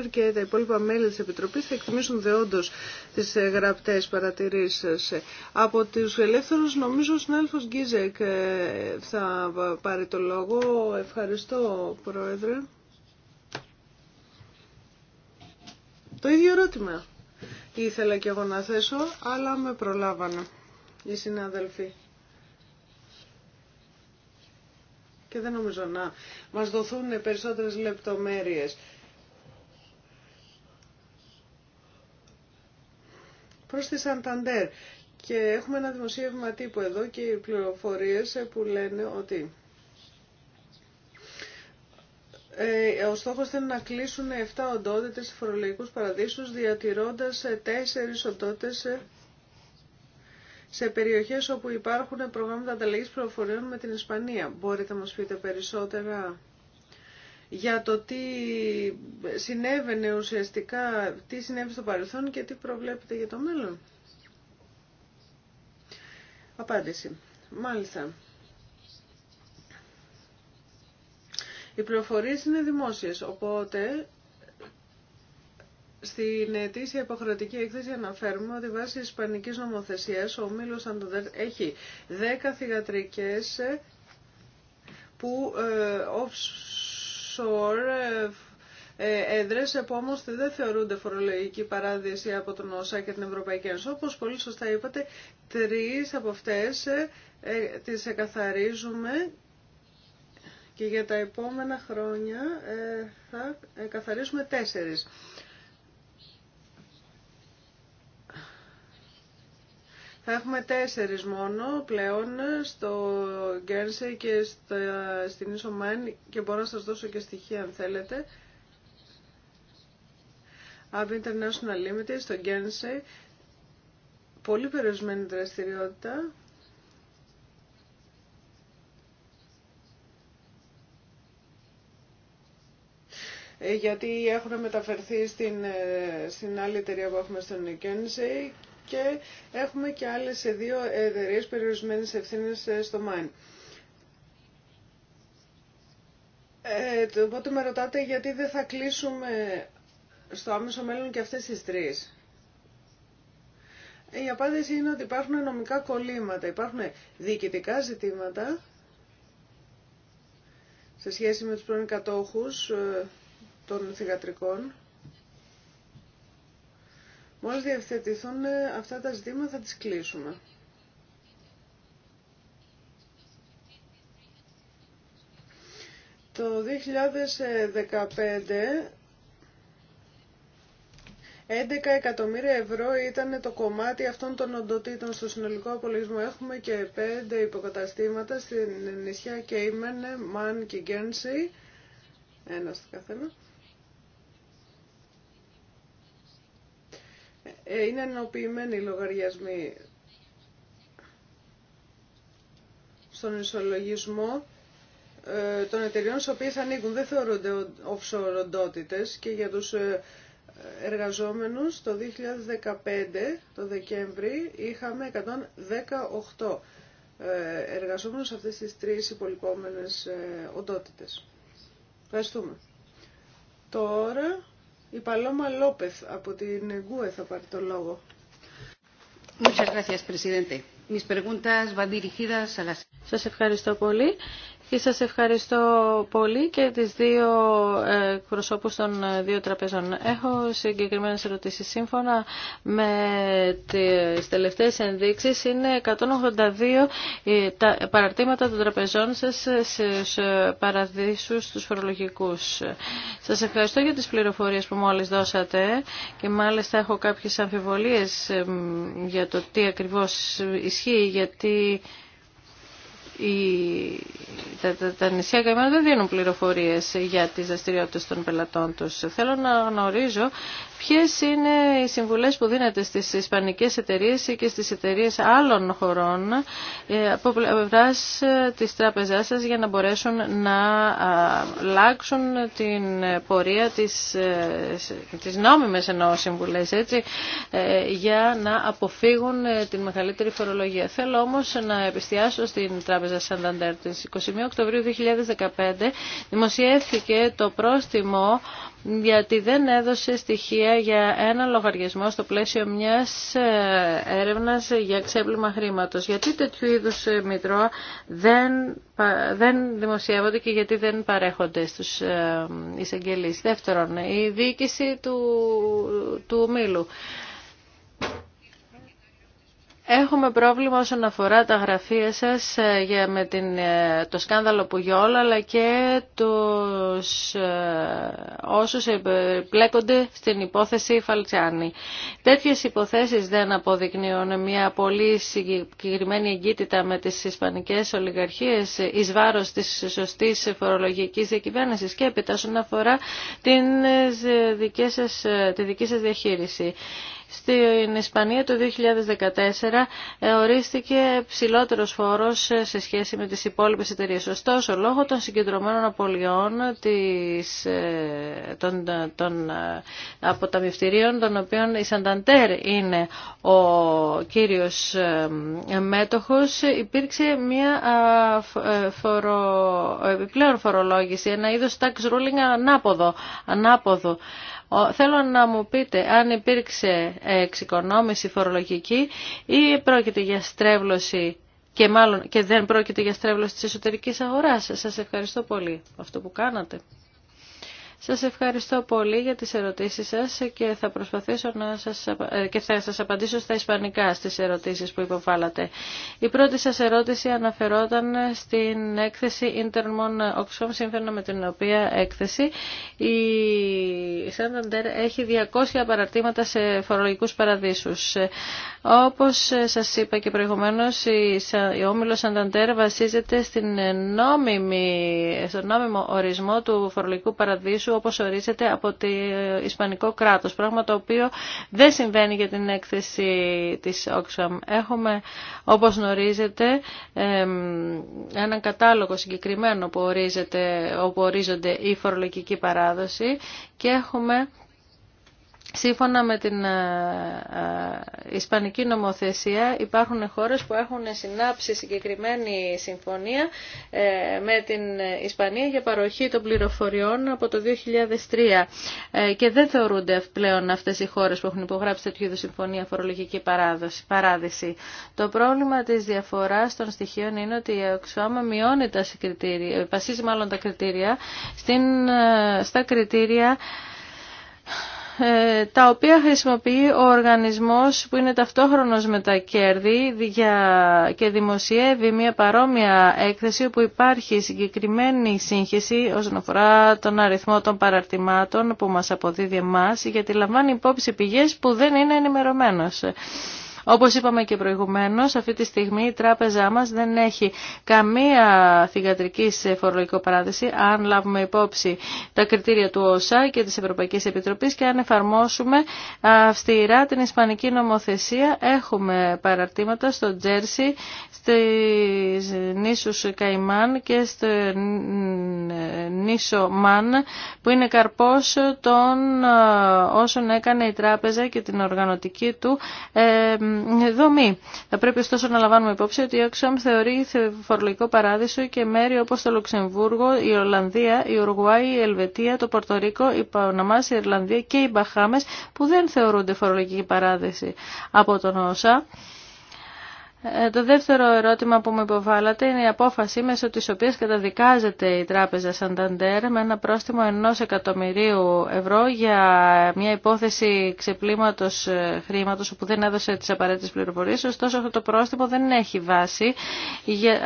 και τα υπόλοιπα μέλη της Επιτροπής θα εκτιμήσουν δεόντως τις ε, γραπτές παρατηρήσεις. Από τους ελεύθερους νομίζω ο συνάδελφος Γκίζεκ ε, θα πάρει το λόγο. Ευχαριστώ Πρόεδρε. Το ίδιο ερώτημα ήθελα και εγώ να θέσω, αλλά με προλάβανε οι συνάδελφοι. και δεν νομίζω να μας δοθούν περισσότερες λεπτομέρειες. Προς τη Σανταντέρ και έχουμε ένα δημοσίευμα τύπου εδώ και οι πληροφορίες που λένε ότι ε, ο στόχος ήταν να κλείσουν 7 οντότητες φορολογικούς παραδείσους διατηρώντας 4 οντότητες σε περιοχές όπου υπάρχουν προγράμματα ανταλλαγής πληροφοριών με την Ισπανία. Μπορείτε να μας πείτε περισσότερα για το τι συνέβαινε ουσιαστικά, τι συνέβη στο παρελθόν και τι προβλέπετε για το μέλλον. Απάντηση. Μάλιστα. Οι πληροφορίε είναι δημόσιες, οπότε στην ετήσια υποχρεωτική έκθεση αναφέρουμε ότι βάσει ισπανικής νομοθεσίας ο Μήλος Αντοντέρ έχει 10 θηγατρικές που ε, offshore ε, ε έδρες που όμως δεν θεωρούνται φορολογική παράδειση από τον ΩΣΑ και την Ευρωπαϊκή Ένωση. Όπως πολύ σωστά είπατε, τρεις από αυτές ε, τις εκαθαρίζουμε και για τα επόμενα χρόνια ε, θα καθαρίσουμε τέσσερις. Θα έχουμε τέσσερις μόνο πλέον στο Γκέρνσε και στα, στην Ισομάν και μπορώ να σας δώσω και στοιχεία αν θέλετε. Από International Limited στο Γκέρνσε, πολύ περιορισμένη δραστηριότητα. Ε, γιατί έχουν μεταφερθεί ε, στην, άλλη εταιρεία που έχουμε στον Γκέρνσεϊ και έχουμε και άλλες δύο εταιρείε περιορισμένες ευθύνε ε, στο ΜΑΝ. Ε, οπότε με ρωτάτε γιατί δεν θα κλείσουμε στο άμεσο μέλλον και αυτές τις τρεις. Η απάντηση είναι ότι υπάρχουν νομικά κολλήματα, υπάρχουν διοικητικά ζητήματα σε σχέση με τους πρώην κατόχους ε, των θηγατρικών Μόλις διευθετηθούν ε, αυτά τα ζητήματα θα τις κλείσουμε. Το 2015 11 εκατομμύρια ευρώ ήταν το κομμάτι αυτών των οντοτήτων στο συνολικό απολυσμό. Έχουμε και πέντε υποκαταστήματα στην νησιά Κέιμενε, Μαν και Γκένσι. Ένα στο καθένα. Ε, είναι ενοποιημένοι οι λογαριασμοί στον ισολογισμό ε, των εταιριών στις οποίες ανήκουν. Δεν θεωρούνται offshore οντότητες και για τους ε, εργαζόμενους το 2015, το Δεκέμβρη, είχαμε 118 εργαζόμενους σε αυτές τις τρεις υπολοιπόμενες οντότητες. Ευχαριστούμε. Τώρα η Παλώμα Λόπεθ από την ΕΓΚΟΕ θα πάρει το λόγο. Σας ευχαριστώ πολύ. Και σας ευχαριστώ πολύ και τις δύο ε, προσώπους των ε, δύο τραπεζών. Έχω συγκεκριμένες ερωτήσεις. Σύμφωνα με τις τελευταίες ενδείξεις είναι 182 ε, τα παραρτήματα των τραπεζών σας στους παραδείσους τους φορολογικούς. Σας ευχαριστώ για τις πληροφορίες που μόλις δώσατε και μάλιστα έχω κάποιες αμφιβολίες για το τι ακριβώς ισχύει γιατί τα, τα, τα νησιά καημένα δεν δίνουν πληροφορίες για τις δραστηριότητε των πελατών τους. Θέλω να γνωρίζω ποιες είναι οι συμβουλές που δίνεται στις ισπανικές εταιρείες και στις εταιρείες άλλων χωρών ε, από πλευρά ε, της τράπεζάς σας για να μπορέσουν να αλλάξουν την πορεία της, ε, της νόμιμες εννοώ συμβουλές έτσι, για να αποφύγουν την μεγαλύτερη φορολογία. Θέλω όμως να επιστιάσω στην τράπεζα Τράπεζα Σανταντέρ. Στις 21 Οκτωβρίου 2015 δημοσιεύθηκε το πρόστιμο γιατί δεν έδωσε στοιχεία για ένα λογαριασμό στο πλαίσιο μιας ε, έρευνας για ξέπλυμα χρήματος. Γιατί τέτοιου είδου ε, μητρώα δεν, δεν δημοσιεύονται και γιατί δεν παρέχονται στους ε, εισαγγελείς. Δεύτερον, η διοίκηση του, του ομίλου. Έχουμε πρόβλημα όσον αφορά τα γραφεία σας ε, για, με την, ε, το σκάνδαλο που γιόλα, αλλά και τους ε, όσους πλέκονται στην υπόθεση Φαλτσάνη. Τέτοιες υποθέσεις δεν αποδεικνύουν μια πολύ συγκεκριμένη εγκύτητα με τις ισπανικές ολιγαρχίες εις βάρος της σωστής φορολογικής διακυβέρνησης και έπειτα αφορά την, δική τη δική σας διαχείριση. Στην Ισπανία το 2014 ε, ορίστηκε ψηλότερος φόρος ε, σε σχέση με τις υπόλοιπες εταιρείες. Ωστόσο, λόγω των συγκεντρωμένων απολειών της, ε, των, των αποταμιευτηρίων, των οποίων η Σανταντέρ είναι ο κύριος μέτοχος, υπήρξε μια φορο, επιπλέον φορολόγηση, ένα είδος tax ruling ανάποδο. ανάποδο. Θέλω να μου πείτε αν υπήρξε εξοικονόμηση φορολογική ή πρόκειται για στρέβλωση και μάλλον και δεν πρόκειται για στρέβλωση της εσωτερικής αγοράς. Σας ευχαριστώ πολύ αυτό που κάνατε. Σας ευχαριστώ πολύ για τις ερωτήσεις σας και θα προσπαθήσω να σας, ε, και θα σας απαντήσω στα ισπανικά στις ερωτήσεις που υποβάλατε. Η πρώτη σας ερώτηση αναφερόταν στην έκθεση Intermon Oxfam, σύμφωνα με την οποία έκθεση η Santander έχει 200 παραρτήματα σε φορολογικούς παραδείσους. Όπως σας είπα και προηγουμένως, η όμιλο Santander βασίζεται στην νόμιμη, στον νόμιμο ορισμό του φορολογικού παραδείσου όπω όπως ορίζεται από το Ισπανικό κράτος, πράγμα το οποίο δεν συμβαίνει για την έκθεση της Oxfam. Έχουμε, όπως γνωρίζετε, έναν κατάλογο συγκεκριμένο που, ορίζεται, όπου ορίζονται η φορολογική παράδοση και έχουμε Σύμφωνα με την ε, ε, Ισπανική νομοθεσία υπάρχουν χώρες που έχουν συνάψει συγκεκριμένη συμφωνία ε, με την Ισπανία για παροχή των πληροφοριών από το 2003 και δεν θεωρούνται πλέον αυτές οι χώρες που έχουν υπογράψει τέτοιου είδους συμφωνία φορολογική παράδοση, παράδειση. Το πρόβλημα της διαφοράς των στοιχείων είναι ότι η Οξφάμα μειώνει τα κριτήρια, βασίζει μάλλον τα κριτήρια στην, στα κριτήρια ε, τα οποία χρησιμοποιεί ο οργανισμός που είναι ταυτόχρονος με τα κέρδη και δημοσιεύει μια παρόμοια έκθεση όπου υπάρχει συγκεκριμένη σύγχυση όσον αφορά τον αριθμό των παραρτημάτων που μας αποδίδει εμάς γιατί λαμβάνει υπόψη πηγές που δεν είναι ενημερωμένος. Όπως είπαμε και προηγουμένως, αυτή τη στιγμή η τράπεζά μας δεν έχει καμία θυγατρική σε φορολογικό παράδειση, αν λάβουμε υπόψη τα κριτήρια του ΩΣΑ και της Ευρωπαϊκής Επιτροπής και αν εφαρμόσουμε αυστηρά την Ισπανική νομοθεσία. Έχουμε παραρτήματα στο Τζέρσι, στις νήσους Καϊμάν και στο νήσο Μάν, που είναι καρπός των όσων έκανε η τράπεζα και την οργανωτική του ε, δομή. Θα πρέπει ωστόσο να λαμβάνουμε υπόψη ότι η Oxfam θεωρεί φορολογικό παράδεισο και μέρη όπω το Λουξεμβούργο, η Ολλανδία, η Ουρουάη, η Ελβετία, το Πορτορίκο, η Παναμάς, η Ιρλανδία και οι Μπαχάμε που δεν θεωρούνται φορολογική παράδειση από τον ΩΣΑ. Ε, το δεύτερο ερώτημα που μου υποβάλλατε είναι η απόφαση μέσω της οποίας καταδικάζεται η τράπεζα Σανταντέρ με ένα πρόστιμο ενός εκατομμυρίου ευρώ για μια υπόθεση ξεπλήματος ε, χρήματος όπου δεν έδωσε τις απαραίτητες πληροφορίες. Ωστόσο αυτό το πρόστιμο δεν έχει βάση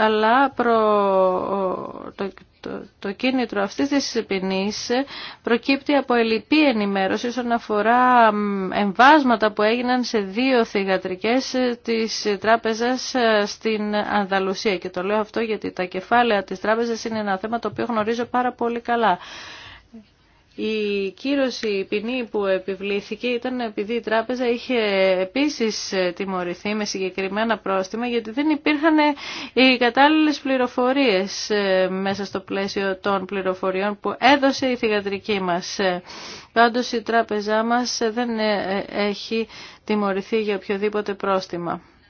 αλλά προ το κίνητρο αυτής της ποινής προκύπτει από ελλειπή ενημέρωση όσον αφορά εμβάσματα που έγιναν σε δύο θηγατρικές της τράπεζας ε, στην Ανδαλουσία. Και το λέω αυτό γιατί τα κεφάλαια της τράπεζας είναι ένα θέμα το οποίο γνωρίζω πάρα πολύ καλά. Η κύρωση ποινή που επιβλήθηκε ήταν επειδή η τράπεζα είχε επίσης τιμωρηθεί με συγκεκριμένα πρόστιμα γιατί δεν υπήρχαν οι κατάλληλες πληροφορίες ε, μέσα στο πλαίσιο των πληροφοριών που έδωσε η θηγατρική μας. Ε, πάντως η τράπεζά μας δεν ε, έχει τιμωρηθεί για οποιοδήποτε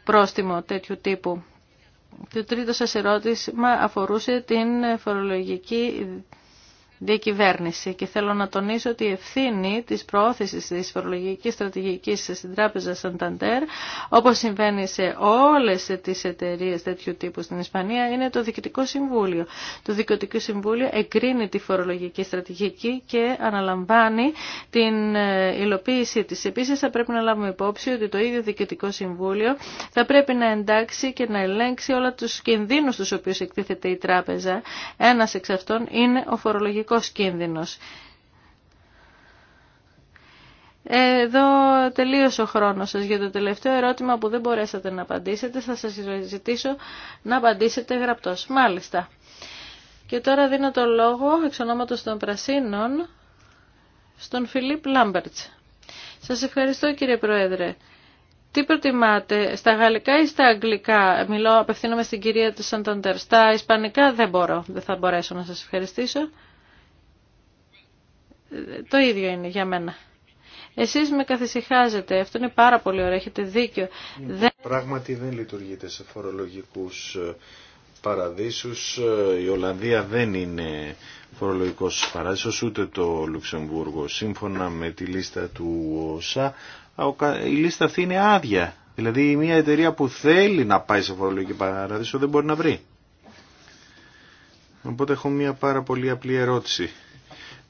πρόστιμο τέτοιου τύπου. Το τρίτο σας ερώτημα αφορούσε την φορολογική διακυβέρνηση και θέλω να τονίσω ότι η ευθύνη της προώθησης της φορολογικής στρατηγικής στην τράπεζα Σανταντέρ, όπως συμβαίνει σε όλες τις εταιρείες τέτοιου τύπου στην Ισπανία, είναι το Διοικητικό Συμβούλιο. Το Διοικητικό Συμβούλιο εγκρίνει τη φορολογική στρατηγική και αναλαμβάνει την ε, υλοποίησή της. Επίσης θα πρέπει να λάβουμε υπόψη ότι το ίδιο Διοικητικό Συμβούλιο θα πρέπει να εντάξει και να ελέγξει όλα τους κινδύνους τους οποίους εκτίθεται η τράπεζα. Ένας εξ αυτών είναι ο φορολογικός κίνδυνος. Εδώ τελείωσε ο χρόνος σας για το τελευταίο ερώτημα που δεν μπορέσατε να απαντήσετε. Θα σας ζητήσω να απαντήσετε γραπτός. Μάλιστα. Και τώρα δίνω το λόγο εξ ονόματος των Πρασίνων στον Φιλίπ Λάμπερτς. Σας ευχαριστώ κύριε Πρόεδρε. Τι προτιμάτε, στα γαλλικά ή στα αγγλικά, μιλώ απευθύνομαι στην κυρία του Σανταντέρ, στα ισπανικά δεν μπορώ, δεν θα μπορέσω να σας ευχαριστήσω το ίδιο είναι για μένα. Εσείς με καθησυχάζετε, αυτό είναι πάρα πολύ ωραίο, έχετε δίκιο. Ναι, πράγματι δεν λειτουργείτε σε φορολογικούς ε, παραδείσους. Ε, η Ολλανδία δεν είναι φορολογικός παράδεισος, ούτε το Λουξεμβούργο. Σύμφωνα με τη λίστα του ΟΣΑ, η λίστα αυτή είναι άδεια. Δηλαδή μια εταιρεία που θέλει να πάει σε φορολογική παράδεισο δεν μπορεί να βρει. Οπότε έχω μια πάρα πολύ απλή ερώτηση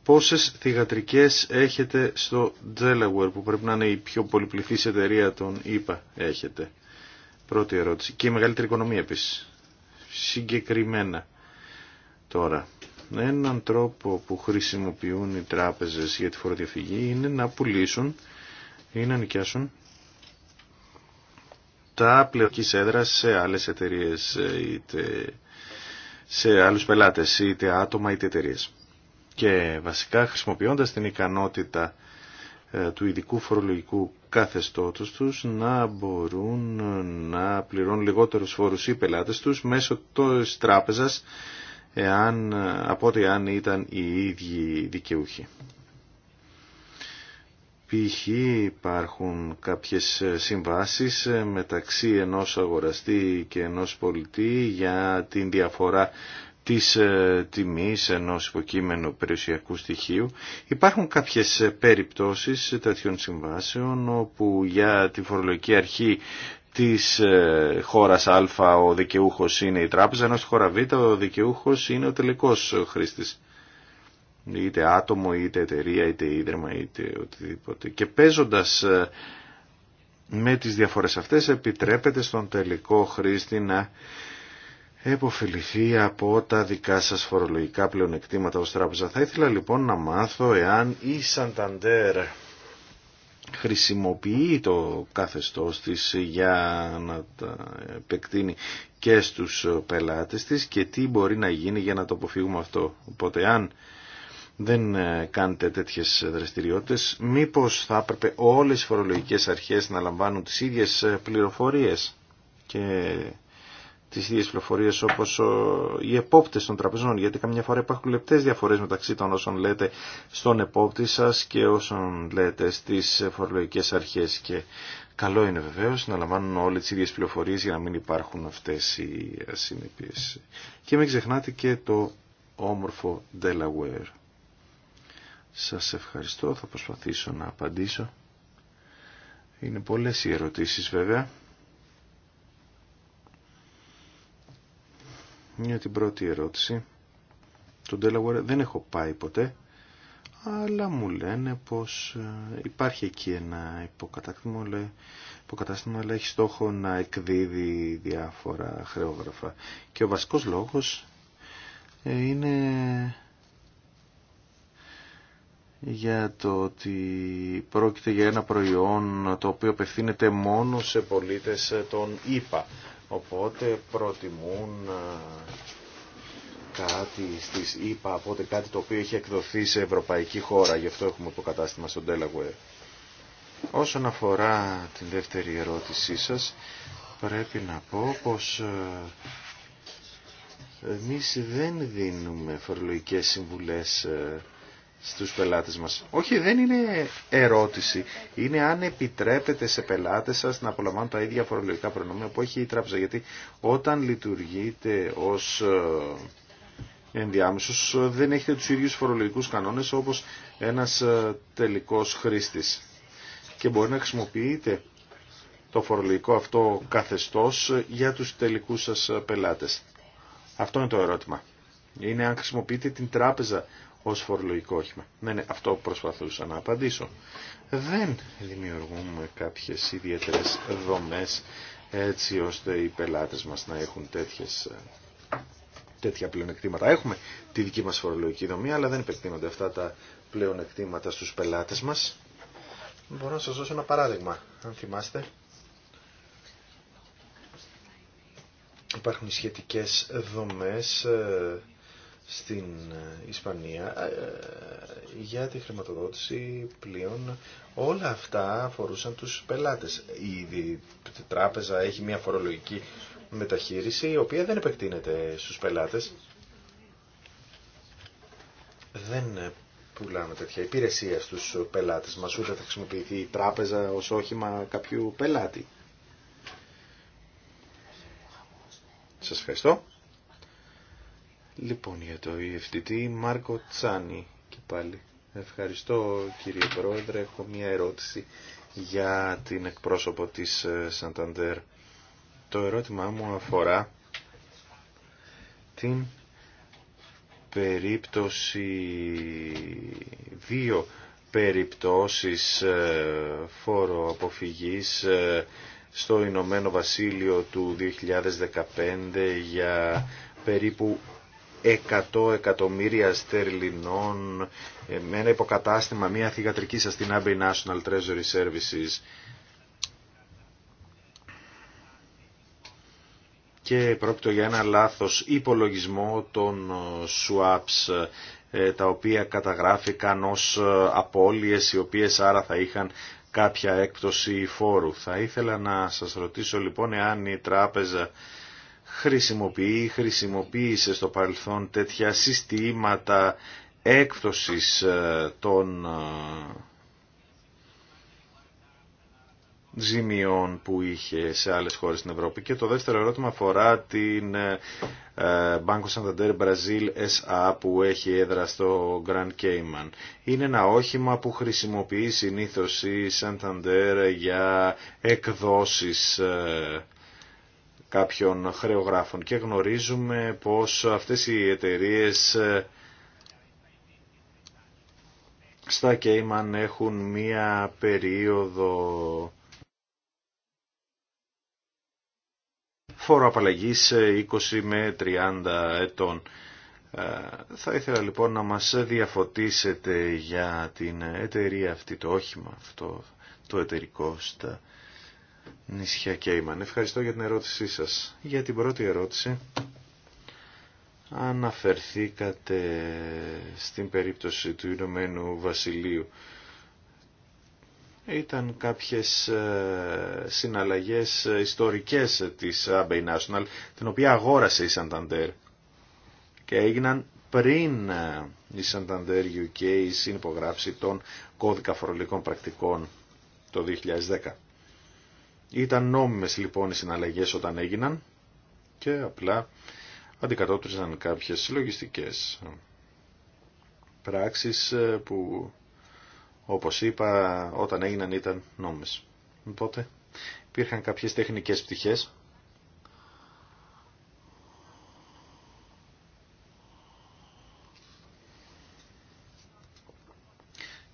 πόσες θηγατρικές έχετε στο Delaware που πρέπει να είναι η πιο πολυπληθής εταιρεία των ΙΠΑ έχετε. Πρώτη ερώτηση. Και η μεγαλύτερη οικονομία επίσης. Συγκεκριμένα τώρα. Έναν τρόπο που χρησιμοποιούν οι τράπεζες για τη φοροδιαφυγή είναι να πουλήσουν ή να νοικιάσουν τα πλεοκής έδρα σε άλλες εταιρείες είτε σε άλλους πελάτες είτε άτομα είτε εταιρείες και βασικά χρησιμοποιώντας την ικανότητα ε, του ειδικού φορολογικού καθεστώτος τους να μπορούν ε, να πληρώνουν λιγότερους φόρους οι πελάτες τους μέσω της τράπεζας εάν, ε, από ό,τι αν ήταν οι ίδιοι δικαιούχοι. Π.χ. υπάρχουν κάποιες συμβάσεις μεταξύ ενός αγοραστή και ενός πολιτή για την διαφορά της ε, τιμής ενός υποκείμενου περιουσιακού στοιχείου. Υπάρχουν κάποιες ε, περιπτώσεις τέτοιων συμβάσεων όπου για τη φορολογική αρχή της ε, χώρας Α ο δικαιούχος είναι η τράπεζα, ενώ στη χώρα Β ο δικαιούχος είναι ο τελικός χρήστης. Είτε άτομο, είτε εταιρεία, είτε ίδρυμα, είτε οτιδήποτε. Και παίζοντας με τις διαφορές αυτές επιτρέπεται στον τελικό χρήστη να εποφεληθεί από τα δικά σας φορολογικά πλεονεκτήματα ως τράπεζα. Θα ήθελα λοιπόν να μάθω εάν η Σανταντέρ χρησιμοποιεί το καθεστώς της για να τα επεκτείνει και στους πελάτες της και τι μπορεί να γίνει για να το αποφύγουμε αυτό. Οπότε αν δεν ε, κάνετε τέτοιες δραστηριότητες, μήπως θα έπρεπε όλες οι φορολογικές αρχές να λαμβάνουν τις ίδιες ε, πληροφορίες και τι ίδιες πληροφορίε όπως οι επόπτες των τραπεζών γιατί καμιά φορά υπάρχουν λεπτές διαφορέ μεταξύ των όσων λέτε στον επόπτη σας και όσων λέτε στις φορολογικές αρχές και καλό είναι βεβαίω να λαμβάνουν όλες τις ίδιες πληροφορίε για να μην υπάρχουν αυτές οι ασυνεπίε. και μην ξεχνάτε και το όμορφο Delaware σας ευχαριστώ θα προσπαθήσω να απαντήσω είναι πολλές οι ερωτήσεις βέβαια Μια την πρώτη ερώτηση, τον Delaware δεν έχω πάει ποτέ, αλλά μου λένε πως ε, υπάρχει εκεί ένα υποκατάστημα, υποκατάστημα αλλά έχει στόχο να εκδίδει διάφορα χρεόγραφα. Και ο βασικός λόγος ε, είναι για το ότι πρόκειται για ένα προϊόν το οποίο απευθύνεται μόνο σε πολίτες των ΙΠΑ. Οπότε προτιμούν ε, κάτι στις ΗΠΑ, οπότε κάτι το οποίο έχει εκδοθεί σε ευρωπαϊκή χώρα. Γι' αυτό έχουμε το κατάστημα στον Delaware. Όσον αφορά την δεύτερη ερώτησή σας, πρέπει να πω πως ε, εμείς δεν δίνουμε φορολογικές συμβουλές ε, στους πελάτες μας. Όχι, δεν είναι ερώτηση. Είναι αν επιτρέπετε σε πελάτες σας να απολαμβάνουν τα ίδια φορολογικά προνόμια που έχει η τράπεζα. Γιατί όταν λειτουργείτε ως ε, ενδιάμεσος δεν έχετε τους ίδιους φορολογικούς κανόνες όπως ένας ε, τελικός χρήστης. Και μπορεί να χρησιμοποιείτε το φορολογικό αυτό καθεστώς για τους τελικούς σας ε, πελάτες. Αυτό είναι το ερώτημα. Είναι αν χρησιμοποιείτε την τράπεζα ως φορολογικό όχημα. Ναι, ναι, αυτό προσπαθούσα να απαντήσω. Δεν δημιουργούμε κάποιες ιδιαίτερες δομές έτσι ώστε οι πελάτες μας να έχουν τέτοιες, ε, τέτοια πλεονεκτήματα. Έχουμε τη δική μας φορολογική δομή, αλλά δεν επεκτείνονται αυτά τα πλεονεκτήματα στους πελάτες μας. Μπορώ να σας δώσω ένα παράδειγμα, αν θυμάστε. Υπάρχουν σχετικές δομές ε, στην ε, Ισπανία ε, για τη χρηματοδότηση πλοίων. Όλα αυτά αφορούσαν τους πελάτες. Η τράπεζα έχει μια φορολογική μεταχείριση η οποία δεν επεκτείνεται στους πελάτες. Δεν ε, πουλάμε τέτοια υπηρεσία στους πελάτες μας, ούτε θα χρησιμοποιηθεί η τράπεζα ως όχημα κάποιου πελάτη. Σας ευχαριστώ. Λοιπόν, για το EFTT, Μάρκο Τσάνι και πάλι. Ευχαριστώ κύριε Πρόεδρε. Έχω μία ερώτηση για την εκπρόσωπο της ε, Σανταντέρ. Το ερώτημά μου αφορά την περίπτωση δύο περιπτώσεις ε, φόρο αποφυγής ε, στο Ηνωμένο Βασίλειο του 2015 για περίπου 100 εκατομμύρια στερλινών ε, με ένα υποκατάστημα μια θηγατρική σας στην Abbey National Treasury Services και πρόκειται για ένα λάθος υπολογισμό των ε, swaps ε, τα οποία καταγράφηκαν ως απώλειες οι οποίες άρα θα είχαν κάποια έκπτωση φόρου. Θα ήθελα να σας ρωτήσω λοιπόν εάν η τράπεζα χρησιμοποιεί, χρησιμοποίησε στο παρελθόν τέτοια συστήματα έκπτωσης ε, των ε, ζημιών που είχε σε άλλες χώρες στην Ευρώπη. Και το δεύτερο ερώτημα αφορά την ε, Banco Santander Brazil SA που έχει έδρα στο Grand Cayman. Είναι ένα όχημα που χρησιμοποιεί συνήθως η Santander για εκδόσεις κάποιων χρεογράφων και γνωρίζουμε πως αυτές οι εταιρείες ε, στα Κέιμαν έχουν μία περίοδο φόρο 20 με 30 ετών. Ε, θα ήθελα λοιπόν να μας διαφωτίσετε για την εταιρεία αυτή, το όχημα αυτό, το εταιρικό στα νησιά Κέιμαν. Ευχαριστώ για την ερώτησή σας. Για την πρώτη ερώτηση αναφερθήκατε στην περίπτωση του Ηνωμένου Βασιλείου. Ήταν κάποιες ε, συναλλαγές ε, ιστορικές της Abbey National, την οποία αγόρασε η Santander και έγιναν πριν ε, η Santander UK συνυπογράψει τον κώδικα φορολογικών πρακτικών το 2010. Ήταν νόμιμες λοιπόν οι συναλλαγές όταν έγιναν και απλά αντικατόπτριζαν κάποιες λογιστικές πράξεις ε, που όπως είπα όταν έγιναν ήταν νόμιμες. Οπότε υπήρχαν κάποιες τεχνικές πτυχές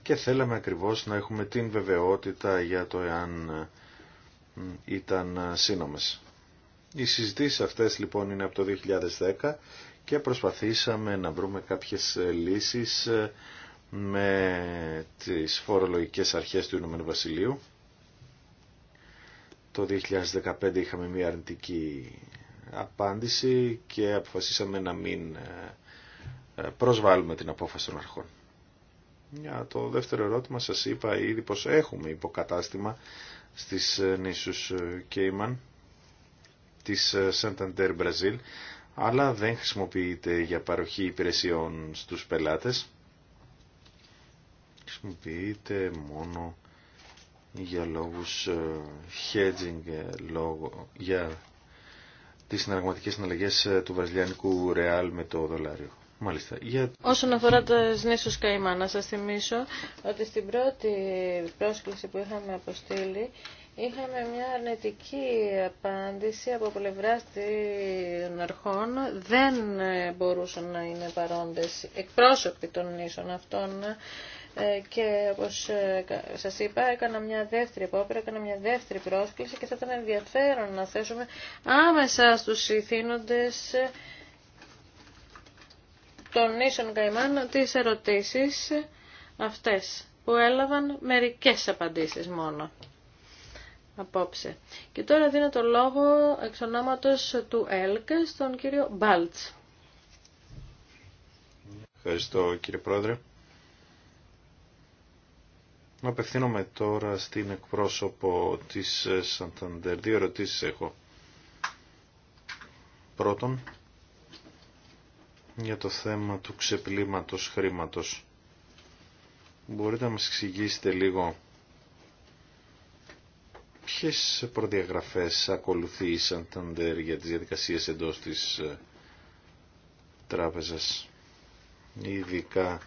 και θέλαμε ακριβώς να έχουμε την βεβαιότητα για το εάν ε, ε, ήταν ε, σύνομες. Οι συζητήσεις αυτές λοιπόν είναι από το 2010 και προσπαθήσαμε να βρούμε κάποιες ε, λύσεις με τις φορολογικές αρχές του Ηνωμένου Βασιλείου. Το 2015 είχαμε μια αρνητική απάντηση και αποφασίσαμε να μην προσβάλλουμε την απόφαση των αρχών. Για το δεύτερο ερώτημα σας είπα ήδη πως έχουμε υποκατάστημα στις ε, νήσους ε, Κέιμαν της ε, Σανταντέρ Brazil αλλά δεν χρησιμοποιείται για παροχή υπηρεσιών στους πελάτες χρησιμοποιείται μόνο για λόγους hedging για τις συναλλαγματικές συναλλαγές του βραζιλιανικού ρεάλ με το δολάριο Μάλιστα. Για... Όσον αφορά τα νήσου Καϊμά, να σα θυμίσω ότι στην πρώτη πρόσκληση που είχαμε αποστείλει είχαμε μια αρνητική απάντηση από πλευρά των αρχών. Δεν μπορούσαν να είναι παρόντες εκπρόσωποι των νήσων αυτών ε, και όπως ε, σας είπα έκανα μια δεύτερη έκανα μια δεύτερη πρόσκληση και θα ήταν ενδιαφέρον να θέσουμε άμεσα στου ηθήνοντες τον Ίσον Καϊμάν τις ερωτήσεις αυτές που έλαβαν μερικές απαντήσεις μόνο απόψε. Και τώρα δίνω το λόγο εξ του ΕΛΚ στον κύριο Μπάλτς. Ευχαριστώ κύριε Πρόεδρε. Να απευθύνομαι τώρα στην εκπρόσωπο της Σανταντέρ. Δύο ερωτήσεις έχω. Πρώτον, για το θέμα του ξεπλήματος χρήματος. Μπορείτε να μας εξηγήσετε λίγο ποιες προδιαγραφές ακολουθεί η Σανταντέρ για τις διαδικασίες εντός της ε, τράπεζας, ειδικά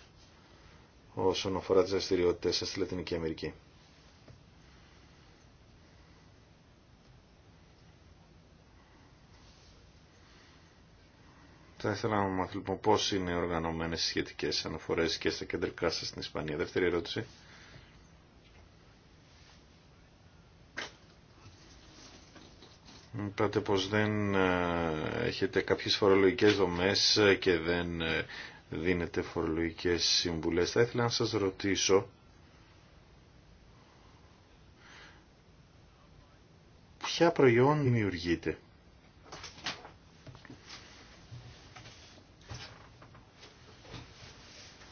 όσον αφορά τις δραστηριότητε σας στη Λατινική Αμερική. Θα ήθελα να μάθω λοιπόν πώς είναι οργανωμένες σχετικές αναφορέ και στα κεντρικά σα στην Ισπανία. Δεύτερη ερώτηση. Είπατε πως δεν ε, έχετε κάποιες φορολογικές δομές και δεν ε, δίνετε φορολογικές συμβουλές. Θα ήθελα να σας ρωτήσω ποια προϊόν δημιουργείται.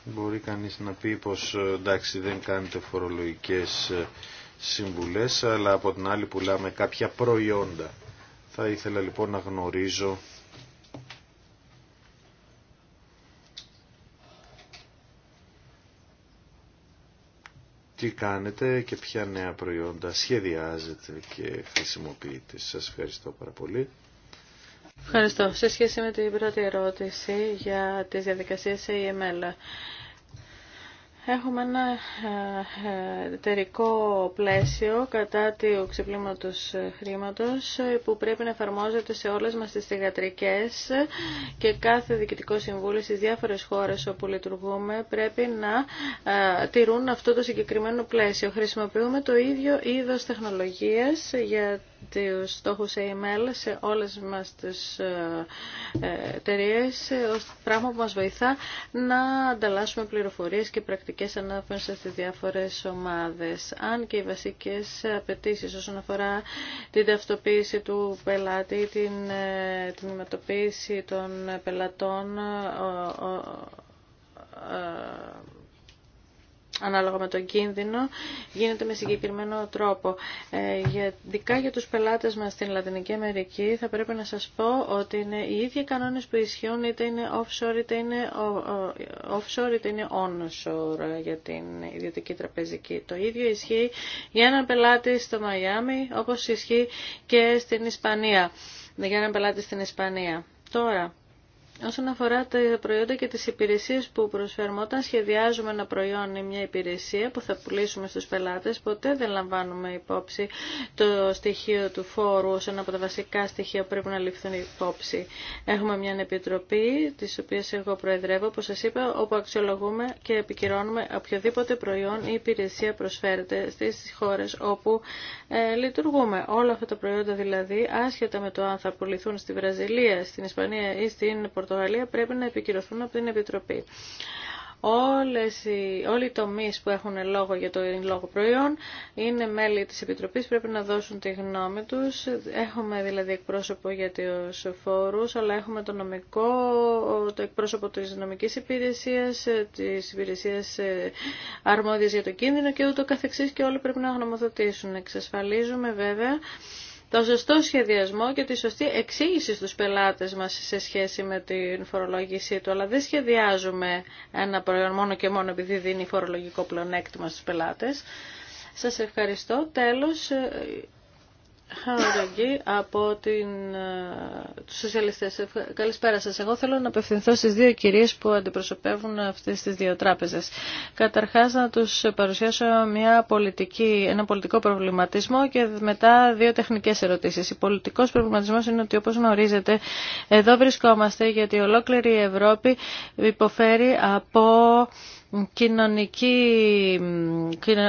Μπορεί κανείς να πει πως ε, εντάξει δεν κάνετε φορολογικές ε, συμβουλές αλλά από την άλλη πουλάμε κάποια προϊόντα. Θα ήθελα λοιπόν να γνωρίζω τι κάνετε και ποια νέα προϊόντα σχεδιάζετε και χρησιμοποιείτε. Σας ευχαριστώ πάρα πολύ. Ευχαριστώ. Σε σχέση με την πρώτη ερώτηση για τις διαδικασίες EML. Έχουμε ένα ε, ε, εταιρικό πλαίσιο κατά του ξεπλήματος χρήματος ε, που πρέπει να εφαρμόζεται σε όλες μας τις θεγατρικές και κάθε διοικητικό συμβούλιο στις διάφορες χώρες όπου λειτουργούμε πρέπει να τηρούν αυτό το συγκεκριμένο πλαίσιο. Χρησιμοποιούμε το ίδιο είδος τεχνολογίας για του στόχου AML σε όλες μας τις ε, ε, εταιρείε, ε, πράγμα που μας βοηθά να ανταλλάσσουμε πληροφορίες και πρακτικές ανάπτυξης στις διάφορες ομάδες. Αν και οι βασικές απαιτήσει όσον αφορά την ταυτοποίηση του πελάτη, την τμηματοποίηση των πελατών, ανάλογα με τον κίνδυνο γίνεται με συγκεκριμένο τρόπο. Ε, για, δικά για τους πελάτες μας στην Λατινική Αμερική θα πρέπει να σας πω ότι είναι οι ίδιοι κανόνες που ισχύουν είτε είναι offshore είτε είναι, offshore, είτε είναι onshore για την ιδιωτική τραπεζική. Το ίδιο ισχύει για έναν πελάτη στο Μαϊάμι όπως ισχύει και στην Ισπανία. Για έναν πελάτη στην Ισπανία. Τώρα, Όσον αφορά τα προϊόντα και τις υπηρεσίες που προσφέρουμε, όταν σχεδιάζουμε ένα προϊόν ή μια υπηρεσία που θα πουλήσουμε στους πελάτες, ποτέ δεν λαμβάνουμε υπόψη το στοιχείο του φόρου ως ένα από τα βασικά στοιχεία που πρέπει να ληφθούν υπόψη. Έχουμε μια επιτροπή, της οποίας εγώ προεδρεύω, όπως σας είπα, όπου αξιολογούμε και επικυρώνουμε οποιοδήποτε προϊόν ή υπηρεσία προσφέρεται στις χώρες όπου ε, λειτουργούμε. Όλα αυτά τα προϊόντα δηλαδή, άσχετα με το αν θα πουληθούν στη Βραζιλία, στην Ισπανία ή στην Πορτογαλία, Πορτογαλία πρέπει να επικυρωθούν από την Επιτροπή. Όλες οι, όλοι οι τομεί που έχουν λόγο για το λόγο προϊόν είναι μέλη της Επιτροπής, πρέπει να δώσουν τη γνώμη τους. Έχουμε δηλαδή εκπρόσωπο για τους φόρους, αλλά έχουμε το νομικό, το εκπρόσωπο της νομικής υπηρεσίας, της υπηρεσίας ε, αρμόδιας για το κίνδυνο και ούτω καθεξής και όλοι πρέπει να γνωμοδοτήσουν. Εξασφαλίζουμε βέβαια το σωστό σχεδιασμό και τη σωστή εξήγηση στους πελάτες μας σε σχέση με την φορολόγησή του. Αλλά δεν σχεδιάζουμε ένα προϊόν μόνο και μόνο επειδή δίνει φορολογικό πλεονέκτημα στους πελάτες. Σας ευχαριστώ. Τέλος, από την, ε, τους σοσιαλιστές. Καλησπέρα σας. Εγώ θέλω να απευθυνθώ στις δύο κυρίες που αντιπροσωπεύουν αυτές τις δύο τράπεζες. Καταρχάς να τους παρουσιάσω μια πολιτική, ένα πολιτικό προβληματισμό και μετά δύο τεχνικές ερωτήσεις. Ο πολιτικός προβληματισμός είναι ότι όπως γνωρίζετε εδώ βρισκόμαστε γιατί ολόκληρη Ευρώπη υποφέρει από κοινωνική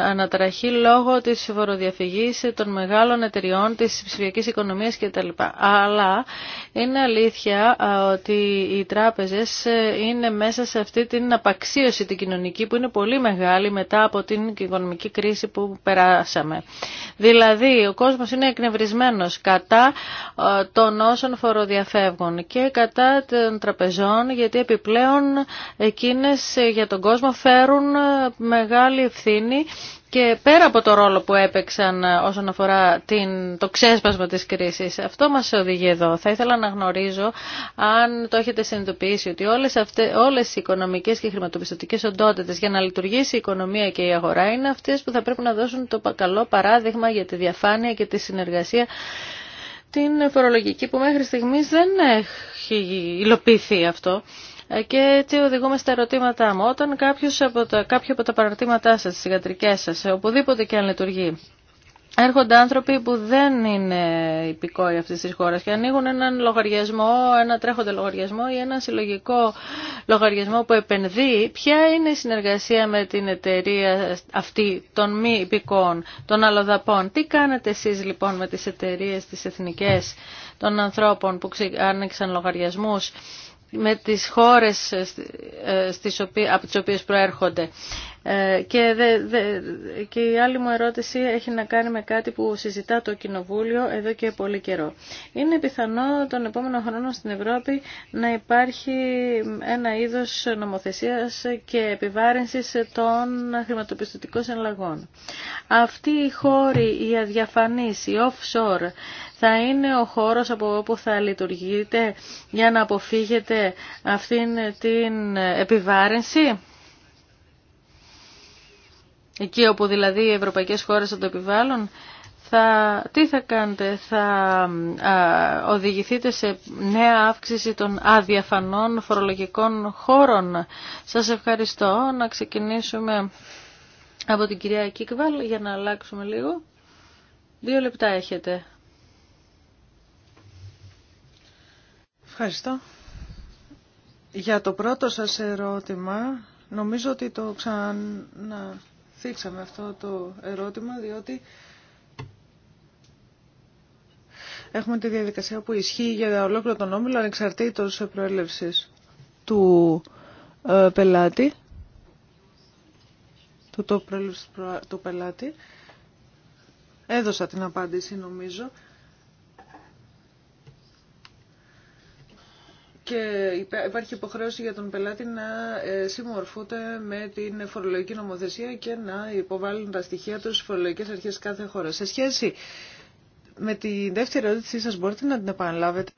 ανατραχή λόγω της φοροδιαφυγής των μεγάλων εταιριών, της ψηφιακής οικονομίας κτλ. Αλλά είναι αλήθεια ότι οι τράπεζες ε, είναι μέσα σε αυτή την απαξίωση την κοινωνική που είναι πολύ μεγάλη μετά από την οικονομική κρίση που περάσαμε. Δηλαδή ο κόσμος είναι εκνευρισμένος κατά των όσων φοροδιαφεύγουν και κατά των τραπεζών γιατί επιπλέον εκείνες ε, για τον κόσμο φέρουν ε, μεγάλη ευθύνη και πέρα από το ρόλο που έπαιξαν ε, όσον αφορά την, το ξέσπασμα της κρίσης. Αυτό μας οδηγεί εδώ. Θα ήθελα να γνωρίζω αν το έχετε συνειδητοποιήσει ότι όλες, αυτές, όλες οι οικονομικές και χρηματοπιστωτικές οντότητες για να λειτουργήσει η οικονομία και η αγορά είναι αυτές που θα πρέπει να δώσουν το καλό παράδειγμα για τη διαφάνεια και τη συνεργασία την φορολογική που μέχρι στιγμής δεν έχει υλοποιηθεί αυτό. Ε, και έτσι οδηγούμε στα ερωτήματά μου. Όταν κάποιος από τα, κάποιο από τα παραρτήματά σας, τις ιατρικές σας, ε, οπουδήποτε και αν λειτουργεί, Έρχονται άνθρωποι που δεν είναι υπηκόοι αυτής της χώρας και ανοίγουν έναν λογαριασμό, ένα τρέχοντα λογαριασμό ή ένα συλλογικό λογαριασμό που επενδύει. Ποια είναι η συνεργασία με την εταιρεία αυτή των μη υπηκόων, των αλλοδαπών. Τι κάνετε εσείς λοιπόν με τις εταιρείε τις εθνικές των ανθρώπων που άνοιξαν λογαριασμού, με τις χώρες ε, ε, στις από τις οποίες προέρχονται. Ε, και, δε, και η άλλη μου ερώτηση έχει να κάνει με κάτι που συζητά το Κοινοβούλιο εδώ και πολύ καιρό. Είναι πιθανό τον επόμενο χρόνο στην Ευρώπη να υπάρχει ένα είδος νομοθεσίας και επιβάρυνσης των χρηματοπιστωτικών συναλλαγών. Αυτοί οι χώροι, οι αδιαφανείς, οι offshore, θα είναι ο χώρος από όπου θα λειτουργείτε για να αποφύγετε αυτήν την επιβάρυνση. Εκεί όπου δηλαδή οι ευρωπαϊκές χώρες θα το επιβάλλουν. Θα, τι θα κάνετε, θα οδηγηθείτε σε νέα αύξηση των αδιαφανών φορολογικών χώρων. Σας ευχαριστώ. Να ξεκινήσουμε από την κυρία Κίκβαλ για να αλλάξουμε λίγο. Δύο λεπτά έχετε. Ευχαριστώ. Για το πρώτο σας ερώτημα, νομίζω ότι το ξαναθήξαμε αυτό το ερώτημα, διότι έχουμε τη διαδικασία που ισχύει για ολόκληρο τον όμιλο, ανεξαρτήτως προέλευσης του ε, πελάτη, του το προέλευσης του πελάτη. Έδωσα την απάντηση, νομίζω. και υπάρχει υποχρέωση για τον πελάτη να ε, συμμορφούνται με την φορολογική νομοθεσία και να υποβάλουν τα στοιχεία του στις φορολογικές αρχές κάθε χώρα. Σε σχέση με τη δεύτερη ερώτησή σας μπορείτε να την επαναλάβετε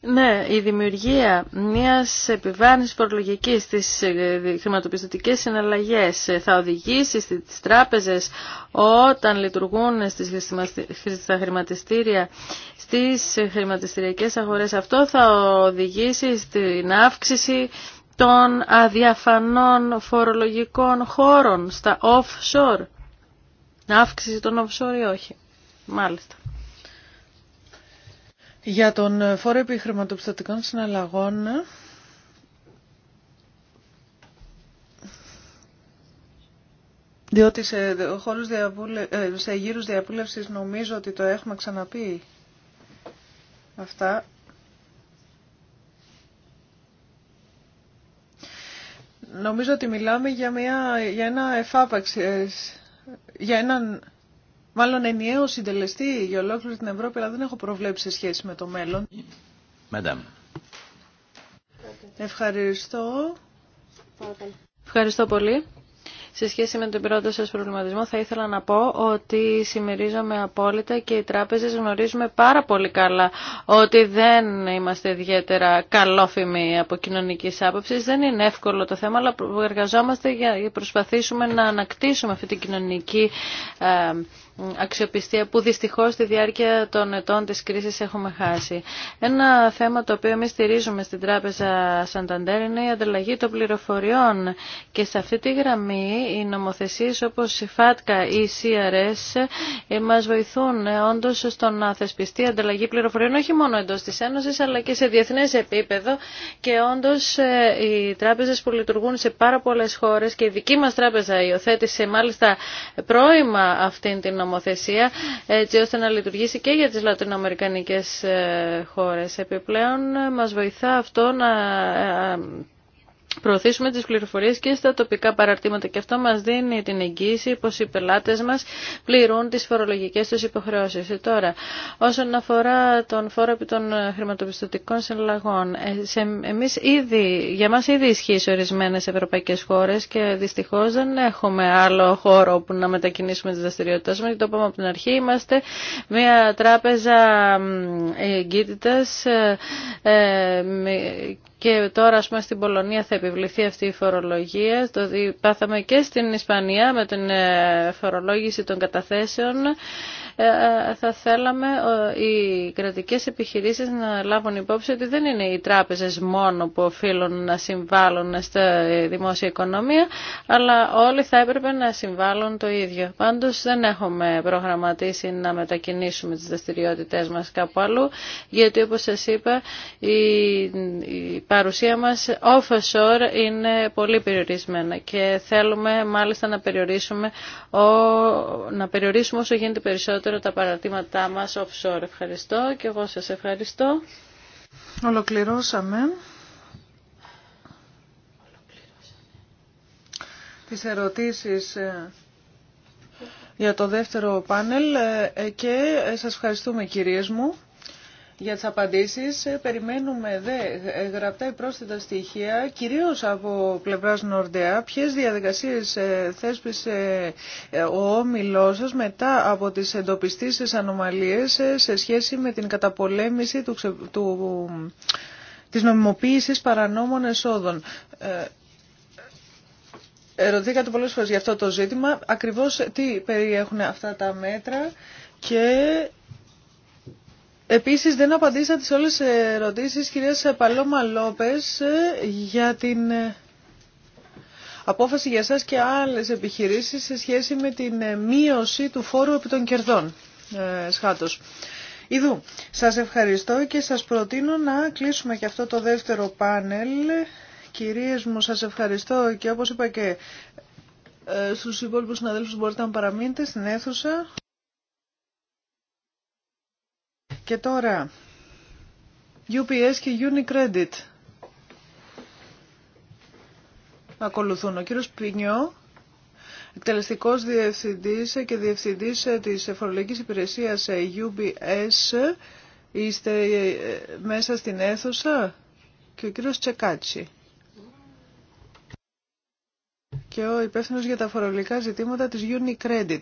ναι, η δημιουργία μιας επιβάρυνσης προλογικής στις ε, χρηματοπιστωτικές συναλλαγές ε, θα οδηγήσει στις τράπεζες όταν λειτουργούν στις, στα χρηματιστήρια στις χρηματιστηριακές αγορές. Αυτό θα οδηγήσει στην αύξηση των αδιαφανών φορολογικών χώρων στα offshore. Αύξηση των offshore ή όχι. Μάλιστα. Για τον φόρο επιχρηματοπιστωτικών συναλλαγών Διότι σε, διαβούλε... Ε, σε γύρους διαβούλευσης νομίζω ότι το έχουμε ξαναπεί αυτά. Νομίζω ότι μιλάμε για, μια, για ένα εφάπαξ, για έναν μάλλον ενιαίο συντελεστή για ολόκληρη την Ευρώπη, αλλά δεν έχω προβλέψει σε σχέση με το μέλλον. Madame. Ευχαριστώ. Ευχαριστώ πολύ. Σε σχέση με τον πρώτο σας προβληματισμό θα ήθελα να πω ότι συμμερίζομαι απόλυτα και οι τράπεζες γνωρίζουμε πάρα πολύ καλά ότι δεν είμαστε ιδιαίτερα καλόφημοι από κοινωνική άποψη. Δεν είναι εύκολο το θέμα, αλλά εργαζόμαστε για να προσπαθήσουμε να ανακτήσουμε αυτή την κοινωνική ε, αξιοπιστία που δυστυχώς στη διάρκεια των ετών της κρίσης έχουμε χάσει. Ένα θέμα το οποίο εμείς στηρίζουμε στην Τράπεζα Σανταντέρ είναι η ανταλλαγή των πληροφοριών και σε αυτή τη γραμμή οι νομοθεσίες όπως η ΦΑΤΚΑ ή η CRS ε, μας βοηθούν ε, όντως στο να θεσπιστεί ανταλλαγή πληροφοριών όχι μόνο εντός της Ένωσης αλλά και σε διεθνές επίπεδο και όντως ε, οι τράπεζες που λειτουργούν σε πάρα πολλές χώρες και η δική μας τράπεζα υιοθέτησε μάλιστα πρώιμα αυτήν την νομοθεσία νομοθεσία έτσι ώστε να λειτουργήσει και για τις λατινοαμερικανικές ε, χώρες. Επιπλέον ε, μας βοηθά αυτό να ε, προωθήσουμε τις πληροφορίες και στα τοπικά παραρτήματα και αυτό μας δίνει την εγγύηση πως οι πελάτες μας πληρούν τις φορολογικές τους υποχρεώσεις. Τώρα, όσον αφορά τον φόρο επί των χρηματοπιστωτικών συναλλαγών, ε, εμείς ήδη, για μας ήδη ισχύει σε ορισμένες ευρωπαϊκές χώρες και δυστυχώς δεν έχουμε άλλο χώρο που να μετακινήσουμε τις δραστηριότητες μας. Το είπαμε από την αρχή, είμαστε μια τράπεζα εγκύτητας ε, ε, και τώρα α πούμε στην Πολωνία θα επιβληθεί αυτή η φορολογία, το πάθαμε και στην Ισπανία με την ε, φορολόγηση των καταθέσεων ε, ε, θα θέλαμε ε, οι κρατικές επιχειρήσεις να λάβουν υπόψη ότι δεν είναι οι τράπεζες μόνο που οφείλουν να συμβάλλουν στη δημόσια οικονομία, αλλά όλοι θα έπρεπε να συμβάλλουν το ίδιο. Πάντως δεν έχουμε προγραμματίσει να μετακινήσουμε τις δραστηριότητε μας κάπου αλλού, γιατί όπως σας είπα η παρουσία μας offshore είναι πολύ περιορισμένα και θέλουμε μάλιστα να περιορίσουμε, να περιορίσουμε όσο γίνεται περισσότερο περισσότερο τα παρατήματά μας offshore. Ευχαριστώ και εγώ σας ευχαριστώ. Ολοκληρώσαμε. τις ερωτήσεις ε, για το δεύτερο πάνελ ε, και ε, σας ευχαριστούμε κυρίες μου για τις απαντήσεις. Ε, περιμένουμε δε γραπτά ή πρόσθετα στοιχεία, κυρίως από πλευράς Νορδεα. ποιες διαδικασίες ε, θέσπισε ε, ο όμιλός μετά από τις εντοπιστήσεις ανομαλίες σε σχέση με την καταπολέμηση του, του, της νομιμοποίησης παρανόμων εσόδων. Ερωτήκατε πολλές φορές για αυτό το ζήτημα. Ακριβώς τι περιέχουν αυτά τα μέτρα και Επίσης δεν απαντήσατε σε όλες τις ερωτήσεις κυρία Παλώμα Λόπες για την ε, απόφαση για σας και άλλες επιχειρήσεις σε σχέση με την ε, μείωση του φόρου επί των κερδών. Ε, σχάτως. Ιδού, σας ευχαριστώ και σας προτείνω να κλείσουμε και αυτό το δεύτερο πάνελ. Κυρίες μου, σας ευχαριστώ και όπως είπα και ε, στους υπόλοιπους συναδέλφους μπορείτε να παραμείνετε στην αίθουσα. Και τώρα, UPS και Unicredit ακολουθούν. Ο κύριος Πινιό, εκτελεστικός διευθυντής και διευθυντής ε, της εφορολογικής υπηρεσίας ε, UBS, είστε ε, μέσα στην αίθουσα και ο κύριος Τσεκάτσι και ο υπεύθυνο για τα φορολογικά ζητήματα της Unicredit.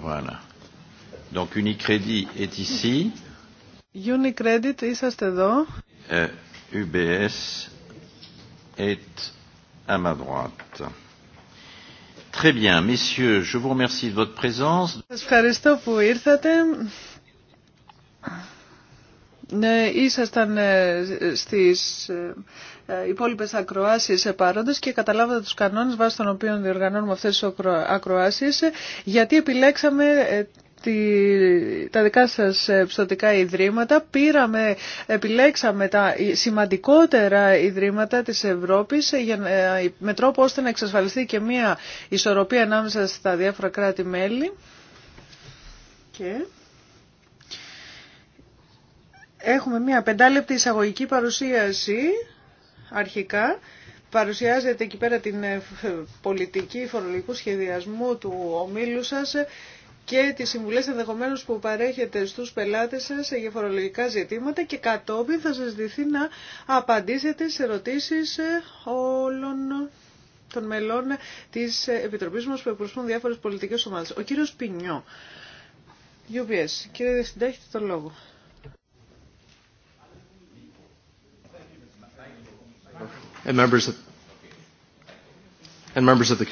Voilà. Donc Unicredit est ici. Unicredit, est εδώ. Uh, UBS est à ma droite. Très bien, messieurs, je vous remercie de votre présence. Merci. Ναι, ήσασταν ε, στις ε, ε, υπόλοιπες ακροάσεις παρόντες και καταλάβατε τους κανόνες βάσει των οποίων διοργανώνουμε αυτές τις ακροάσεις γιατί επιλέξαμε τα δικά σας πιστοτικά ιδρύματα. Πήραμε, επιλέξαμε τα σημαντικότερα ιδρύματα της Ευρώπης για, με τρόπο ώστε να εξασφαλιστεί και μία ισορροπία ανάμεσα στα διάφορα κράτη-μέλη. Και... Έχουμε μια πεντάλεπτη εισαγωγική παρουσίαση αρχικά. Παρουσιάζεται εκεί πέρα την ε, πολιτική φορολογικού σχεδιασμού του ομίλου σας και τις συμβουλές ενδεχομένως που παρέχετε στους πελάτες σας για φορολογικά ζητήματα και κατόπιν θα σας δηθεί να απαντήσετε σε ερωτήσεις ε, όλων των μελών της Επιτροπής μας που εκπροσωπούν διάφορες πολιτικές ομάδες. Ο κύριος Πινιό, UBS. Κύριε Διευθυντά, τον λόγο. and members of, and members of the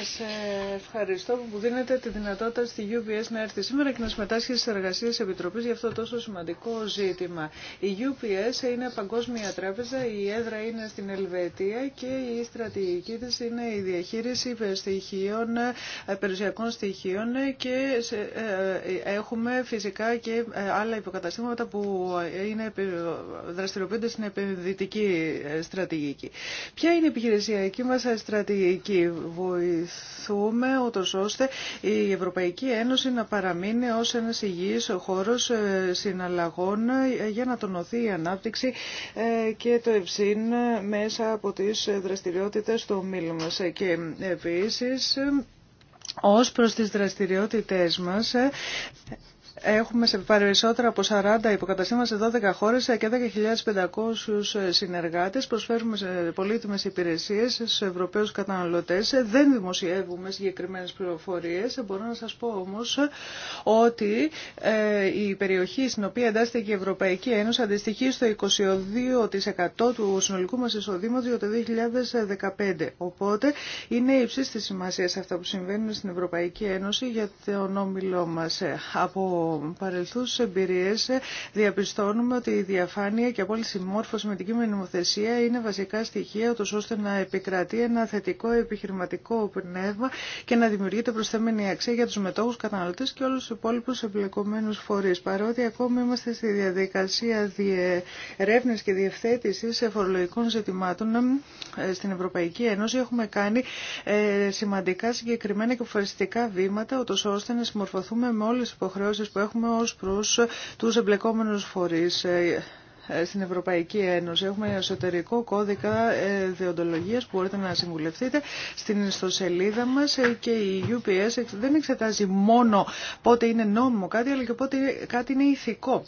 σας ε, ευχαριστώ που δίνετε τη δυνατότητα στη UPS να έρθει σήμερα και να συμμετάσχει στις εργασίες Επιτροπής για αυτό τόσο σημαντικό ζήτημα. Η UPS είναι παγκόσμια τράπεζα, η έδρα είναι στην Ελβετία και η στρατηγική της είναι η διαχείριση στοιχείων, ε, περιουσιακών στοιχείων και ε, έχουμε φυσικά και άλλα υποκαταστήματα που είναι, δραστηριοποιούνται στην επενδυτική στρατηγική. Ποια είναι η επιχειρησιακή μας στρατηγική βοήθεια βοηθούμε ούτως ώστε η Ευρωπαϊκή Ένωση να παραμείνει ως ένας υγιής χώρος ε, συναλλαγών ε, για να τονωθεί η ανάπτυξη ε, και το ευσύν μέσα από τις δραστηριότητες του ομίλου μας. Και επίσης ως προς τις δραστηριότητες μας Έχουμε σε περισσότερα από 40 υποκαταστήματα σε 12 χώρε και 10.500 συνεργάτε. Προσφέρουμε πολύτιμε υπηρεσίε στου Ευρωπαίου καταναλωτέ. Δεν δημοσιεύουμε συγκεκριμένε πληροφορίε. Μπορώ να σα πω όμω ότι ε, η περιοχή στην οποία εντάσσεται και η Ευρωπαϊκή Ένωση αντιστοιχεί στο 22% του συνολικού μα εισοδήματο για το 2015. Οπότε είναι υψή τη σημασία αυτά που συμβαίνουν στην Ευρωπαϊκή Ένωση για τον όμιλό μα Από παρελθούς εμπειρίες ε, διαπιστώνουμε ότι η διαφάνεια και απόλυτη συμμόρφωση με την κείμενη νομοθεσία είναι βασικά στοιχεία ώστε να επικρατεί ένα θετικό επιχειρηματικό πνεύμα και να δημιουργείται προσθέμενη αξία για τους μετόχους καταναλωτές και όλους τους υπόλοιπους εμπλεκομένους φορείς. Παρότι ακόμη είμαστε στη διαδικασία διερεύνης και διευθέτησης φορολογικών ζητημάτων ε, στην Ευρωπαϊκή Ένωση έχουμε κάνει ε, σημαντικά συγκεκριμένα και αποφασιστικά βήματα ώστε να συμμορφωθούμε με όλες υποχρεώσεις έχουμε ως προς τους εμπλεκόμενους φορείς ε, ε, στην Ευρωπαϊκή Ένωση. Έχουμε εσωτερικό κώδικα ε, δεοντολογίας που μπορείτε να συμβουλευτείτε στην ιστοσελίδα μας και η UPS δεν εξετάζει μόνο πότε είναι νόμιμο κάτι αλλά και πότε κάτι είναι ηθικό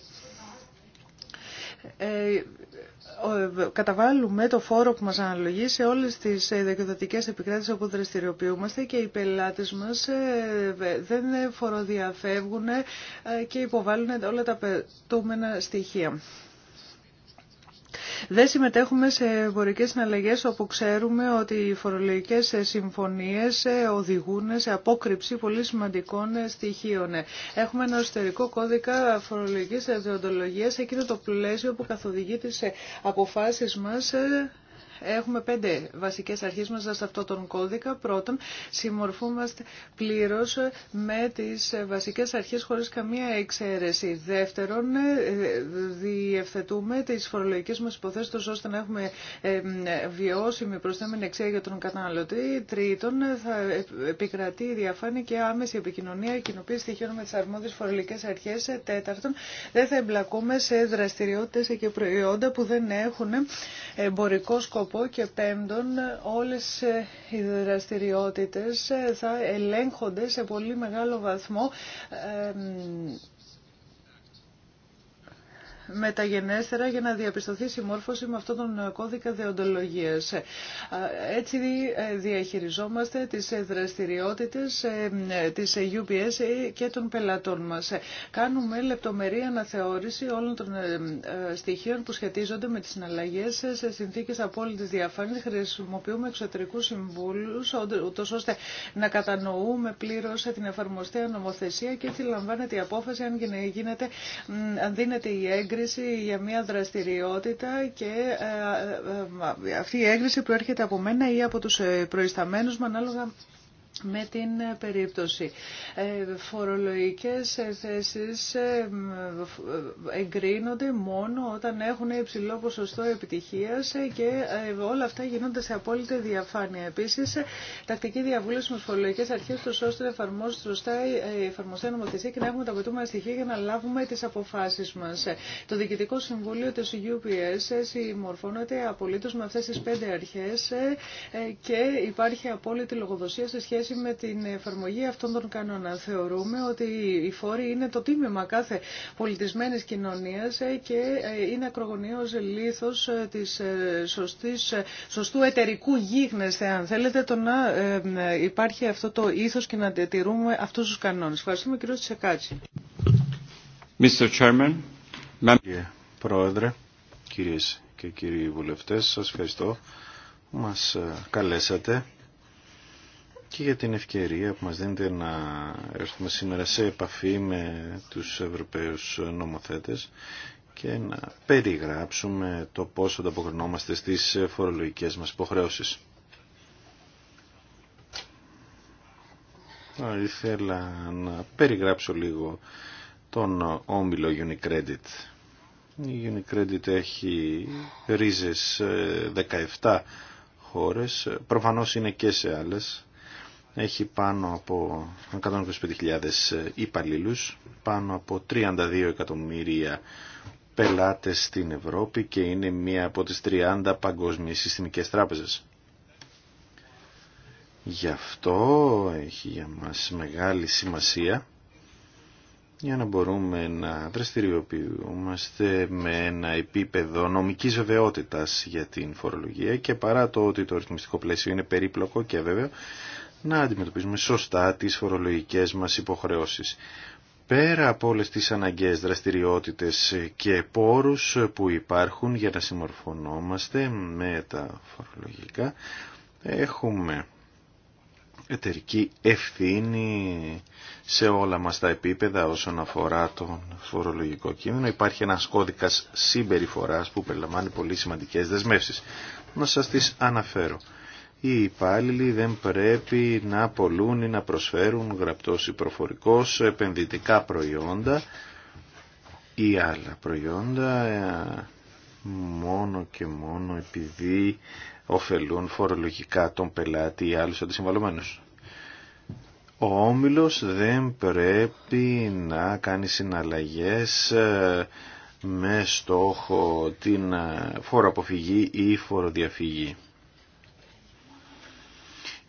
καταβάλουμε το φόρο που μας αναλογεί σε όλες τις ε, δικαιοδοτικές επικράτησεις όπου δραστηριοποιούμαστε και οι πελάτες μας ε, δεν φοροδιαφεύγουν ε, και υποβάλλουν όλα τα πετούμενα στοιχεία. Δεν συμμετέχουμε σε εμπορικές συναλλαγές όπου ξέρουμε ότι οι φορολογικές συμφωνίες οδηγούν σε απόκρυψη πολύ σημαντικών στοιχείων. Έχουμε ένα εσωτερικό κώδικα φορολογικής διοντολογίας, εκείνο το πλαίσιο που καθοδηγεί τις αποφάσεις μας Έχουμε πέντε βασικές αρχές μας σε αυτό τον κώδικα. Πρώτον, συμμορφούμαστε πλήρως με τις βασικές αρχές χωρίς καμία εξαίρεση. Δεύτερον, ε, διευθετούμε τις φορολογικές μας υποθέσεις ώστε να έχουμε ε, βιώσιμη προσθέμενη αξία για τον καταναλωτή. Τρίτον, θα επικρατεί η διαφάνεια και άμεση επικοινωνία, κοινοποίηση στοιχείων με τις αρμόδιες φορολογικές αρχές. Τέταρτον, δεν θα εμπλακούμε σε δραστηριότητες και προϊόντα που δεν έχουν εμπορικό σκοπό τρόπο και πέμπτον όλες οι δραστηριότητες θα ελέγχονται σε πολύ μεγάλο βαθμό ε, μεταγενέστερα για να διαπιστωθεί η συμμόρφωση με αυτόν τον κώδικα δεοντολογίας. Έτσι διαχειριζόμαστε τις δραστηριότητες ε, της UPS ε και των πελατών μας. Κάνουμε λεπτομερή αναθεώρηση όλων των ε, στοιχείων που σχετίζονται με τις συναλλαγές σε συνθήκες απόλυτης διαφάνειας. Χρησιμοποιούμε εξωτερικούς συμβούλους, ούτως ώστε να κατανοούμε πλήρως την εφαρμοστέα νομοθεσία και έτσι λαμβάνεται η απόφαση αν γίνεται, αν δίνεται η έγκριση έγκριση για μια δραστηριότητα και ε, ε, ε, αυτή η έγκριση προέρχεται από μένα ή από τους προϊσταμένους μου ανάλογα με την περίπτωση. Ε, φορολογικές θέσεις ε, ε, εγκρίνονται μόνο όταν έχουν υψηλό ποσοστό επιτυχίας και όλα αυτά γίνονται σε απόλυτη διαφάνεια. Επίσης, τακτική διαβούλευση με φορολογικές αρχές, τους ώστε να εφαρμόσει σωστά η εφαρμοστή νομοθεσία και να έχουμε τα πετούμενα στοιχεία για να λάβουμε τις αποφάσεις μας. Το Διοικητικό Συμβούλιο της UPS συμμορφώνεται απολύτως με αυτές τις πέντε αρχές και υπάρχει απόλυτη λογοδοσία σε σχέση με την εφαρμογή αυτών των κανόνων. Θεωρούμε ότι οι φόροι είναι το τίμημα κάθε πολιτισμένης κοινωνίας ε, και ε, είναι ακρογωνιώ λίθο ε, της σωστού εταιρικού γίγνεσθε, αν θέλετε, το να υπάρχει αυτό το ήθο και να αντιτηρούμε αυτού του κανόνες. Ευχαριστούμε κύριο Τσεκάτση. Mr. Chairman, Κύριε Πρόεδρε, κυρίες και κύριοι βουλευτές, σας ευχαριστώ που μας καλέσατε και για την ευκαιρία που μας δίνεται να έρθουμε σήμερα σε επαφή με τους Ευρωπαίους νομοθέτες και να περιγράψουμε το πόσο ανταποκρινόμαστε στις φορολογικές μας υποχρεώσεις. Ήθελα να περιγράψω λίγο τον όμιλο Unicredit. Η Unicredit έχει ρίζες 17 ε, χώρες, προφανώς είναι και σε άλλες έχει πάνω από 125.000 υπαλλήλους, πάνω από 32 εκατομμύρια πελάτες στην Ευρώπη και είναι μία από τις 30 παγκόσμιες συστημικές τράπεζες. Γι' αυτό έχει για μας μεγάλη σημασία για να μπορούμε να δραστηριοποιούμαστε με ένα επίπεδο νομικής βεβαιότητας για την φορολογία και παρά το ότι το ρυθμιστικό πλαίσιο είναι περίπλοκο και βέβαιο, να αντιμετωπίζουμε σωστά τις φορολογικές μας υποχρεώσεις. Πέρα από όλες τις αναγκαίες δραστηριότητες και πόρους που υπάρχουν για να συμμορφωνόμαστε με τα φορολογικά, έχουμε εταιρική ευθύνη σε όλα μας τα επίπεδα όσον αφορά τον φορολογικό κείμενο. Υπάρχει ένας κώδικας συμπεριφοράς που περιλαμβάνει πολύ σημαντικές δεσμεύσεις. Να σας τις αναφέρω οι υπάλληλοι δεν πρέπει να πολλούν ή να προσφέρουν γραπτός ή προφορικός επενδυτικά προϊόντα ή άλλα προϊόντα ε, μόνο και μόνο επειδή ωφελούν φορολογικά τον πελάτη ή άλλους αντισυμβαλωμένους. Ο Όμιλος δεν πρέπει να κάνει συναλλαγές ε, με στόχο την ε, φοροαποφυγή ή φοροδιαφυγή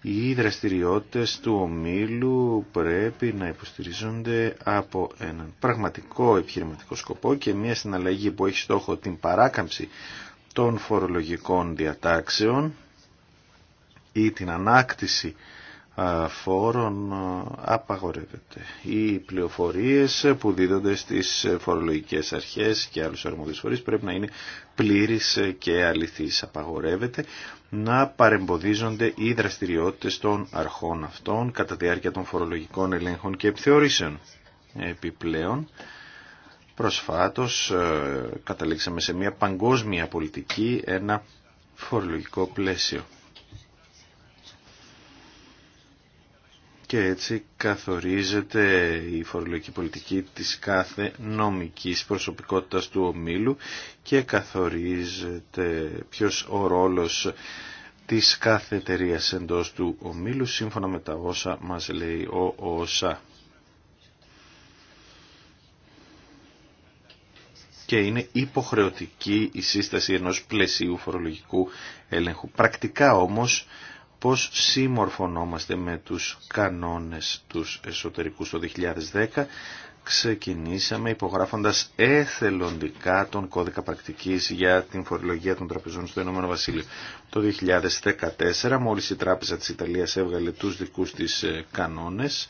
οι δραστηριότητες του ομίλου πρέπει να υποστηρίζονται από έναν πραγματικό επιχειρηματικό σκοπό και μια συναλλαγή που έχει στόχο την παράκαμψη των φορολογικών διατάξεων ή την ανάκτηση φόρων απαγορεύεται. Οι πληροφορίες που δίδονται στις φορολογικές αρχές και άλλους αρμοδίους φορείς πρέπει να είναι πλήρης και αληθής. Απαγορεύεται να παρεμποδίζονται οι δραστηριότητες των αρχών αυτών κατά τη διάρκεια των φορολογικών ελέγχων και επιθεωρήσεων. Επιπλέον, προσφάτως ε, καταλήξαμε σε μια παγκόσμια πολιτική ένα φορολογικό πλαίσιο και έτσι καθορίζεται η φορολογική πολιτική της κάθε νομικής προσωπικότητας του ομίλου και καθορίζεται ποιος ο ρόλος της κάθε εταιρεία εντός του ομίλου σύμφωνα με τα όσα μας λέει ο ΩΣΑ. Και είναι υποχρεωτική η σύσταση ενός πλαισίου φορολογικού έλεγχου. Πρακτικά όμως πώς συμμορφωνόμαστε με τους κανόνες τους εσωτερικούς το 2010 ξεκινήσαμε υπογράφοντας εθελοντικά τον κώδικα πρακτικής για την φορολογία των τραπεζών στο Ηνωμένο Βασίλειο. Το 2014 μόλις η Τράπεζα της Ιταλίας έβγαλε τους δικούς της ε, κανόνες.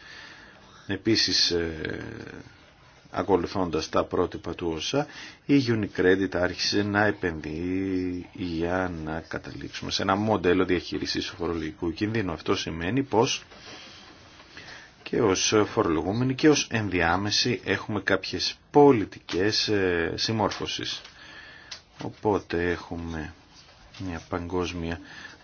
Επίσης ε, ακολουθώντας τα πρότυπα του ΩΣΑ, η Unicredit άρχισε να επενδύει για να καταλήξουμε σε ένα μοντέλο διαχείρισης φορολογικού κινδύνου. Αυτό σημαίνει πως και ως φορολογούμενοι και ως ενδιάμεση έχουμε κάποιες πολιτικές ε, συμμόρφωσεις. Οπότε έχουμε μια παγκόσμια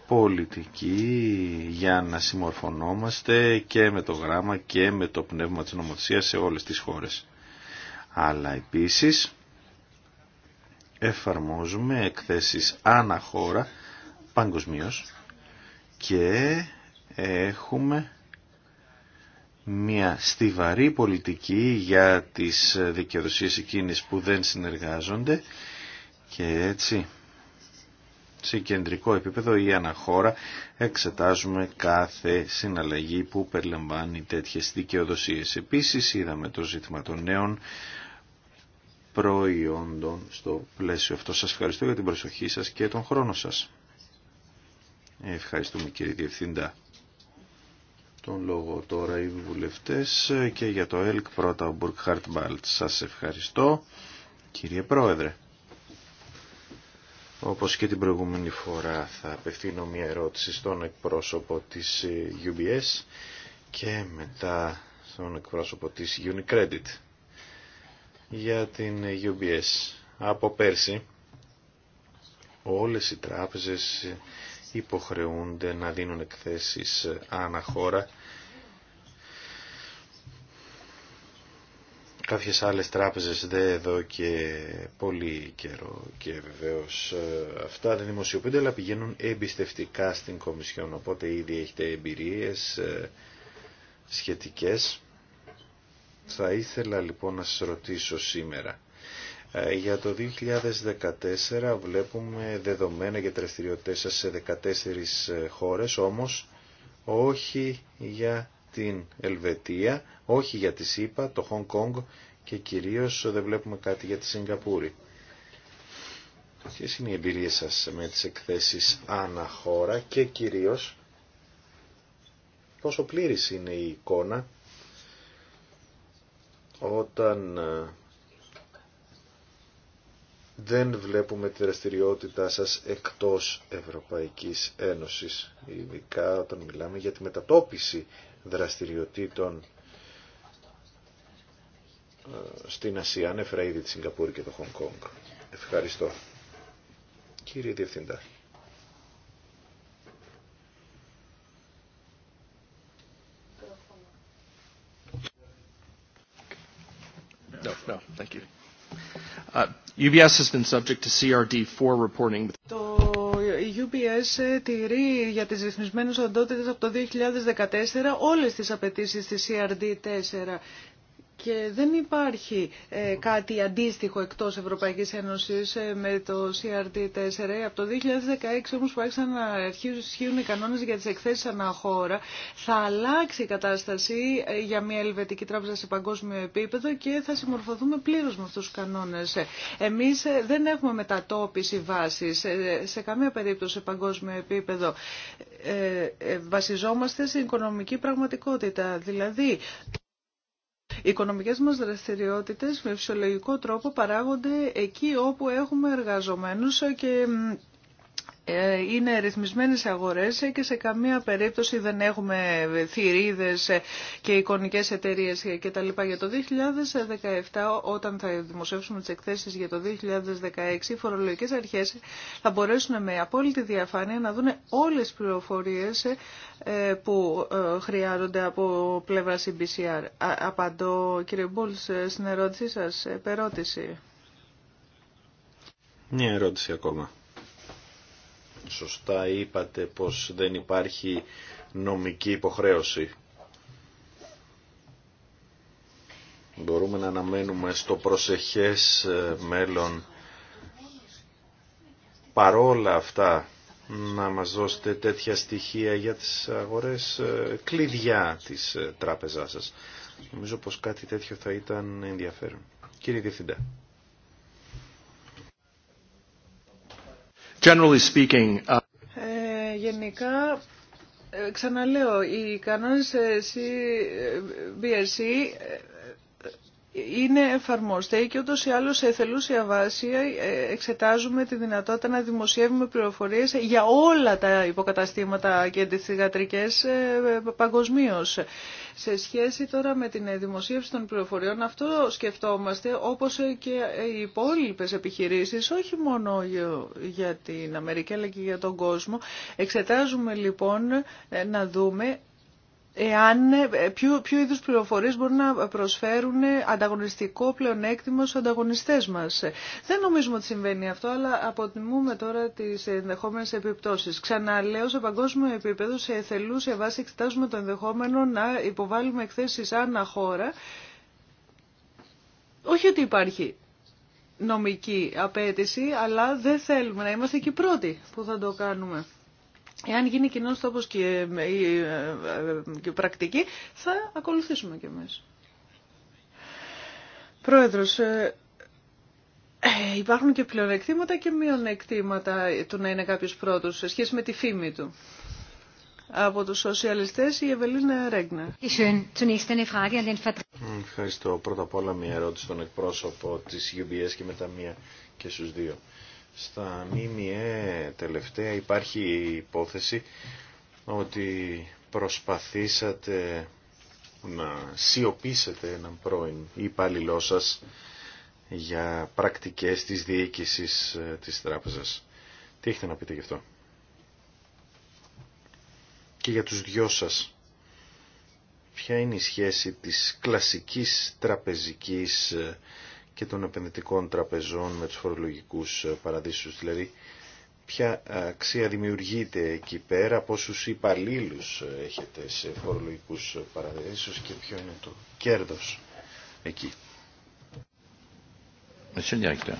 πολιτική για να συμμορφωνόμαστε και με το γράμμα και με το πνεύμα της νομοθεσίας σε όλες τις χώρες αλλά επίσης εφαρμόζουμε εκθέσεις αναχώρα παγκοσμίω και έχουμε μια στιβαρή πολιτική για τις δικαιοδοσίες εκείνες που δεν συνεργάζονται και έτσι σε κεντρικό επίπεδο ή αναχώρα εξετάζουμε κάθε συναλλαγή που περιλαμβάνει τέτοιες δικαιοδοσίες. Επίσης είδαμε το ζήτημα των νέων προϊόντων στο πλαίσιο αυτό. Σας ευχαριστώ για την προσοχή σας και τον χρόνο σας. Ευχαριστούμε κύριε Διευθύντα. Τον λόγο τώρα οι βουλευτές και για το ΕΛΚ πρώτα ο Μπουρκχάρτ Μπάλτ. Σας ευχαριστώ κύριε Πρόεδρε. Όπως και την προηγούμενη φορά θα απευθύνω μια ερώτηση στον εκπρόσωπο της ε, UBS και μετά στον εκπρόσωπο της UniCredit για την UBS. Από πέρσι όλες οι τράπεζες υποχρεούνται να δίνουν εκθέσεις αναχώρα. Κάποιες άλλες τράπεζες δεν εδώ και πολύ καιρό και βεβαίως ε, αυτά δεν δημοσιοποιούνται αλλά πηγαίνουν εμπιστευτικά στην Κομισιόν οπότε ήδη έχετε εμπειρίες ε, σχετικές θα ήθελα λοιπόν να σας ρωτήσω σήμερα. Ε, για το 2014 βλέπουμε δεδομένα για δραστηριότητε σε 14 ε, χώρες, όμως όχι για την Ελβετία, όχι για τη ΣΥΠΑ, το Χονγκ Κόνγκ και κυρίως δεν βλέπουμε κάτι για τη Σιγκαπούρη. Ποιε είναι οι εμπειρίε σα με τις εκθέσεις αναχώρα και κυρίως πόσο πλήρης είναι η εικόνα όταν ε, δεν βλέπουμε τη δραστηριότητά σας εκτός Ευρωπαϊκής Ένωσης, ειδικά όταν μιλάμε για τη μετατόπιση δραστηριοτήτων ε, στην Ασία, ανέφερα ήδη τη Σιγκαπούρη και το Χονγκ Κόνγκ. Ευχαριστώ. Κύριε Διευθυντά. No, thank you. Uh, UBS has been subject to CRD4 reporting. Το UBS τηρεί για τις ρυθμισμένες οντότητες από το 2014 όλες τις απαιτήσεις της CRD4. Και δεν υπάρχει ε, κάτι αντίστοιχο εκτός Ευρωπαϊκής Ένωσης ε, με το CRT4. Ε, από το 2016 όμως που άρχισαν να αρχίσουν οι κανόνες για τις εκθέσεις αναχώρα, θα αλλάξει η κατάσταση για μια ελβετική τράπεζα σε παγκόσμιο επίπεδο και θα συμμορφωθούμε πλήρως με αυτούς τους κανόνες. Εμείς δεν έχουμε μετατόπιση βάσης σε καμία περίπτωση σε παγκόσμιο επίπεδο. Βασιζόμαστε σε οικονομική πραγματικότητα. Δηλαδή, οι οικονομικές μας δραστηριότητες με φυσιολογικό τρόπο παράγονται εκεί όπου έχουμε εργαζομένους και ε, είναι σε αγορές ε, και σε καμία περίπτωση δεν έχουμε θηρίδες ε, και εικονικές εταιρείες κτλ. Για το 2017 όταν θα δημοσιεύσουμε τις εκθέσεις για το 2016 οι φορολογικές αρχές θα μπορέσουν με απόλυτη διαφάνεια να δουν όλες τις πληροφορίες που χρειάζονται από πλευρά CBCR. Απαντώ κύριε Μπούλς στην ερώτησή σας, επερώτηση. Μια ερώτηση ακόμα. Σωστά είπατε πως δεν υπάρχει νομική υποχρέωση. Μπορούμε να αναμένουμε στο προσεχές ε, μέλλον παρόλα αυτά να μας δώσετε τέτοια στοιχεία για τις αγορές ε, κλειδιά της ε, τράπεζάς σας. Νομίζω πως κάτι τέτοιο θα ήταν ενδιαφέρον. Κύριε Διευθυντά. Generally speaking, uh... ε, γενικά, ε, ξαναλέω, οι κανόνες BRC ε, ε, είναι εφαρμόστε και ούτως ή άλλως σε εθελούσια βάση ε, εξετάζουμε τη δυνατότητα να δημοσιεύουμε πληροφορίες για όλα τα υποκαταστήματα και τις ε, παγκοσμίως. παγκοσμίω. Σε σχέση τώρα με την δημοσίευση των πληροφοριών, αυτό σκεφτόμαστε όπως και οι υπόλοιπε επιχειρήσεις, όχι μόνο για την Αμερική αλλά και για τον κόσμο. Εξετάζουμε λοιπόν ε, να δούμε εάν, ε, ποιο, ποιο είδους πληροφορίες μπορούν να προσφέρουν ανταγωνιστικό πλεονέκτημα στους ανταγωνιστές μας. Δεν νομίζουμε ότι συμβαίνει αυτό, αλλά αποτιμούμε τώρα τις ενδεχόμενες επιπτώσεις. Ξαναλέω, σε παγκόσμιο επίπεδο, σε εθελούσια βάση, εξετάζουμε το ενδεχόμενο να υποβάλουμε εκθέσεις ανά χώρα. Όχι ότι υπάρχει νομική απέτηση, αλλά δεν θέλουμε να είμαστε και οι πρώτοι που θα το κάνουμε. Εάν γίνει κοινό τόπο και, ε, ε, ε, και πρακτική, θα ακολουθήσουμε κι εμείς. Πρόεδρος, υπάρχουν και πλεονεκτήματα και μειονεκτήματα του να είναι κάποιος πρώτος σε σχέση με τη φήμη του. Από τους σοσιαλιστές η Ευελίνα Ρέγνα. Ευχαριστώ. Πρώτα απ' όλα μια ερώτηση στον εκπρόσωπο της UBS και μετά μια και στους δύο. Στα ΜΜΕ τελευταία υπάρχει η υπόθεση ότι προσπαθήσατε να σιωπήσετε έναν πρώην υπάλληλό σας για πρακτικές της διοίκησης ε, της τράπεζας. Τι έχετε να πείτε γι' αυτό. Και για τους δυο σας. Ποια είναι η σχέση της κλασικής τραπεζικής ε, και των επενδυτικών τραπεζών με τους φορολογικούς ε, παραδείσους. Δηλαδή, ποια ε, αξία δημιουργείται εκεί πέρα, πόσους υπαλλήλου ε, έχετε σε φορολογικούς παραδείσους και ποιο είναι το κέρδος εκεί. Ευχαριστώ.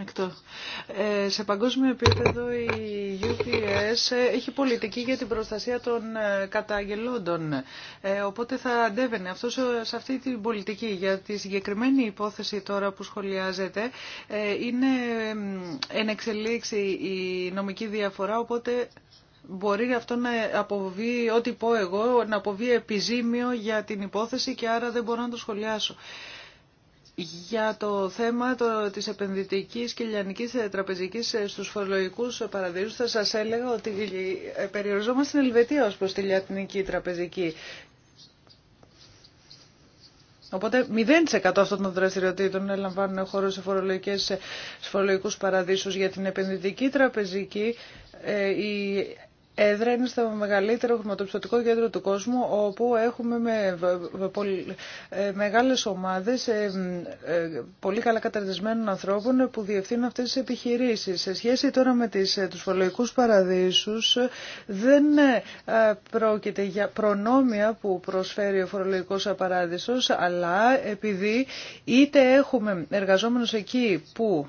Εκτός. Ε, σε παγκόσμιο επίπεδο η UPS έχει πολιτική για την προστασία των ε, καταγγελόντων. Ε, οπότε θα αντέβαινε αυτό σε αυτή την πολιτική. Για τη συγκεκριμένη υπόθεση τώρα που σχολιάζεται είναι ενεξελίξη η νομική διαφορά οπότε μπορεί αυτό να αποβεί, ό,τι πω εγώ, να αποβεί επιζήμιο για την υπόθεση και άρα δεν μπορώ να το σχολιάσω για το θέμα το, της επενδυτικής και λιανικής ε, τραπεζικής ε, στους φορολογικούς παραδείσους θα σας έλεγα ότι ε, περιοριζόμαστε στην Ελβετία ως προς τη λιανική τραπεζική. Οπότε 0% αυτών των δραστηριοτήτων ελαμβάνουν χώρο σε, φορολογικές, σε φορολογικούς παραδείσους για την επενδυτική τραπεζική. η έδρα είναι στο μεγαλύτερο χρηματοπιστωτικό κέντρο του κόσμου, όπου έχουμε με ε, μεγάλες ομάδες ε, ε, πολύ καλά καταρτισμένων ανθρώπων που διευθύνουν αυτές τις επιχειρήσεις. Σε σχέση τώρα με τις, τους φορολογικούς παραδείσους, δεν πρόκειται για προνόμια που προσφέρει ο φορολογικός παράδεισος, αλλά επειδή είτε έχουμε εργαζόμενους εκεί που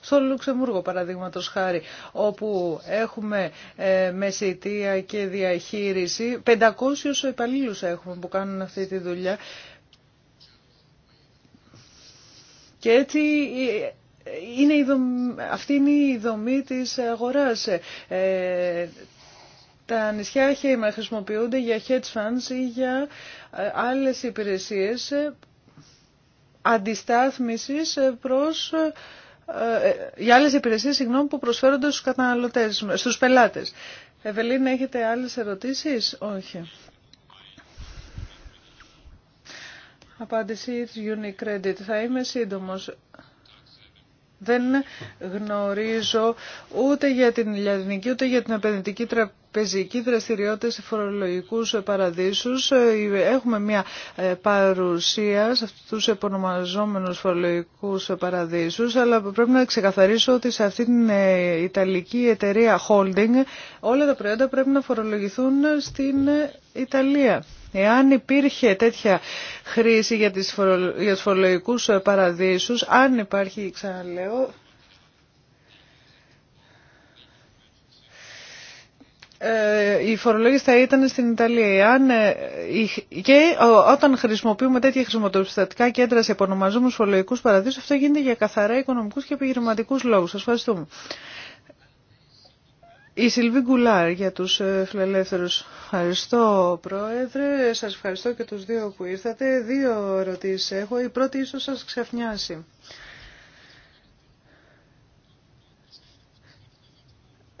στο Λουξεμβούργο παραδείγματος χάρη, όπου έχουμε ε, μεσητεία και διαχείριση. 500 υπαλλήλου έχουμε που κάνουν αυτή τη δουλειά. Και έτσι ε, είναι η αυτή είναι η δομή της αγοράς. Ε, τα νησιά χέιμα χρησιμοποιούνται για hedge funds ή για ε, άλλες υπηρεσίες αντιστάθμισης προς για ε, ε, άλλες υπηρεσίες συγγνώμη, που προσφέρονται στους καταναλωτές, στους πελάτες. Ευελίνα, έχετε άλλες ερωτήσεις? Όχι. Απάντηση Unicredit. Θα είμαι σύντομος. Δεν γνωρίζω ούτε για την Λιαδινική ούτε για την Επενδυτική Πεζική δραστηριότητα σε φορολογικού παραδείσους. Ε, έχουμε μια ε, παρουσία σε αυτούς του επωνομαζόμενου φορολογικούς παραδείσους, αλλά πρέπει να ξεκαθαρίσω ότι σε αυτή την ε, Ιταλική εταιρεία holding όλα τα προϊόντα πρέπει να φορολογηθούν στην Ιταλία. Εάν υπήρχε τέτοια χρήση για, τις για τους φορολογικούς παραδείσους, αν υπάρχει, ξαναλέω, Ε, οι φορολόγοι θα ήταν στην Ιταλία. Ε, και όταν χρησιμοποιούμε τέτοια χρηματοπιστωτικά κέντρα σε υπονομαζόμενους φορολογικούς παραδείσους, αυτό γίνεται για καθαρά οικονομικού και επιχειρηματικού λόγου. Σα ευχαριστούμε. Η Σιλβί Γκουλάρ για τους ε, φιλελεύθερου. Ευχαριστώ Πρόεδρε, Σα ευχαριστώ και του δύο που ήρθατε. Δύο ερωτήσει έχω. Η πρώτη ίσω σα ξαφνιάσει.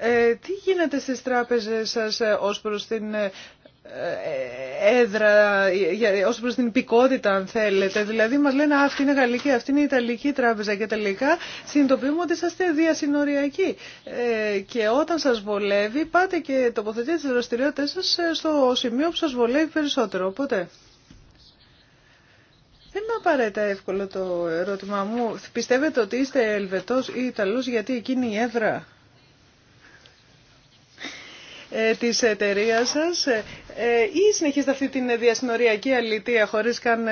Ε, τι γίνεται στις τράπεζες σας ε, ως προς την ε, έδρα, ως προς την υπηκότητα αν θέλετε. Δηλαδή μας λένε αυτή είναι γαλλική, αυτή είναι ιταλική τράπεζα και τελικά συνειδητοποιούμε ότι είστε διασυνοριακοί. και όταν σας βολεύει πάτε και τοποθετείτε τις δραστηριότητες σας στο σημείο που σας βολεύει περισσότερο. Οπότε... Δεν είναι απαραίτητα εύκολο το ερώτημά μου. Πιστεύετε ότι είστε Ελβετός ή Ιταλός γιατί εκείνη η έδρα ε, της εταιρείας σας ε, ε, ή συνεχίζετε αυτή την διασυνοριακή αλήθεια χωρίς καν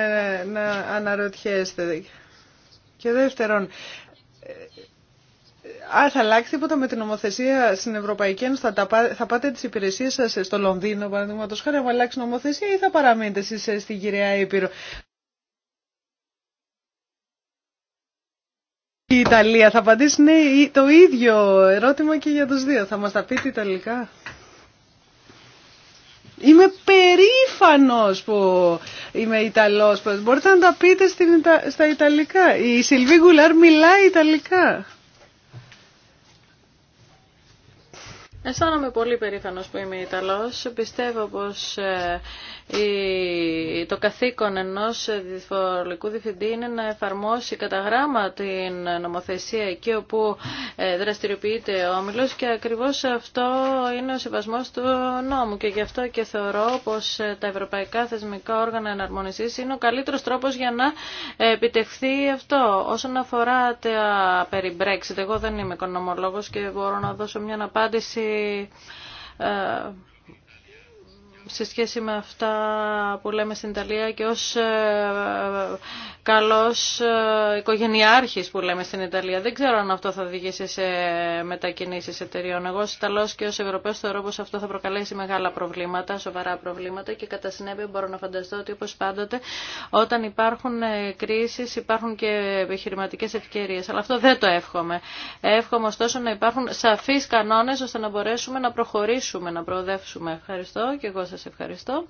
να αναρωτιέστε. Και δεύτερον, Α, θα αλλάξει τίποτα με την νομοθεσία στην Ευρωπαϊκή Ένωση. Θα, θα πάτε τι υπηρεσίε σα στο Λονδίνο, παραδείγματο χάρη, να αλλάξει νομοθεσία ή θα παραμείνετε εσεί στην κυρία Ήπειρο. Η Ιταλία θα απαντήσει ναι, το ίδιο ερώτημα και για τους δύο. Θα μας τα πείτε Ιταλικά. Είμαι περήφανος που είμαι Ιταλός. Μπορείτε να τα πείτε στα Ιταλικά. Η Σιλβί Γκουλάρ μιλάει Ιταλικά. Αισθάνομαι πολύ περήφανος που είμαι Ιταλός. Πιστεύω πως ε, το καθήκον ενός διευθυντικού διευθυντή είναι να εφαρμόσει κατά γράμμα την νομοθεσία εκεί όπου ε, δραστηριοποιείται ο όμιλος και ακριβώς αυτό είναι ο σεβασμός του νόμου και γι' αυτό και θεωρώ πως ε, τα ευρωπαϊκά θεσμικά όργανα εναρμονισής είναι ο καλύτερος τρόπος για να ε, επιτευχθεί αυτό. Όσον αφορά τα περί Brexit, εγώ δεν είμαι οικονομολόγος και μπορώ να δώσω μια απάντηση σε σχέση με αυτά που λέμε στην Ιταλία και ως ε, καλός ε, οικογενειάρχης που λέμε στην Ιταλία. Δεν ξέρω αν αυτό θα οδηγήσει σε μετακινήσεις εταιριών. Εγώ ως Ιταλός και ως Ευρωπαίος θεωρώ πως αυτό θα προκαλέσει μεγάλα προβλήματα, σοβαρά προβλήματα και κατά συνέπεια μπορώ να φανταστώ ότι όπως πάντοτε όταν υπάρχουν ε, κρίσεις υπάρχουν και επιχειρηματικές ευκαιρίες. Αλλά αυτό δεν το εύχομαι. Εύχομαι ωστόσο να υπάρχουν σαφείς κανόνες ώστε να μπορέσουμε να προχωρήσουμε, να προοδεύσουμε. Ευχαριστώ και εγώ σας σας ευχαριστώ.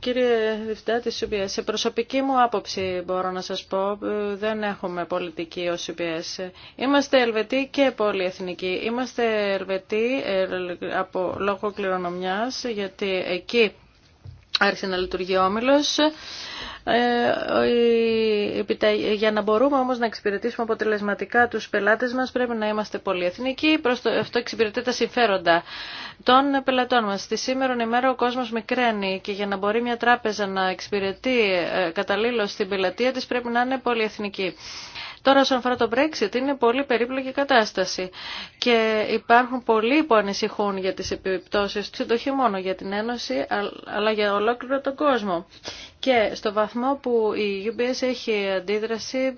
Κύριε Διευθυντά σε προσωπική μου άποψη μπορώ να σας πω, ε, δεν έχουμε πολιτική ο UBS. Είμαστε Ελβετοί και πολυεθνικοί. Είμαστε Ελβετοί ε, από λόγω κληρονομιάς, γιατί εκεί άρχισε να λειτουργεί ο όμιλος. Ε, για να μπορούμε όμως να εξυπηρετήσουμε αποτελεσματικά τους πελάτες μας πρέπει να είμαστε πολυεθνικοί. Προς το, αυτό εξυπηρετεί τα συμφέροντα των πελατών μας. Στη σήμερα ημέρα ο κόσμος μικραίνει και για να μπορεί μια τράπεζα να εξυπηρετεί ε, καταλήλως την πελατεία της πρέπει να είναι πολυεθνική. Τώρα όσον αφορά το Brexit είναι πολύ περίπλοκη κατάσταση και υπάρχουν πολλοί που ανησυχούν για τις επιπτώσεις του, όχι μόνο για την Ένωση αλλά για ολόκληρο τον κόσμο. Και στο βαθμό που η UBS έχει αντίδραση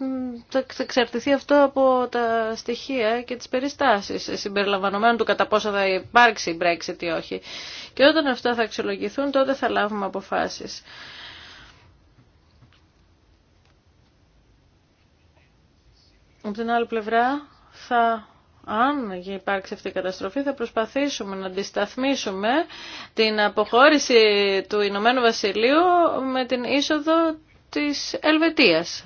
θα εξαρτηθεί αυτό από τα στοιχεία και τις περιστάσεις συμπεριλαμβανομένου του κατά πόσο θα υπάρξει Brexit ή όχι. Και όταν αυτά θα αξιολογηθούν τότε θα λάβουμε αποφάσεις. Από την άλλη πλευρά, θα, αν υπάρξει αυτή η καταστροφή, θα προσπαθήσουμε να αντισταθμίσουμε την αποχώρηση του Ηνωμένου Βασιλείου με την είσοδο της Ελβετίας.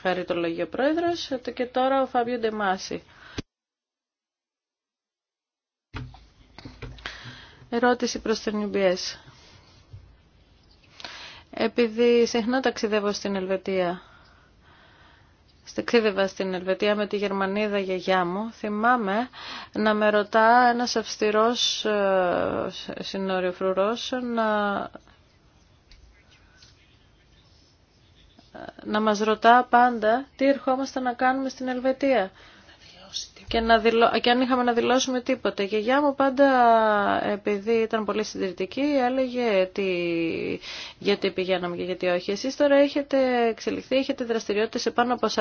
Χαριτολογεί ο Πρόεδρος και τώρα ο Φάβιο Ντεμάση. Ερώτηση προς την UBS. Επειδή συχνά ταξιδεύω στην Ελβετία, ταξίδευα στην Ελβετία με τη Γερμανίδα γιαγιά μου, θυμάμαι να με ρωτά ένας αυστηρός ε, συνοριοφρουρός να... να μας ρωτά πάντα τι ερχόμαστε να κάνουμε στην Ελβετία και, να δηλω... και αν είχαμε να δηλώσουμε τίποτα. Η γιαγιά μου πάντα, επειδή ήταν πολύ συντηρητική, έλεγε τι... γιατί πηγαίναμε και γιατί όχι. Εσείς τώρα έχετε εξελιχθεί, έχετε δραστηριότητες σε πάνω από 40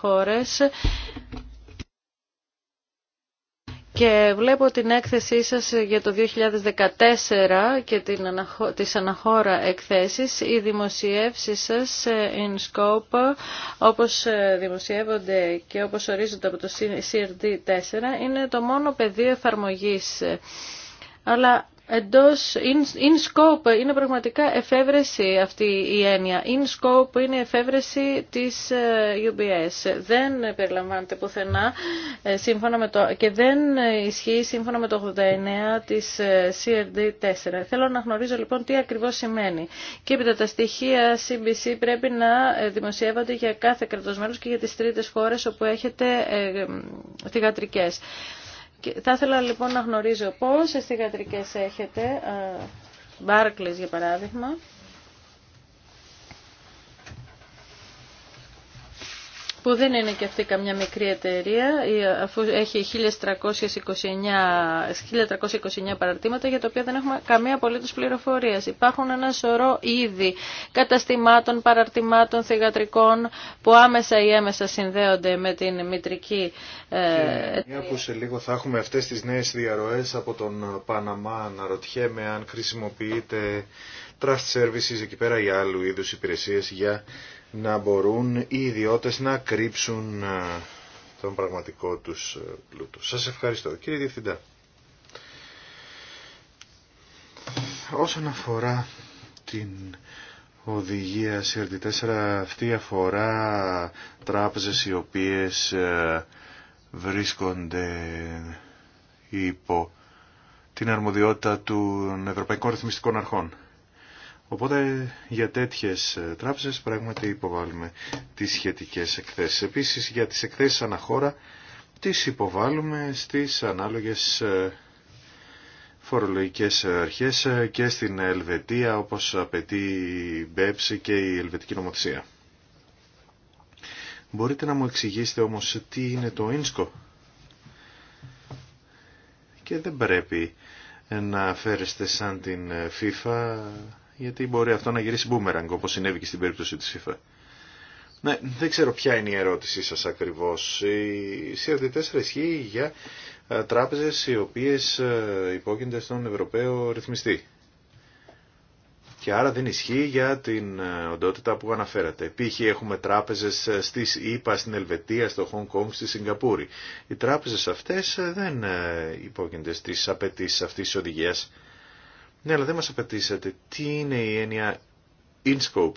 χώρες. Και βλέπω την έκθεσή σας για το 2014 και την αναχω... τις αναχώρα εκθέσεις. Οι δημοσιεύσεις σας ε, in scope, όπως ε, δημοσιεύονται και όπως ορίζονται από το CRD4, είναι το μόνο πεδίο εφαρμογής. Ε, αλλά εντός, in, in scope, είναι πραγματικά εφεύρεση αυτή η έννοια. In scope είναι εφεύρεση της ε, UBS. Δεν περιλαμβάνεται πουθενά ε, σύμφωνα με το, και δεν ισχύει σύμφωνα με το 89 της ε, CRD4. Θέλω να γνωρίζω λοιπόν τι ακριβώς σημαίνει. Και έπειτα τα στοιχεία CBC πρέπει να δημοσιεύονται για κάθε κρατοσμένος και για τις τρίτες χώρες όπου έχετε θηγατρικές θα ήθελα λοιπόν να γνωρίζω πόσες θηγατρικές έχετε, ε, Barclays για παράδειγμα, που δεν είναι και αυτή καμιά μικρή εταιρεία, αφού έχει 1329, 1329 παραρτήματα για τα οποία δεν έχουμε καμία απολύτως πληροφορία. Υπάρχουν ένα σωρό είδη καταστημάτων, παραρτημάτων, θηγατρικών που άμεσα ή έμεσα συνδέονται με την μητρική ε, Μια που σε λίγο θα έχουμε αυτές τις νέες διαρροές από τον Παναμά, αναρωτιέμαι αν χρησιμοποιείται trust services εκεί πέρα για άλλου είδους υπηρεσίες για να μπορούν οι ιδιώτες να κρύψουν τον πραγματικό τους πλούτο. Σας ευχαριστώ. Κύριε Διευθυντά, όσον αφορά την οδηγία CRD4, αυτή αφορά τράπεζες οι οποίες βρίσκονται υπό την αρμοδιότητα των Ευρωπαϊκών Ρυθμιστικών Αρχών. Οπότε για τέτοιες ε, τράπεζες πράγματι υποβάλλουμε τις σχετικές εκθέσεις. Επίσης για τις εκθέσεις αναχώρα τις υποβάλλουμε στις ανάλογες ε, φορολογικές αρχές ε, και στην Ελβετία όπως απαιτεί η BEPS και η Ελβετική νομοθεσία. Μπορείτε να μου εξηγήσετε όμως τι είναι το ίνσκο. Και δεν πρέπει να φέρεστε σαν την FIFA γιατί μπορεί αυτό να γυρίσει μπούμεραγκ όπως συνέβη και στην περίπτωση της FIFA. Ναι, δεν ξέρω ποια είναι η ερώτησή σας ακριβώς. Η CRD4 ισχύει για ε, τράπεζες οι οποίες ε, υπόκεινται στον Ευρωπαίο ρυθμιστή. Και άρα δεν ισχύει για την ε, οντότητα που αναφέρατε. Π.χ. έχουμε τράπεζες στις ΗΠΑ, στην Ελβετία, στο Χονγκ Κόνγκ, στη Σιγκαπούρη. Οι τράπεζες αυτές δεν υπόκεινται στις απαιτήσει αυτής της οδηγίας. Ναι, αλλά δεν μας απαιτήσατε. Τι είναι η έννοια scope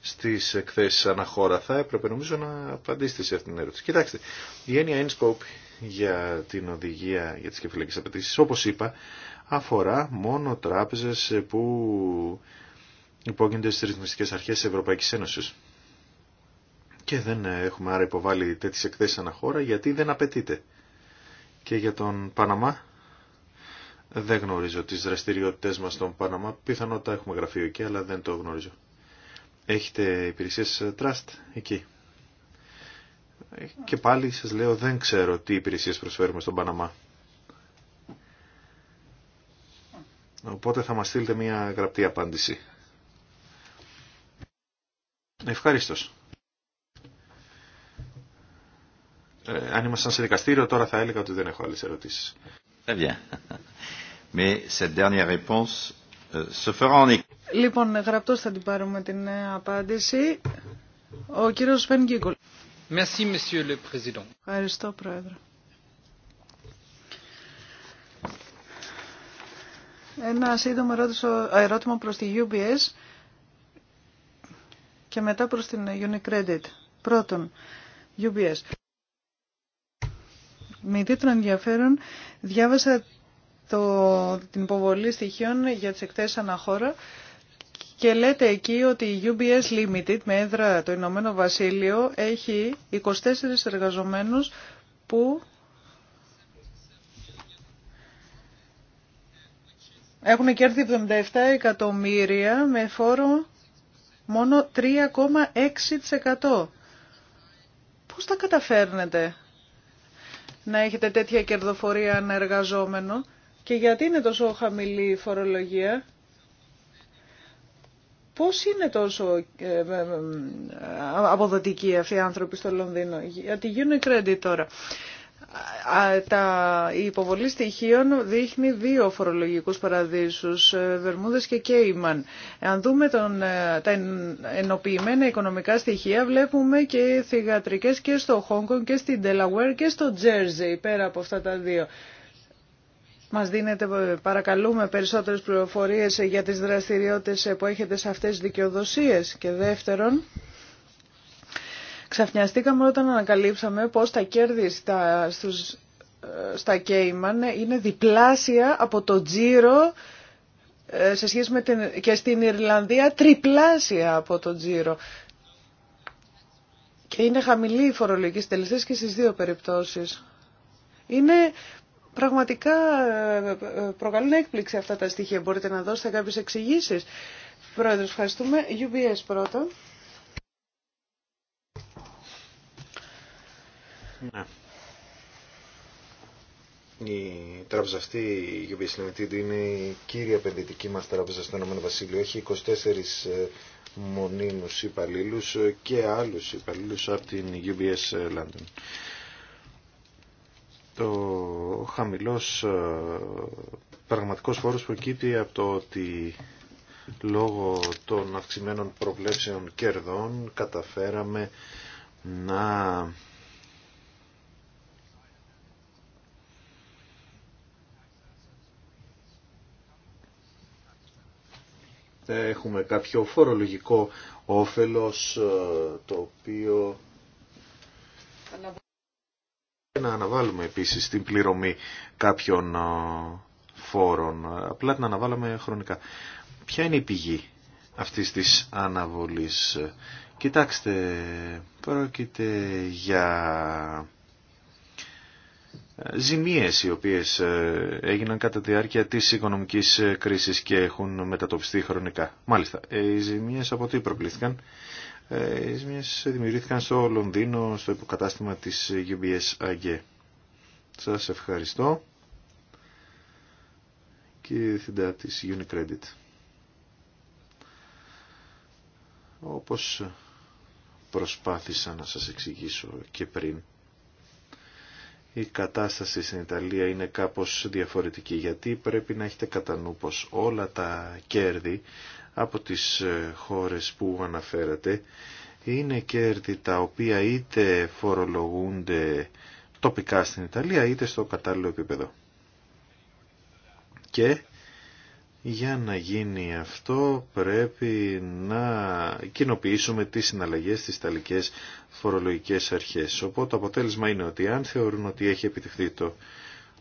στις εκθέσεις αναχώρα. Θα έπρεπε νομίζω να απαντήσετε σε αυτήν την ερώτηση. Κοιτάξτε, η έννοια scope για την οδηγία για τις κεφαλαίκες απαιτήσεις, όπως είπα, αφορά μόνο τράπεζες που υπόκεινται στις ρυθμιστικές αρχές της Ευρωπαϊκής Ένωσης. Και δεν έχουμε άρα υποβάλει τέτοιες εκθέσεις αναχώρα γιατί δεν απαιτείται. Και για τον Παναμά, δεν γνωρίζω τις δραστηριότητες μας στον Παναμά. Πιθανότατα έχουμε γραφείο εκεί, αλλά δεν το γνωρίζω. Έχετε υπηρεσίες Trust εκεί. Και πάλι σας λέω δεν ξέρω τι υπηρεσίες προσφέρουμε στον Παναμά. Οπότε θα μας στείλετε μια γραπτή απάντηση. Ευχαριστώ. Ε, αν ήμασταν σε δικαστήριο τώρα θα έλεγα ότι δεν έχω άλλες ερωτήσεις. Euh, λοιπόν, γραπτός θα την πάρουμε την απάντηση. Ο κύριος Φεν Γκίγκολ. Ευχαριστώ, Πρόεδρε. Ένα σύντομο ε, ερώτημα προς τη UBS και μετά προς την Unicredit. Πρώτον, UBS. Με ιδιαίτερο ενδιαφέρον διάβασα το, την υποβολή στοιχείων για τις εκθέσεις αναχώρα και λέτε εκεί ότι η UBS Limited με έδρα το Ηνωμένο Βασίλειο έχει 24 εργαζομένους που έχουν κέρδη 77 εκατομμύρια με φόρο μόνο 3,6%. Πώς τα καταφέρνετε να έχετε τέτοια κερδοφορία ανεργαζόμενο. Και γιατί είναι τόσο χαμηλή η φορολογία. Πώς είναι τόσο ε, ε, ε, αποδοτικοί αυτοί οι άνθρωποι στο Λονδίνο. Γιατί γίνουν credit τώρα. Τα, η υποβολή στοιχείων δείχνει δύο φορολογικούς παραδείσους, Βερμούδες και Κέιμαν. Αν δούμε τον, τα ενοποιημένα οικονομικά στοιχεία βλέπουμε και θυγατρικές και στο Χόγκον και στην Τελαουέρ και στο Τζέρζεϊ πέρα από αυτά τα δύο. Μας δίνετε, παρακαλούμε, περισσότερες πληροφορίες για τις δραστηριότητες που έχετε σε αυτές τις δικαιοδοσίες. Και δεύτερον, ξαφνιαστήκαμε όταν ανακαλύψαμε πως τα κέρδη στα, στους, ε, στα είναι διπλάσια από το τζίρο ε, σε σχέση με την, και στην Ιρλανδία τριπλάσια από το τζίρο. Και είναι χαμηλή η φορολογική συντελεστές και στις δύο περιπτώσεις. Είναι Πραγματικά ε, ε, προκαλούν έκπληξη αυτά τα στοιχεία. Μπορείτε να δώσετε κάποιες εξηγήσεις. Πρόεδρος, ευχαριστούμε. UBS πρώτα. Ναι. Η τράπεζα αυτή, η UBS είναι η κύρια επενδυτική μας τράπεζα στον Ηνωμένο Βασίλειο. Έχει 24 ε, μονίμους υπαλλήλους και άλλους υπαλλήλους από την UBS London το χαμηλός ε, πραγματικός φόρος προκύπτει από το ότι λόγω των αυξημένων προβλέψεων κερδών καταφέραμε να έχουμε κάποιο φορολογικό όφελος ε, το οποίο να αναβάλουμε επίσης την πληρωμή κάποιων φόρων, απλά την αναβάλαμε χρονικά. Ποια είναι η πηγή αυτής της αναβολής. Κοιτάξτε, πρόκειται για ζημίες οι οποίες έγιναν κατά τη διάρκεια της οικονομικής κρίσης και έχουν μετατοπιστεί χρονικά. Μάλιστα, ε, οι ζημίες από τι προκλήθηκαν ε, δημιουργήθηκαν στο Λονδίνο, στο υποκατάστημα της UBS AG. Σας ευχαριστώ και διευθυντά της Unicredit. Όπως προσπάθησα να σας εξηγήσω και πριν, η κατάσταση στην Ιταλία είναι κάπως διαφορετική γιατί πρέπει να έχετε κατά νου πως όλα τα κέρδη από τις ε, χώρες που αναφέρατε είναι κέρδη τα οποία είτε φορολογούνται τοπικά στην Ιταλία είτε στο κατάλληλο επίπεδο. Και για να γίνει αυτό πρέπει να κοινοποιήσουμε τις συναλλαγές στις ταλικές φορολογικές αρχές. Οπότε το αποτέλεσμα είναι ότι αν θεωρούν ότι έχει επιτευχθεί το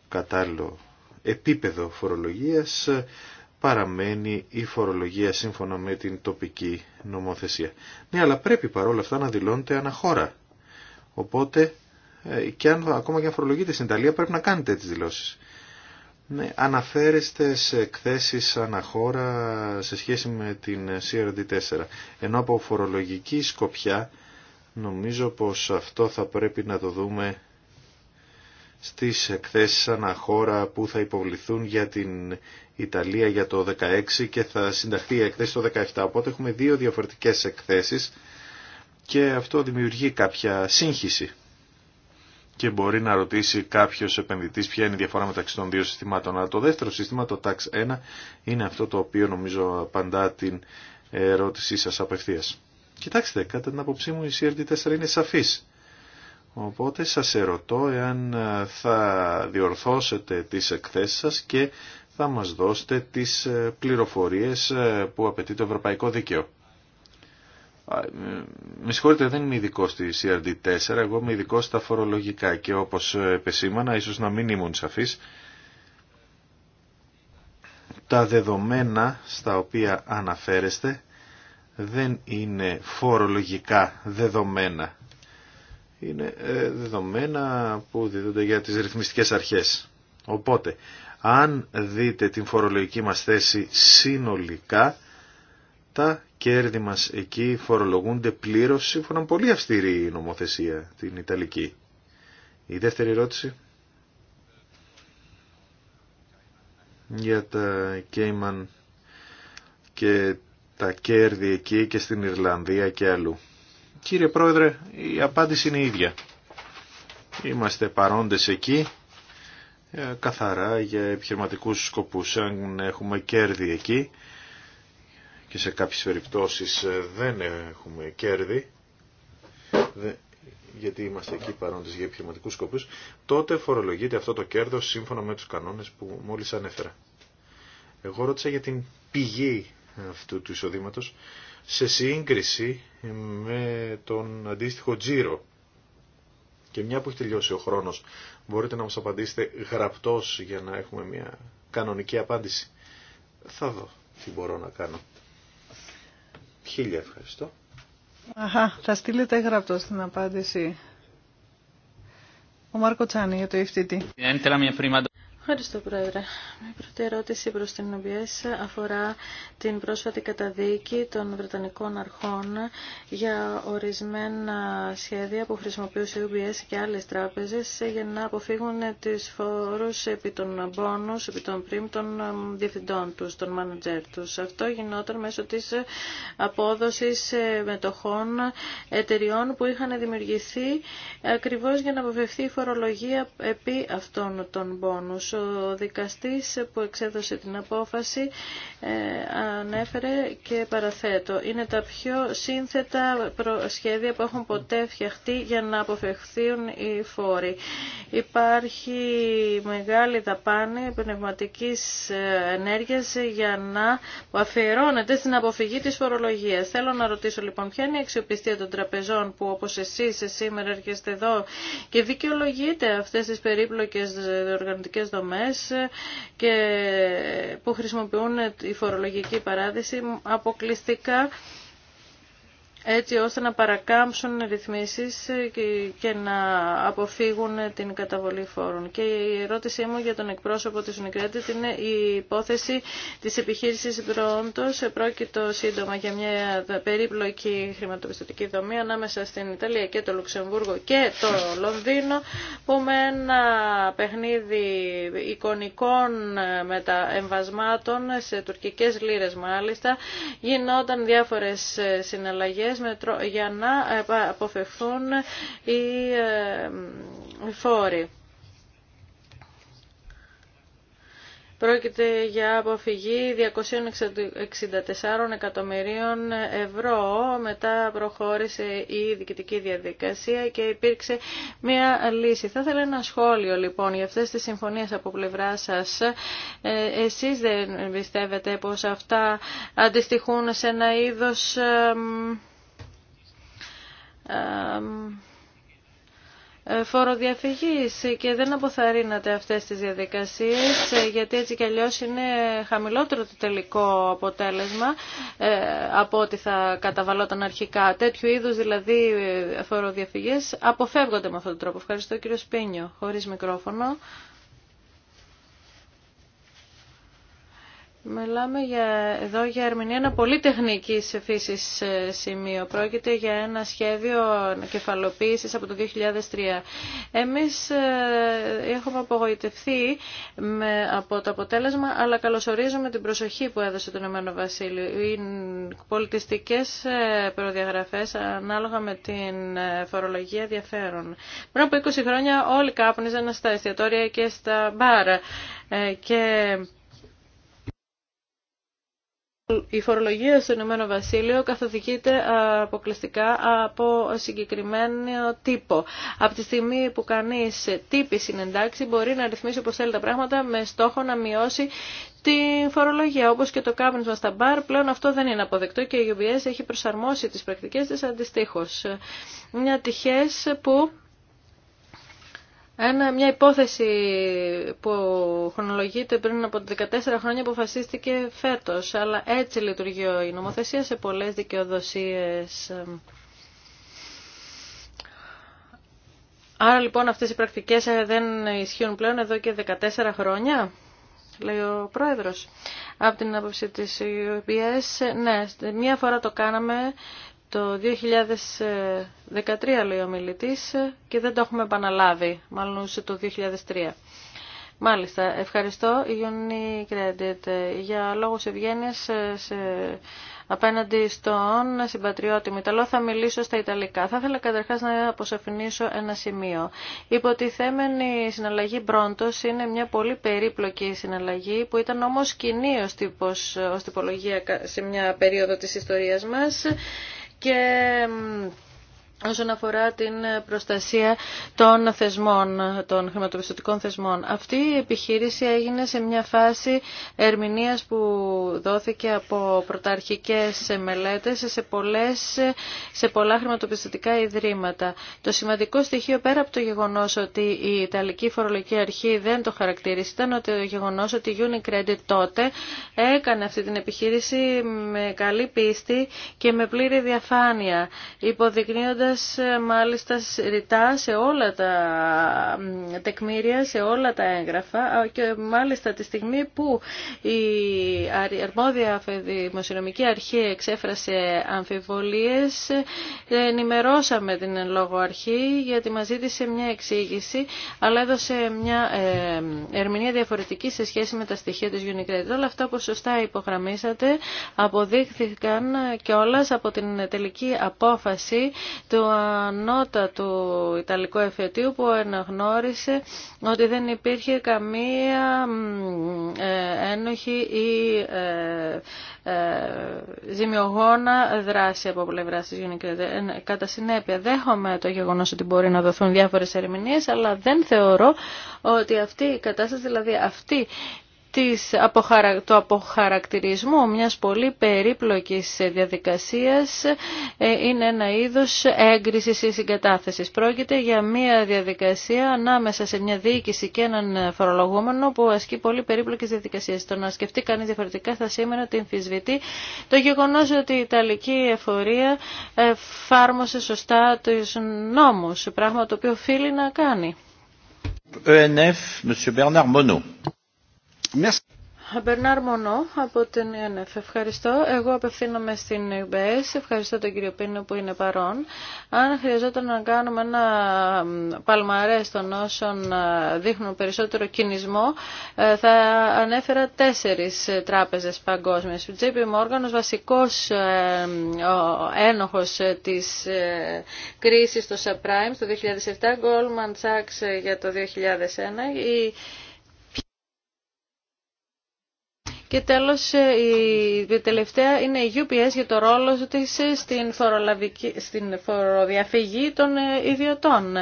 κατάλληλο επίπεδο φορολογίας παραμένει η φορολογία σύμφωνα με την τοπική νομοθεσία. Ναι, αλλά πρέπει παρόλα αυτά να δηλώνεται αναχώρα. Οπότε, ε, και αν, ακόμα και αν φορολογείτε στην Ιταλία, πρέπει να κάνετε τις δηλώσεις. Ναι, αναφέρεστε σε εκθέσεις αναχώρα σε σχέση με την CRD4. Ενώ από φορολογική σκοπιά, νομίζω πως αυτό θα πρέπει να το δούμε στις εκθέσεις αναχώρα που θα υποβληθούν για την Ιταλία για το 2016 και θα συνταχθεί η εκθέση το 2017. Οπότε έχουμε δύο διαφορετικές εκθέσεις και αυτό δημιουργεί κάποια σύγχυση. Και μπορεί να ρωτήσει κάποιος επενδυτής ποια είναι η διαφορά μεταξύ των δύο συστημάτων. Αλλά το δεύτερο σύστημα, το TAX 1, είναι αυτό το οποίο νομίζω απαντά την ερώτησή σας απευθεία. Κοιτάξτε, κατά την άποψή μου η CRD4 είναι σαφής. Οπότε σας ερωτώ εάν ε, θα διορθώσετε τις εκθέσεις σας και θα μας δώσετε τις ε, πληροφορίες ε, που απαιτεί το Ευρωπαϊκό Δίκαιο. Με συγχωρείτε, δεν είμαι ειδικό στη CRD4, εγώ είμαι ειδικό στα φορολογικά και όπως επεσήμανα, ίσως να μην ήμουν σαφής, τα δεδομένα στα οποία αναφέρεστε δεν είναι φορολογικά δεδομένα είναι ε, δεδομένα που δίδονται για τις ρυθμιστικές αρχές. Οπότε, αν δείτε την φορολογική μας θέση συνολικά, τα κέρδη μας εκεί φορολογούνται πλήρως σύμφωνα με πολύ αυστηρή νομοθεσία, την Ιταλική. Η δεύτερη ερώτηση για τα Cayman και τα κέρδη εκεί και στην Ιρλανδία και αλλού. Κύριε Πρόεδρε, η απάντηση είναι η ίδια. Είμαστε παρόντες εκεί ε, καθαρά για επιχειρηματικούς σκοπούς. Αν έχουμε κέρδη εκεί και σε κάποιες περιπτώσεις ε, δεν έχουμε κέρδη, γιατί είμαστε εκεί παρόντες για επιχειρηματικούς σκοπούς, τότε φορολογείται αυτό το κέρδος σύμφωνα με τους κανόνες που μόλις ανέφερα. Εγώ ρώτησα για την πηγή αυτού του εισοδήματος σε σύγκριση με τον αντίστοιχο τζίρο. Και μια που έχει τελειώσει ο χρόνος, μπορείτε να μας απαντήσετε γραπτός για να έχουμε μια κανονική απάντηση. Θα δω τι μπορώ να κάνω. Χίλια ευχαριστώ. Αχα, θα στείλετε γραπτό την απάντηση. Ο Μάρκο Τσάνι για το ευθύτη. Ευχαριστώ, Πρόεδρε. Η πρώτη ερώτηση προς την οποία αφορά την πρόσφατη καταδίκη των Βρετανικών αρχών για ορισμένα σχέδια που χρησιμοποιούσε η UBS και άλλες τράπεζες για να αποφύγουν τις φόρους επί των μπόνους, επί των πριμ των διευθυντών τους, των μάνατζερ τους. Αυτό γινόταν μέσω της απόδοσης μετοχών εταιριών που είχαν δημιουργηθεί ακριβώς για να αποφευθεί η φορολογία επί αυτών των μπόνους ο δικαστής που εξέδωσε την απόφαση ε, ανέφερε και παραθέτω. Είναι τα πιο σύνθετα σχέδια που έχουν ποτέ φτιαχτεί για να αποφευχθούν οι φόροι. Υπάρχει μεγάλη δαπάνη πνευματικής ε, ενέργειας για να που αφιερώνεται στην αποφυγή της φορολογίας. Θέλω να ρωτήσω λοιπόν ποια είναι η αξιοπιστία των τραπεζών που όπως εσείς ε, σήμερα έρχεστε εδώ και δικαιολογείτε αυτές τις περίπλοκες οργανωτικές δομές ε, και που χρησιμοποιούν τη φορολογική παράδειση αποκλειστικά έτσι ώστε να παρακάμψουν ρυθμίσεις και να αποφύγουν την καταβολή φόρων. Και η ερώτησή μου για τον εκπρόσωπο της Unicredit είναι η υπόθεση της επιχείρησης Brontos. Πρόκειτο σύντομα για μια περίπλοκη χρηματοπιστωτική δομή ανάμεσα στην Ιταλία και το Λουξεμβούργο και το Λονδίνο που με ένα παιχνίδι εικονικών μεταεμβασμάτων σε τουρκικές λίρες μάλιστα γινόταν διάφορες συναλλαγές για να ε, αποφευθούν ε, οι φόροι. Πρόκειται για αποφυγή 264 εκατομμυρίων ευρώ. Μετά προχώρησε η διοικητική διαδικασία και υπήρξε μία λύση. Θα ήθελα ένα σχόλιο λοιπόν για αυτές τις συμφωνίες από πλευρά σας. Ε, εσείς δεν πιστεύετε πως αυτά αντιστοιχούν σε ένα είδος... Ε, φοροδιαφυγής και δεν αποθαρρύνατε αυτές τις διαδικασίες ε, γιατί έτσι κι αλλιώς είναι χαμηλότερο το τελικό αποτέλεσμα ε, από ό,τι θα καταβαλόταν αρχικά. Τέτοιου είδους δηλαδή φοροδιαφυγές αποφεύγονται με αυτόν τον τρόπο. Ευχαριστώ κύριο Σπίνιο, χωρίς μικρόφωνο. Μιλάμε για, εδώ για ερμηνεία ένα πολύ τεχνική φύση ε, σημείο. Πρόκειται για ένα σχέδιο κεφαλοποίηση από το 2003. Εμεί ε, έχουμε απογοητευθεί με, από το αποτέλεσμα, αλλά καλωσορίζουμε την προσοχή που έδωσε το Ηνωμένο Βασίλειο. Οι πολιτιστικέ ε, προδιαγραφέ ανάλογα με την φορολογία διαφέρουν. Πριν από 20 χρόνια όλοι κάπνιζαν στα εστιατόρια και στα μπάρα. και η φορολογία στο Ηνωμένο Βασίλειο καθοδηγείται αποκλειστικά από συγκεκριμένο τύπο. Από τη στιγμή που κανείς τύπη συνεντάξει μπορεί να ρυθμίσει όπως θέλει τα πράγματα με στόχο να μειώσει την φορολογία. Όπως και το κάπνισμα στα μπαρ πλέον αυτό δεν είναι αποδεκτό και η UBS έχει προσαρμόσει τις πρακτικές της αντιστοίχως. Μια τυχές που μια υπόθεση που χρονολογείται πριν από 14 χρόνια αποφασίστηκε φέτος, αλλά έτσι λειτουργεί η νομοθεσία σε πολλές δικαιοδοσίες. Άρα λοιπόν αυτές οι πρακτικές ε, δεν ισχύουν πλέον εδώ και 14 χρόνια, λέει ο Πρόεδρος. Από την άποψη της UBS, ναι, μία φορά το κάναμε το 2013 λέει ο μιλητής και δεν το έχουμε επαναλάβει, μάλλον το 2003. Μάλιστα, ευχαριστώ Credit για λόγους ευγένειας ε, σε... απέναντι στον συμπατριώτη μου Ιταλό θα μιλήσω στα Ιταλικά. Θα ήθελα καταρχάς να αποσαφηνίσω ένα σημείο. Η υποτιθέμενη συναλλαγή Μπρόντος είναι μια πολύ περίπλοκη συναλλαγή που ήταν όμω κοινή ως, τύπος, τυπολογία σε μια περίοδο της ιστορίας μας και όσον αφορά την προστασία των θεσμών, των χρηματοπιστωτικών θεσμών. Αυτή η επιχείρηση έγινε σε μια φάση ερμηνείας που δόθηκε από πρωταρχικές μελέτες σε, πολλές, σε πολλά χρηματοπιστωτικά ιδρύματα. Το σημαντικό στοιχείο πέρα από το γεγονός ότι η Ιταλική Φορολογική Αρχή δεν το χαρακτήρισε ήταν ότι το γεγονός ότι η Unicredit τότε έκανε αυτή την επιχείρηση με καλή πίστη και με πλήρη διαφάνεια, υποδεικνύοντας μάλιστα ρητά σε όλα τα τεκμήρια, σε όλα τα έγγραφα και μάλιστα τη στιγμή που η αρμόδια δημοσιονομική αρχή εξέφρασε αμφιβολίες ενημερώσαμε την λόγω αρχή γιατί μας ζήτησε μια εξήγηση αλλά έδωσε μια ε, ερμηνεία διαφορετική σε σχέση με τα στοιχεία της Unicredit. Όλα αυτά που σωστά υπογραμμίσατε αποδείχθηκαν κιόλας από την τελική απόφαση του ανώτατου Ιταλικού εφετείου που αναγνώρισε ότι δεν υπήρχε καμία ε, ένοχη ή ε, ε, ζημιογόνα δράση από πλευρά τη Γενική. Κατά συνέπεια, δέχομαι το γεγονό ότι μπορεί να δοθούν διάφορε ερμηνείε, αλλά δεν θεωρώ ότι αυτή η κατάσταση, το γεγονος οτι μπορει να δοθουν διαφορες ερμηνειες αλλα αυτή του αποχαρακτηρισμού μιας πολύ περίπλοκης διαδικασίας ε, είναι ένα είδος έγκρισης ή συγκατάθεσης. Πρόκειται για μια διαδικασία ανάμεσα σε μια διοίκηση και έναν φορολογούμενο που ασκεί πολύ περίπλοκες διαδικασίες. Το να σκεφτεί κανείς διαφορετικά θα σήμερα ότι εμφισβητεί το γεγονός ότι η Ιταλική εφορία ε, φάρμοσε σωστά τους νόμους, πράγμα το οποίο οφείλει να κάνει. Ε, ναι, Μπερνάρ Μονό από την ΕΝΕΦ. Ευχαριστώ. Εγώ απευθύνομαι στην ΕΜΠΕΣ. Ευχαριστώ τον κύριο Πίνο που είναι παρόν. Αν χρειαζόταν να κάνουμε ένα παλμαρέ των όσων δείχνουν περισσότερο κινησμό, ε, θα ανέφερα τέσσερι τράπεζε παγκόσμιε. Ε, ο JP Morgan, ο βασικό ένοχο ε, τη κρίση στο subprime το 2007, Goldman Sachs για το 2001, η Και τέλος ε, η τελευταία είναι η UPS για το ρόλο της ε, στην, στην φοροδιαφυγή των ε, ιδιωτών.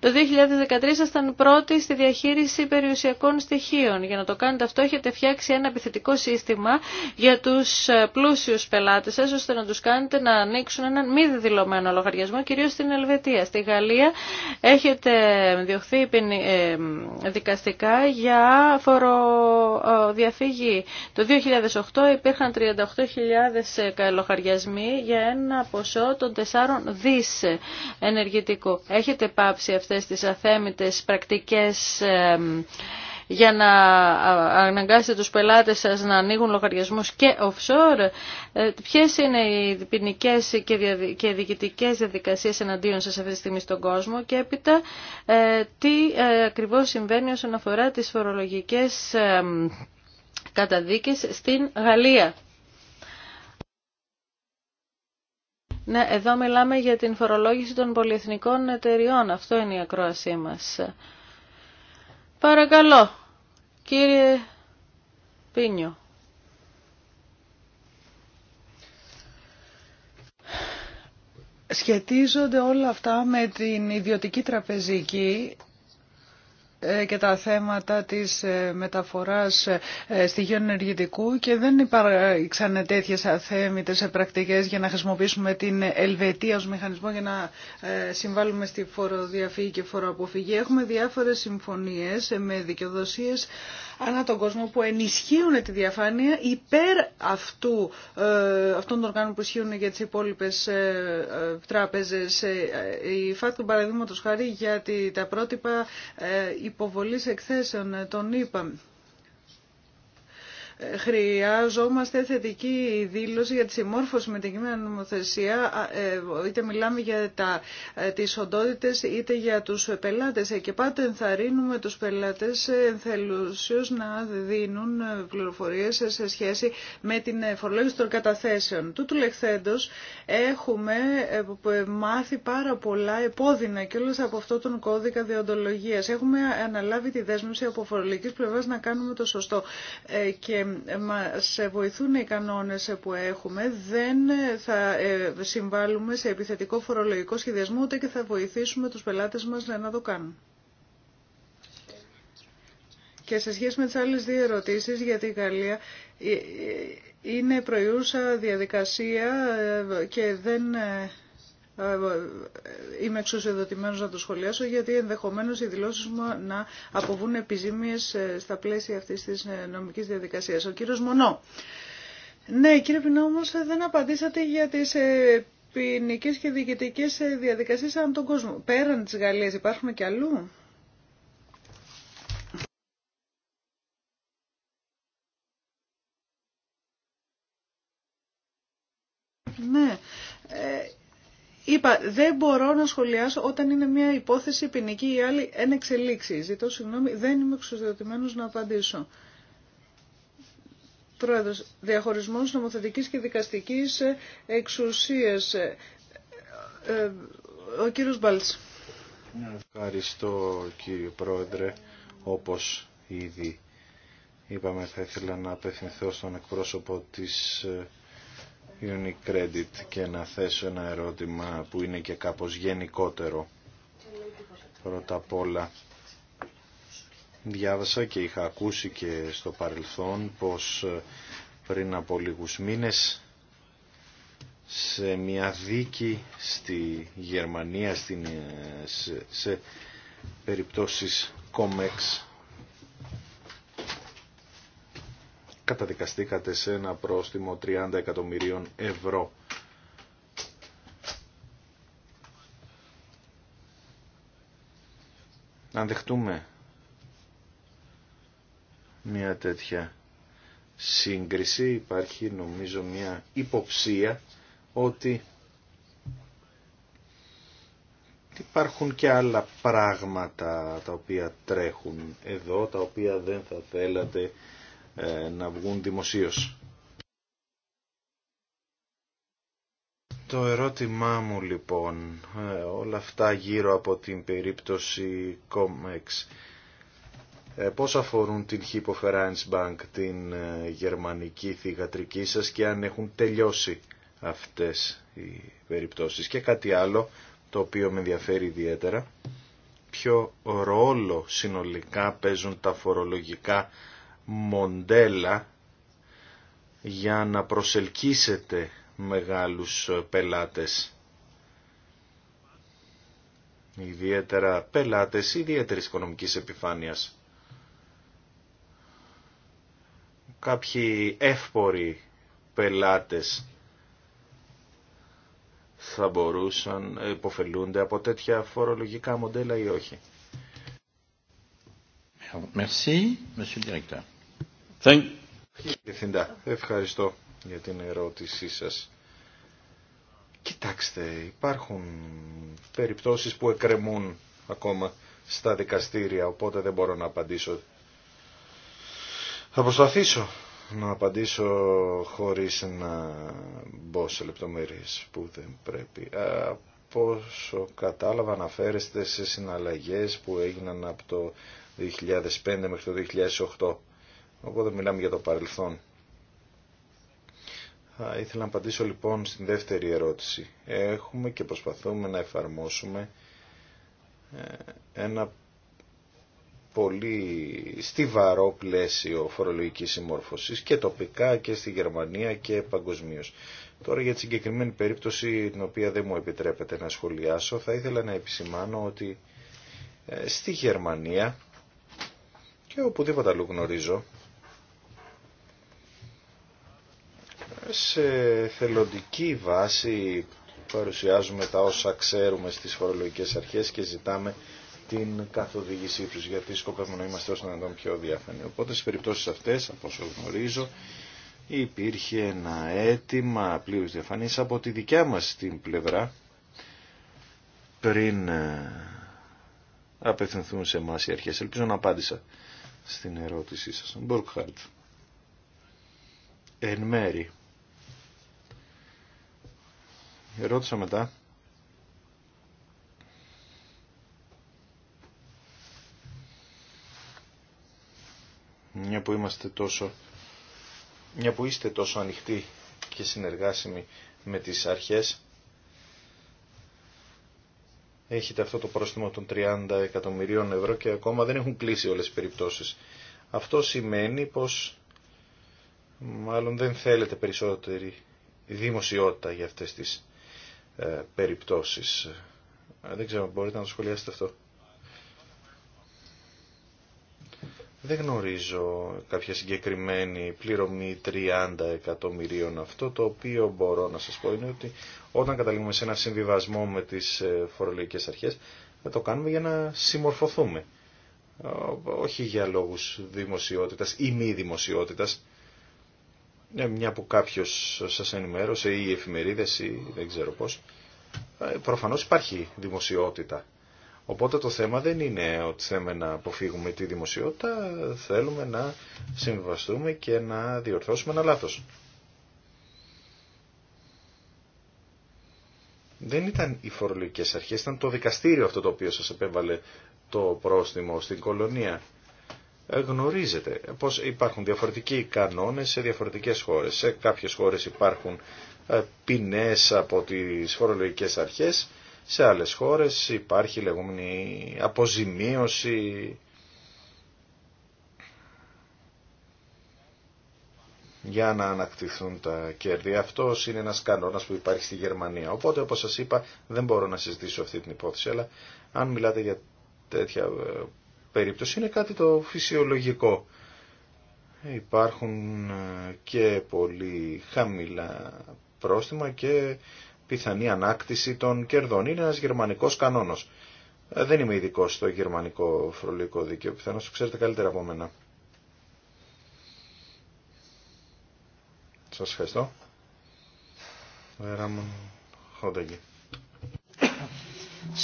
Το 2013 ήσασταν πρώτοι στη διαχείριση περιουσιακών στοιχείων. Για να το κάνετε αυτό έχετε φτιάξει ένα επιθετικό σύστημα για τους πλούσιους πελάτες σα, ώστε να τους κάνετε να ανοίξουν έναν μη δηλωμένο λογαριασμό κυρίω στην Ελβετία. Στη Γαλλία έχετε διωχθεί δικαστικά για φοροδιαφυγή. Το 2008 υπήρχαν 38.000 ε, λογαριασμοί για ένα ποσό των 4 δις ε, ενεργητικού. Έχετε πάψει αυτές τις αθέμητες πρακτικές ε, για να αναγκάσετε τους πελάτες σας να ανοίγουν λογαριασμούς και offshore. Ποιες είναι οι ποινικέ και διοικητικές διαδικασίες εναντίον σας αυτή τη στιγμή στον κόσμο και έπειτα τι ακριβώς συμβαίνει όσον αφορά τις φορολογικές καταδίκες στην Γαλλία. Ναι, εδώ μιλάμε για την φορολόγηση των πολυεθνικών εταιριών. Αυτό είναι η ακρόασή μας. Παρακαλώ, κύριε Πίνιο. Σχετίζονται όλα αυτά με την ιδιωτική τραπεζική ε, και τα θέματα της ε, μεταφοράς ε, στοιχείων ενεργητικού και δεν υπάρξαν τέτοιες αθέμητες πρακτικές για να χρησιμοποιήσουμε την Ελβετία ως μηχανισμό για να συμβάλλουμε στη φοροδιαφύγη και φοροαποφυγή. Έχουμε διάφορες συμφωνίες με δικαιοδοσίες ανά τον κόσμο που ενισχύουν τη διαφάνεια υπέρ αυτού, ε, αυτών των οργάνων που ισχύουν για τις υπόλοιπες ε, ε, τράπεζες. Η ΦΑΤΚΟ παραδείγματος χάρη για τα πρότυπα υποβολής εκθέσεων, τον είπαμε. Χρειάζομαστε θετική δήλωση για τη συμμόρφωση με την κείμενη νομοθεσία, ε, είτε μιλάμε για τα, ε, τις οντότητες είτε για τους πελάτες. Ε, και πάντα ενθαρρύνουμε τους πελάτες ενθελουσίως να δίνουν πληροφορίες σε σχέση με την φορολόγηση των καταθέσεων. Τούτου λεχθέντος έχουμε μάθει πάρα πολλά επώδυνα και όλες από αυτό τον κώδικα διοντολογίας. Έχουμε αναλάβει τη δέσμευση από φορολογικής πλευράς να κάνουμε το σωστό. Και μας βοηθούν οι κανόνες που έχουμε, δεν θα ε, συμβάλλουμε σε επιθετικό φορολογικό σχεδιασμό, ούτε και θα βοηθήσουμε τους πελάτες μας να το κάνουν. Και σε σχέση με τις άλλες δύο ερωτήσεις για τη Γαλλία, ε, ε, είναι προϊούσα διαδικασία και δεν ε, είμαι εξουσιοδοτημένος να το σχολιάσω γιατί ενδεχομένως οι δηλώσει μου να αποβούν επιζήμιες ε, στα πλαίσια αυτής της ε, νομικής διαδικασίας. Ο κύριος Μονό. Ναι, κύριε Πινό, όμω δεν απαντήσατε για τι ποινικέ και διοικητικέ διαδικασίε ανά τον κόσμο. Πέραν της Γαλλία, υπάρχουν και αλλού. Είπα, δεν μπορώ να σχολιάσω όταν είναι μια υπόθεση ποινική ή άλλη εν εξελίξη. Ζητώ συγγνώμη, δεν είμαι εξουσιοδοτημένος να απαντήσω. Πρόεδρος, διαχωρισμός νομοθετικής και δικαστικής εξουσίας. Ε, ε, ο κύριος Μπάλτς. Ευχαριστώ κύριε Πρόεδρε, όπως ήδη είπαμε θα ήθελα να απευθυνθώ στον εκπρόσωπο της ε, Unicredit και να θέσω ένα ερώτημα που είναι και κάπως γενικότερο. Πρώτα απ' όλα, διάβασα και είχα ακούσει και στο παρελθόν πως ε, πριν από λίγους μήνες σε μια δίκη στη Γερμανία στην, ε, σε, σε περιπτώσεις COMEX καταδικαστήκατε σε ένα πρόστιμο 30 εκατομμυρίων ευρώ. Να δεχτούμε μια τέτοια σύγκριση υπάρχει νομίζω μια υποψία ότι υπάρχουν και άλλα πράγματα τα οποία τρέχουν εδώ, τα οποία δεν θα θέλατε ε, να βγουν δημοσίως. Το ερώτημά μου λοιπόν, ε, όλα αυτά γύρω από την περίπτωση COMEX, ε, πώς αφορούν την Hippo Bank, την γερμανική θηγατρική σας και αν έχουν τελειώσει αυτές οι περιπτώσεις. Και κάτι άλλο το οποίο με ενδιαφέρει ιδιαίτερα, ποιο ρόλο συνολικά παίζουν τα φορολογικά μοντέλα για να προσελκύσετε μεγάλους πελάτες. Ιδιαίτερα πελάτες ιδιαίτερης οικονομικής επιφάνειας. Κάποιοι εύποροι πελάτες θα μπορούσαν, υποφελούνται από τέτοια φορολογικά μοντέλα ή όχι. Merci, Monsieur le Thank... Ευχαριστώ για την ερώτησή σας. Κοιτάξτε, υπάρχουν περιπτώσεις που εκκρεμούν ακόμα στα δικαστήρια, οπότε δεν μπορώ να απαντήσω. Θα προσπαθήσω να απαντήσω χωρίς να μπω σε λεπτομέρειες που δεν πρέπει. Πόσο κατάλαβα να φέρεστε σε συναλλαγές που έγιναν από το 2005 μέχρι το 2008. Οπότε μιλάμε για το παρελθόν. Θα ήθελα να απαντήσω λοιπόν στην δεύτερη ερώτηση. Έχουμε και προσπαθούμε να εφαρμόσουμε ε, ένα πολύ στιβαρό πλαίσιο φορολογικής συμμόρφωσης και τοπικά και στη Γερμανία και παγκοσμίω. Τώρα για τη συγκεκριμένη περίπτωση την οποία δεν μου επιτρέπεται να σχολιάσω θα ήθελα να επισημάνω ότι ε, στη Γερμανία και οπουδήποτε αλλού γνωρίζω σε θελοντική βάση παρουσιάζουμε τα όσα ξέρουμε στις φορολογικές αρχές και ζητάμε την καθοδήγησή τους γιατί σκοπεύουμε να είμαστε όσο να τον πιο διάφανοι. Οπότε στις περιπτώσεις αυτές, από όσο γνωρίζω, υπήρχε ένα αίτημα πλήρους διαφανής από τη δικιά μας την πλευρά πριν ε, απευθυνθούν σε εμάς οι αρχές. Ελπίζω να απάντησα στην ερώτησή σας. Μπορκχαρτ. Εν μέρη ρώτησα μετά μια που είμαστε τόσο μια που είστε τόσο ανοιχτοί και συνεργάσιμοι με τις αρχές έχετε αυτό το πρόστιμο των 30 εκατομμυρίων ευρώ και ακόμα δεν έχουν κλείσει όλες οι περιπτώσεις αυτό σημαίνει πως μάλλον δεν θέλετε περισσότερη δημοσιότητα για αυτές τις ε, περιπτώσεις. Ε, δεν ξέρω, μπορείτε να το σχολιάσετε αυτό. Δεν γνωρίζω κάποια συγκεκριμένη πληρωμή 30 εκατομμυρίων. Αυτό το οποίο μπορώ να σας πω είναι ότι όταν καταλήγουμε σε ένα συμβιβασμό με τις ε, φορολογικές αρχές θα το κάνουμε για να συμμορφωθούμε. Όχι για λόγους δημοσιότητας ή μη δημοσιότητας. Ναι, μια που κάποιο σας ενημέρωσε ή η εφημερίδες ή δεν ξέρω πω. Ε, προφανώς υπάρχει δημοσιότητα. Οπότε το θέμα δεν είναι ότι θέλουμε να αποφύγουμε τη δημοσιότητα, θέλουμε να συμβαστούμε και να διορθώσουμε ένα λάθος. Δεν ήταν οι φορολογικές αρχές, ήταν το δικαστήριο αυτό το οποίο σας επέβαλε το πρόστιμο στην κολονία γνωρίζετε πως υπάρχουν διαφορετικοί κανόνες σε διαφορετικές χώρες. Σε κάποιες χώρες υπάρχουν ε, ποινές από τις φορολογικές αρχές, σε άλλες χώρες υπάρχει λεγόμενη αποζημίωση για να ανακτηθούν τα κέρδη. Αυτό είναι ένας κανόνας που υπάρχει στη Γερμανία. Οπότε, όπως σας είπα, δεν μπορώ να συζητήσω αυτή την υπόθεση, αλλά αν μιλάτε για τέτοια ε, περίπτωση είναι κάτι το φυσιολογικό. Υπάρχουν ε, και πολύ χαμηλά πρόστιμα και πιθανή ανάκτηση των κερδών. Είναι ένας γερμανικός κανόνος. Ε, δεν είμαι ειδικό στο γερμανικό φρολικό δίκαιο, πιθανώς το ξέρετε καλύτερα από μένα. Σας ευχαριστώ.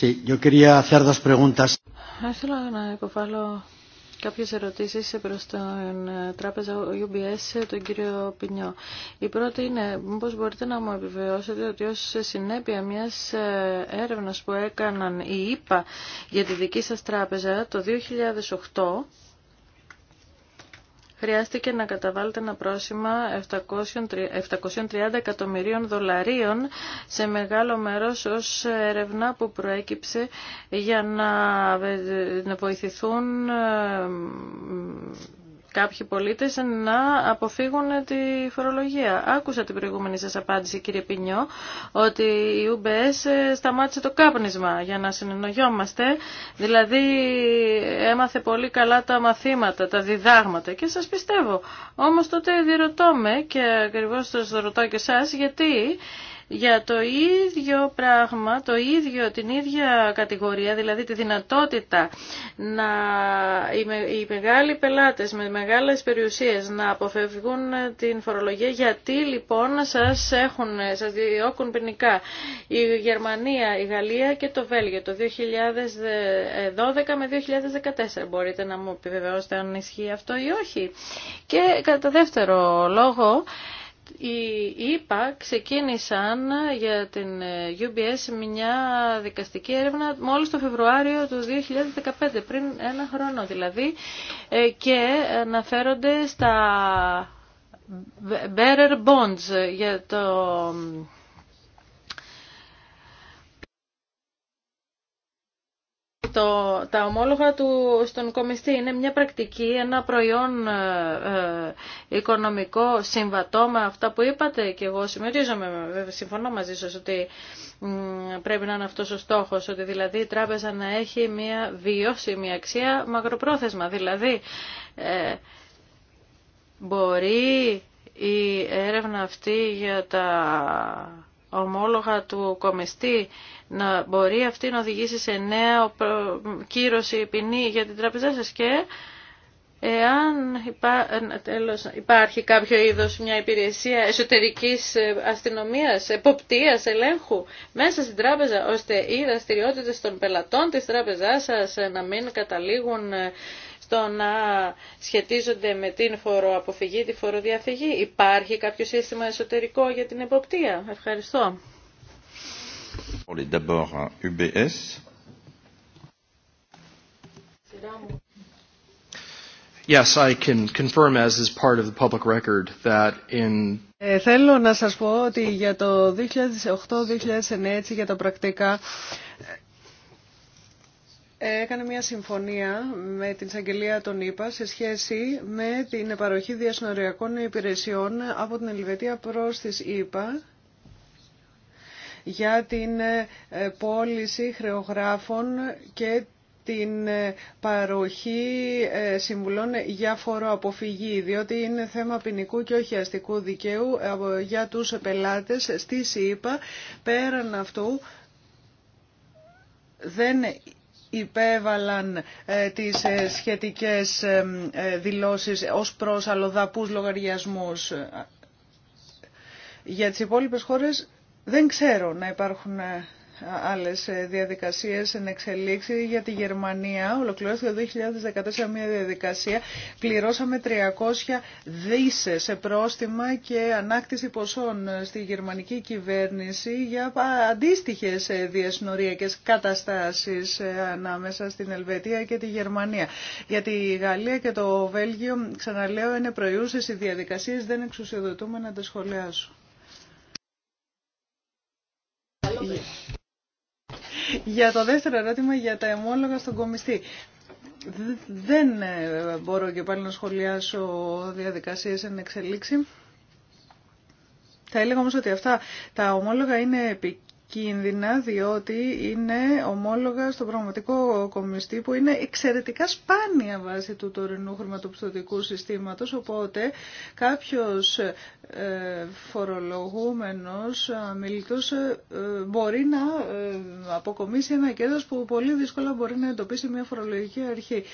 Sí, yo quería hacer dos preguntas. Θέλω να υποβάλω κάποιες ερωτήσεις προ την ε, τράπεζα UBS, ε, τον κύριο Πινιό. Η πρώτη είναι, μήπως μπορείτε να μου επιβεβαιώσετε ότι ως συνέπεια μιας ε, έρευνας που έκαναν η ΕΠΑ για τη δική σας τράπεζα το 2008, χρειάστηκε να καταβάλλεται ένα πρόσημα 730 εκατομμυρίων δολαρίων σε μεγάλο μέρος ως ερευνά που προέκυψε για να βοηθηθούν ε, κάποιοι πολίτες να αποφύγουν τη φορολογία. Άκουσα την προηγούμενη σας απάντηση κύριε Πινιό ότι η UBS σταμάτησε το κάπνισμα για να συνεννοιόμαστε. Δηλαδή έμαθε πολύ καλά τα μαθήματα, τα διδάγματα και σας πιστεύω. Όμως τότε διερωτώ με και ακριβώς σας ρωτώ και εσάς γιατί για το ίδιο πράγμα, το ίδιο, την ίδια κατηγορία, δηλαδή τη δυνατότητα να οι, μεγάλοι πελάτες με μεγάλες περιουσίες να αποφευγούν την φορολογία. Γιατί λοιπόν σας, έχουν, σας διώκουν ποινικά η Γερμανία, η Γαλλία και το Βέλγιο το 2012 με 2014. Μπορείτε να μου επιβεβαιώσετε αν ισχύει αυτό ή όχι. Και κατά δεύτερο λόγο, οι ΕΠΑ ξεκίνησαν για την UBS ε, μια δικαστική έρευνα μόλις το Φεβρουάριο του 2015, πριν ένα χρόνο δηλαδή, ε, και αναφέρονται στα bearer bonds για το το, τα ομόλογα του στον κομιστή είναι μια πρακτική, ένα προϊόν ε, ε, οικονομικό συμβατό με αυτά που είπατε και εγώ συμμερίζομαι, βέβαια συμφωνώ μαζί σας ότι πρέπει να είναι αυτός ο στόχος, ότι δηλαδή η τράπεζα να έχει μια βιώσιμη αξία μακροπρόθεσμα, δηλαδή ε, μπορεί η έρευνα αυτή για τα ομόλογα του κομιστή να μπορεί αυτή να οδηγήσει σε νέα κύρωση ποινή για την τράπεζά σας και εάν υπάρχει κάποιο είδος μια υπηρεσία εσωτερικής ε, αστυνομίας, εποπτείας, ελέγχου μέσα στην τράπεζα, ώστε οι δραστηριότητε των πελατών της τράπεζάς σας ε, να μην καταλήγουν ε, στο να σχετίζονται με την φοροαποφυγή, τη φοροδιαφυγή. Υπάρχει κάποιο σύστημα εσωτερικό για την εποπτεία. Ευχαριστώ. Yes, I can confirm as is part of the public record that in ε, Θέλω να σας πω ότι για το 2008-2009 για τα πρακτικά έκανε μια συμφωνία με την εισαγγελία των ΗΠΑ σε σχέση με την παροχή διασυνοριακών υπηρεσιών από την Ελβετία προς τις ΗΠΑ για την ε, πώληση χρεογράφων και την ε, παροχή ε, συμβουλών για φοροαποφυγή, διότι είναι θέμα ποινικού και όχι αστικού δικαίου για τους πελάτες στη ΣΥΠΑ. Πέραν αυτού δεν υπέβαλαν ε, τις ε, σχετικές ε, δηλώσεις ως προς αλλοδαπούς λογαριασμούς. Για τις υπόλοιπες χώρες δεν ξέρω να υπάρχουν άλλες ε, διαδικασίες εν εξελίξη για τη Γερμανία. Ολοκληρώθηκε το 2014 μια διαδικασία. Πληρώσαμε 300 δίσε σε πρόστιμα και ανάκτηση ποσών ε, στη γερμανική κυβέρνηση για αντίστοιχες ε, διασυνοριακές καταστάσεις ανάμεσα στην Ελβετία και τη Γερμανία. Για τη Γαλλία και το Βέλγιο, ξαναλέω, είναι προϊούσες οι διαδικασίες, δεν εξουσιοδοτούμε να τα σχολιάσω. Για το δεύτερο ερώτημα για τα ομόλογα στον κομιστή. Δεν ε, μπορώ και πάλι να σχολιάσω διαδικασίες εν εξελίξη. Θα έλεγα όμως ότι αυτά τα ομόλογα είναι επικίνδυνα διότι είναι ομόλογα στον πραγματικό κομιστή που είναι εξαιρετικά σπάνια βάση του τωρινού χρηματοπιστωτικού συστήματος οπότε κάποιος ε, φορολογούμενος αμιλητός ε, μπορεί να ε, αποκομίσει ένα κέρδος που πολύ δύσκολα μπορεί να εντοπίσει μια φορολογική αρχή.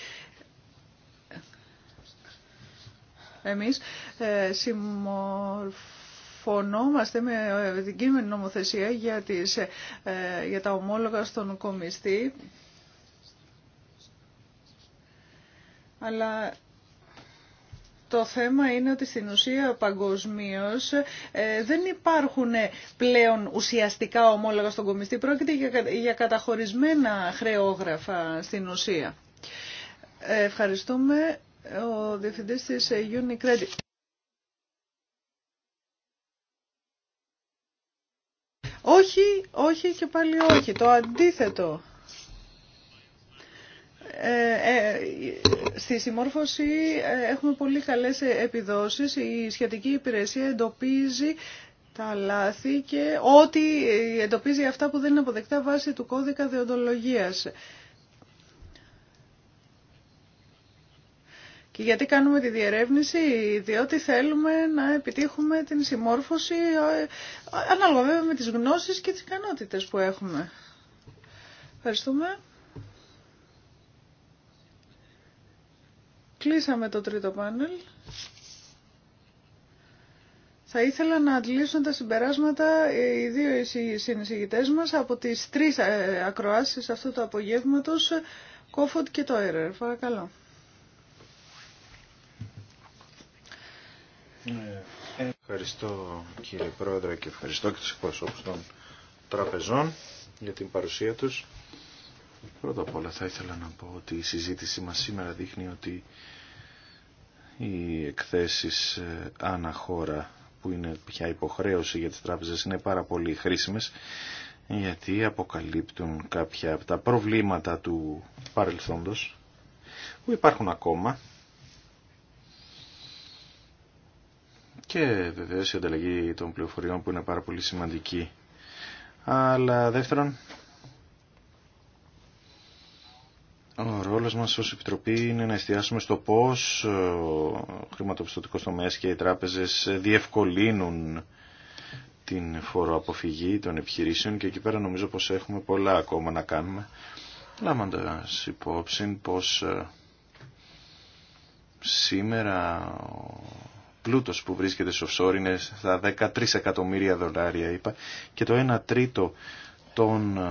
Εμείς συμφωνόμαστε με ε, την κείμενη νομοθεσία για, τις, ε, για τα ομόλογα στον κομιστή. Αλλά το θέμα είναι ότι στην ουσία παγκοσμίω ε, δεν υπάρχουν πλέον ουσιαστικά ομόλογα στον κομιστή. Πρόκειται για καταχωρισμένα χρεόγραφα στην ουσία. Ευχαριστούμε. Ο Διευθυντής της Unicredit. όχι και πάλι όχι. Το αντίθετο. Ε, ε, στη συμμόρφωση ε, έχουμε πολύ καλές επιδόσεις. Η σχετική υπηρεσία εντοπίζει τα λάθη και ό,τι εντοπίζει αυτά που δεν είναι αποδεκτά βάσει του κώδικα δεοντολογίας. Και γιατί κάνουμε τη διερεύνηση, διότι θέλουμε να επιτύχουμε την συμμόρφωση ε, ανάλογα με τις γνώσεις και τις ικανότητες που έχουμε. Ευχαριστούμε. Κλείσαμε το τρίτο πάνελ. Θα ήθελα να αντλήσουν τα συμπεράσματα ε, οι δύο συνεισηγητές μας από τις τρεις ε, ακροάσεις αυτού του απογεύματος, Κόφωτ και το Έρερ. Παρακαλώ. Ευχαριστώ κύριε Πρόεδρε και ευχαριστώ και τους εκπροσώπους των τραπεζών για την παρουσία τους. Πρώτα απ' όλα θα ήθελα να πω ότι η συζήτηση μας σήμερα δείχνει ότι οι εκθέσεις ε, αναχώρα που είναι πια υποχρέωση για τις τράπεζες είναι πάρα πολύ χρήσιμες γιατί αποκαλύπτουν κάποια από τα προβλήματα του παρελθόντος που υπάρχουν ακόμα και βεβαίω η ανταλλαγή των πληροφοριών που είναι πάρα πολύ σημαντική. Αλλά δεύτερον, ο ρόλος μας ως Επιτροπή είναι να εστιάσουμε στο πώς ο χρηματοπιστωτικός τομέας και οι τράπεζες διευκολύνουν την φοροαποφυγή των επιχειρήσεων και εκεί πέρα νομίζω πως έχουμε πολλά ακόμα να κάνουμε Λάμαντα, υπόψη πως ε, σήμερα πλούτος που βρίσκεται στο offshore είναι στα 13 εκατομμύρια δολάρια είπα και το 1 τρίτο των ε,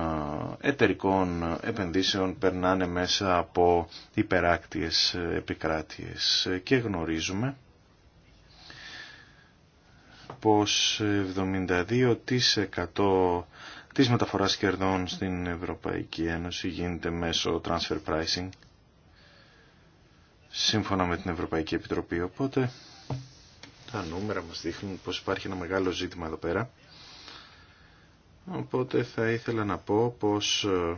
εταιρικών επενδύσεων περνάνε μέσα από υπεράκτιες ε, επικράτειες και γνωρίζουμε πως 72% της μεταφοράς κερδών στην Ευρωπαϊκή Ένωση γίνεται μέσω transfer pricing σύμφωνα με την Ευρωπαϊκή Επιτροπή οπότε τα νούμερα μας δείχνουν πως υπάρχει ένα μεγάλο ζήτημα εδώ πέρα. Οπότε θα ήθελα να πω πως ε,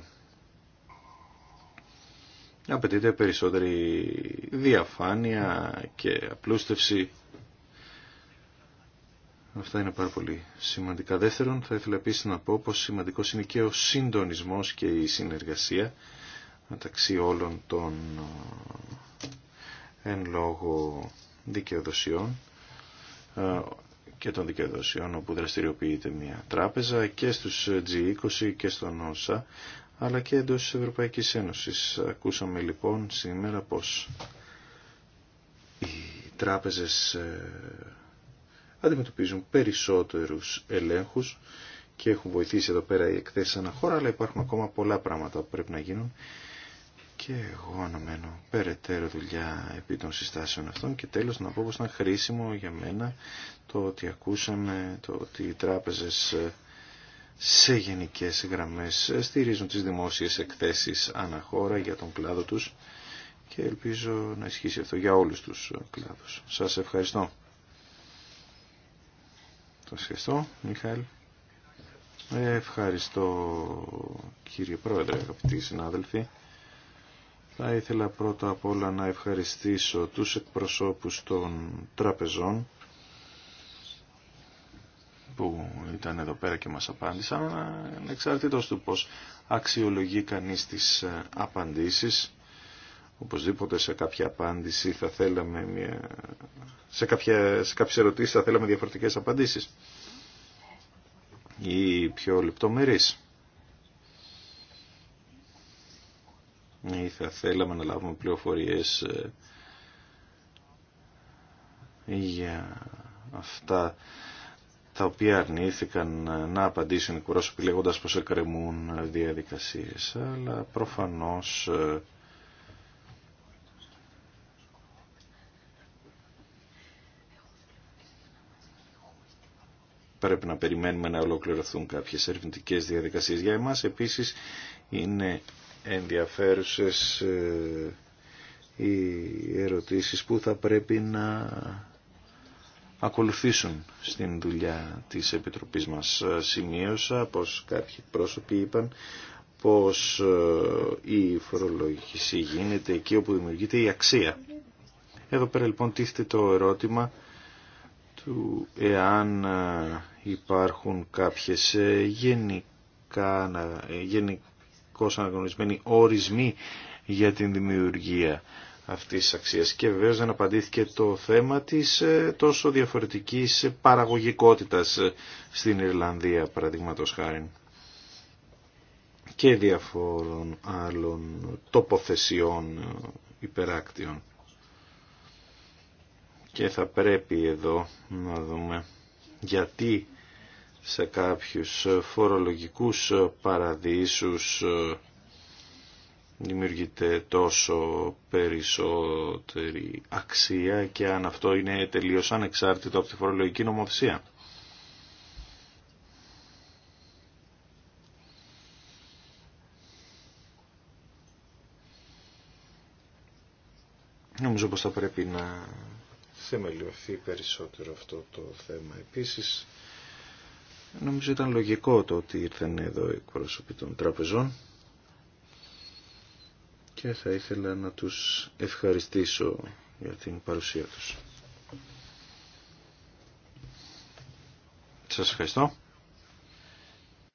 απαιτείται περισσότερη διαφάνεια και απλούστευση. Αυτά είναι πάρα πολύ σημαντικά. Δεύτερον, θα ήθελα επίσης να πω πως σημαντικός είναι και ο συντονισμός και η συνεργασία μεταξύ όλων των ε, εν λόγω δικαιοδοσιών ε, και των δικαιοδοσιών όπου δραστηριοποιείται μια τράπεζα και στους G20 και στον ΩΣΑ αλλά και εντός της Ευρωπαϊκής Ένωσης. Ακούσαμε λοιπόν σήμερα πως οι τράπεζες ε, αντιμετωπίζουν περισσότερους ελέγχους και έχουν βοηθήσει εδώ πέρα οι εκθέσεις αναχώρα αλλά υπάρχουν ακόμα πολλά πράγματα που πρέπει να γίνουν και εγώ αναμένω περαιτέρω δουλειά επί των συστάσεων αυτών και τέλος να πω πως ήταν χρήσιμο για μένα το ότι ακούσαμε το ότι οι τράπεζες ε, σε γενικές γραμμές ε, στηρίζουν τις δημόσιες εκθέσεις αναχώρα για τον κλάδο τους και ελπίζω να ισχύσει αυτό για όλους τους ε, κλάδους. Σας ευχαριστώ. Σας ευχαριστώ, Μιχαήλ. Ευχαριστώ κύριε Πρόεδρε, αγαπητοί συνάδελφοι. Θα ήθελα πρώτα απ' όλα να ευχαριστήσω τους εκπροσώπους των τραπεζών που ήταν εδώ πέρα και μας απάντησαν, εξαρτήτως του πώς αξιολογεί κανείς τις ε, απαντήσεις. Οπωσδήποτε σε κάποια απάντηση θα θέλαμε μια... σε, κάποια... σε κάποιες ερωτήσεις θα θέλαμε διαφορετικές απαντήσεις ή πιο λεπτομερείς. ή ναι, θα θέλαμε να λάβουμε πληροφορίες ε, για αυτά τα οποία αρνήθηκαν ε, να απαντήσουν οι πρόσωποι λέγοντας πως εκκρεμούν ε, διαδικασίες, αλλά προφανώς πρέπει να περιμένουμε να ολοκληρωθούν κάποιες ερευνητικές διαδικασίες για εμάς. Επίσης είναι ενδιαφέρουσες ε, οι ερωτήσεις που θα πρέπει να ακολουθήσουν στην δουλειά της Επιτροπής μας. Σημείωσα πως κάποιοι πρόσωποι είπαν πως ε, η φορολογική γίνεται εκεί όπου δημιουργείται η αξία. Εδώ πέρα λοιπόν τίθεται το ερώτημα του εάν ε, υπάρχουν κάποιες γενικά, γενικά επαρκώς αναγνωρισμένοι ορισμοί για την δημιουργία αυτής της αξίας. Και βεβαίως δεν απαντήθηκε το θέμα της ε, τόσο διαφορετικής παραγωγικότητας στην Ιρλανδία, παραδείγματο χάρη και διαφόρων άλλων τοποθεσιών ε, υπεράκτιων. Και θα πρέπει εδώ να δούμε γιατί σε κάποιους φορολογικούς παραδείσους ε, δημιουργείται τόσο περισσότερη αξία και αν αυτό είναι τελείως ανεξάρτητο από τη φορολογική νομοθεσία. Νομίζω πως θα πρέπει να θεμελιωθεί περισσότερο αυτό το θέμα. Επίσης, Νομίζω ήταν λογικό το ότι ήρθαν εδώ εκπρόσωποι των τραπεζών και θα ήθελα να τους ευχαριστήσω για την παρουσία τους. Σας ευχαριστώ.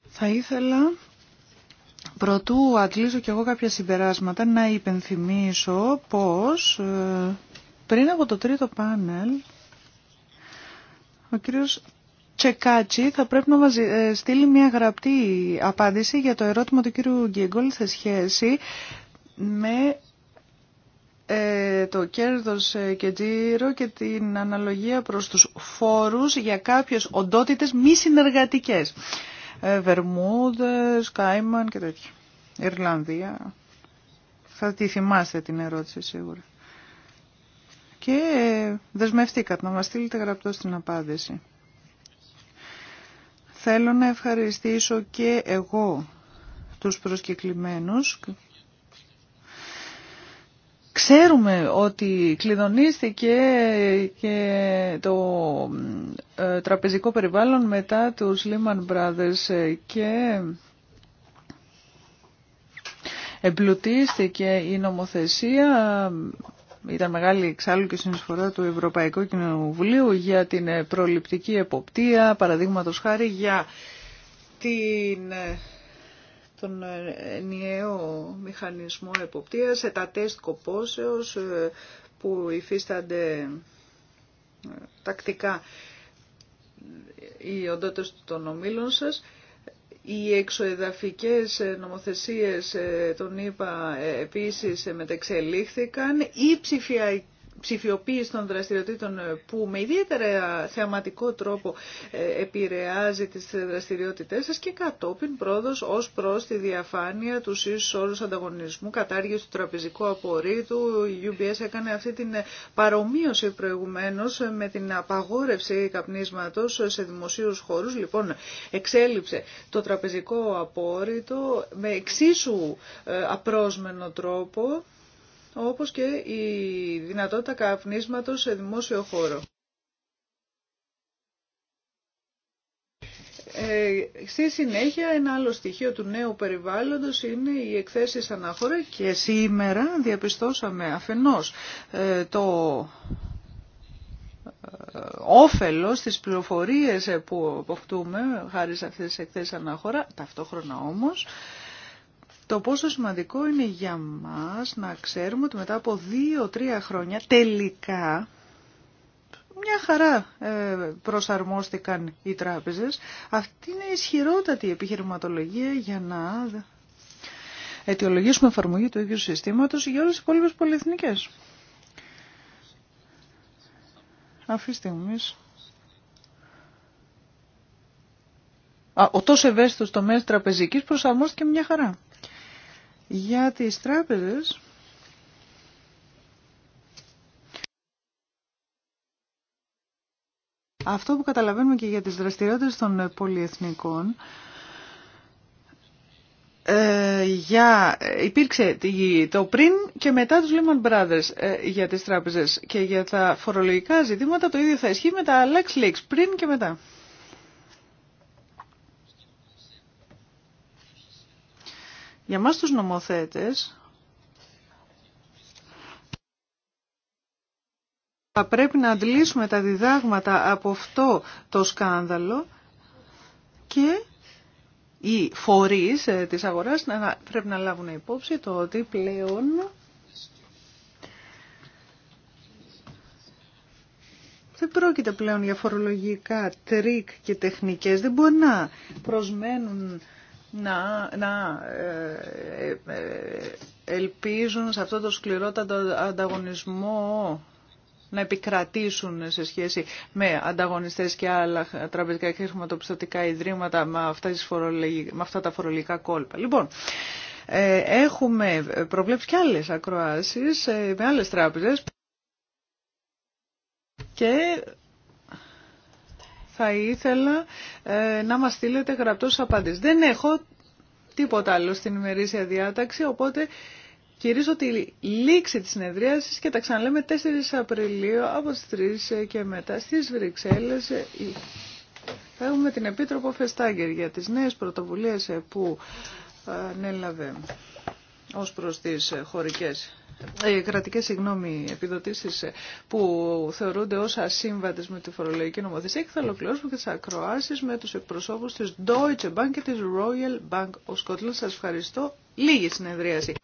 Θα ήθελα πρωτού αντλήσω και εγώ κάποια συμπεράσματα, να υπενθυμίσω πως ε, πριν από το τρίτο πάνελ, ο κύριος Τσεκάτσι θα πρέπει να μας ε, στείλει μια γραπτή απάντηση για το ερώτημα του κύριου Γκίγκολ σε σχέση με ε, το κέρδος ε, και τζίρο και την αναλογία προς τους φόρους για κάποιες οντότητες μη συνεργατικές. Βερμούδες, Κάιμαν και τέτοια. Ιρλανδία. Θα τη θυμάστε την ερώτηση σίγουρα. Και δεσμευτήκατε να μας στείλετε γραπτό στην απάντηση. Θέλω να ευχαριστήσω και εγώ τους προσκεκλημένους. Ξέρουμε ότι κλειδονίστηκε και το ε, τραπεζικό περιβάλλον μετά τους Lehman Brothers ε, και εμπλουτίστηκε η νομοθεσία ήταν μεγάλη εξάλλου και συνεισφορά του Ευρωπαϊκού Κοινοβουλίου για την ε, προληπτική εποπτεία, παραδείγματο χάρη για την, ε, τον ε, ενιαίο μηχανισμό εποπτείας, σε τα τεστ κοπόσεως που υφίστανται τακτικά οι οντότητες των ομίλων σας οι εξοεδαφικές ε, νομοθεσίες ε, τον ΗΠΑ ε, επίσης μετεξελίχθηκαν. Η ψηφιοποίηση των δραστηριοτήτων ε, που με ιδιαίτερα θεαματικό τρόπο ε, επηρεάζει τις δραστηριότητές σας και κατόπιν πρόοδος ως προς τη διαφάνεια του ίσους όρους ανταγωνισμού, κατάργηση του τραπεζικού απορρίτου. Η UBS έκανε αυτή την παρομοίωση προηγουμένως με την απαγόρευση καπνίσματος σε δημοσίους χώρους. Λοιπόν, εξέλιψε το τραπεζικό απόρριτο με εξίσου ε, απρόσμενο τρόπο όπως και η δυνατότητα καπνίσματος σε δημόσιο χώρο. Ε, στη συνέχεια ένα άλλο στοιχείο του νέου περιβάλλοντος είναι οι εκθέσεις αναχώρα και σήμερα διαπιστώσαμε αφενός ε, το ε, όφελο στις πληροφορίες που αποκτούμε χάρη σε αυτές τις εκθέσεις αναχώρα, ταυτόχρονα όμως το πόσο σημαντικό είναι για μας να ξέρουμε ότι μετά από δύο-τρία χρόνια τελικά μια χαρά ε, προσαρμόστηκαν οι τράπεζες. Αυτή είναι ισχυρότατη επιχειρηματολογία για να αιτιολογήσουμε εφαρμογή του ίδιου συστήματος για όλες τις υπόλοιπες πολυεθνικές. Αυτή τη στιγμή. Ο τόσο ευαίσθητος τομέας τραπεζικής προσαρμόστηκε μια χαρά. Για τις τράπεζες αυτό που καταλαβαίνουμε και για τις δραστηριότητες των πολυεθνικών ε, για, υπήρξε το πριν και μετά τους Lehman Brothers ε, για τις τράπεζες και για τα φορολογικά ζητήματα το ίδιο θα ισχύει με τα Lex Leaks πριν και μετά. Για μας τους νομοθέτες θα πρέπει να αντλήσουμε τα διδάγματα από αυτό το σκάνδαλο και οι φορείς ε, της αγοράς πρέπει να λάβουν υπόψη το ότι πλέον Δεν πρόκειται πλέον για φορολογικά τρίκ και τεχνικές. Δεν μπορεί να προσμένουν να, να ε, ε, ελπίζουν σε αυτό το σκληρότατο ανταγωνισμό να επικρατήσουν σε σχέση με ανταγωνιστές και άλλα τραπεζικά και χρηματοπιστωτικά ιδρύματα με αυτά, με αυτά τα φορολογικά κόλπα. Λοιπόν, ε, έχουμε προβλέψει και άλλες ακροάσεις με άλλες τράπεζες και θα ήθελα ε, να μας στείλετε γραπτός απάντηση. Δεν έχω τίποτα άλλο στην ημερήσια διάταξη, οπότε κυρίζω τη λήξη της συνεδρίασης και τα ξαναλέμε 4 Απριλίου από τις 3 και μετά στις Βρυξέλλες. Ε, θα έχουμε την Επίτροπο Φεστάγκερ για τις νέες πρωτοβουλίες που ανέλαβε ως προς τις χωρικές οι ε, κρατικές συγγνώμη, επιδοτήσεις ε, που θεωρούνται ως ασύμβατες με τη φορολογική νομοθεσία και θα ολοκληρώσουμε και τις ακροάσεις με τους εκπροσώπους της Deutsche Bank και της Royal Bank of Scotland. Σας ευχαριστώ. Λίγη συνεδρίαση.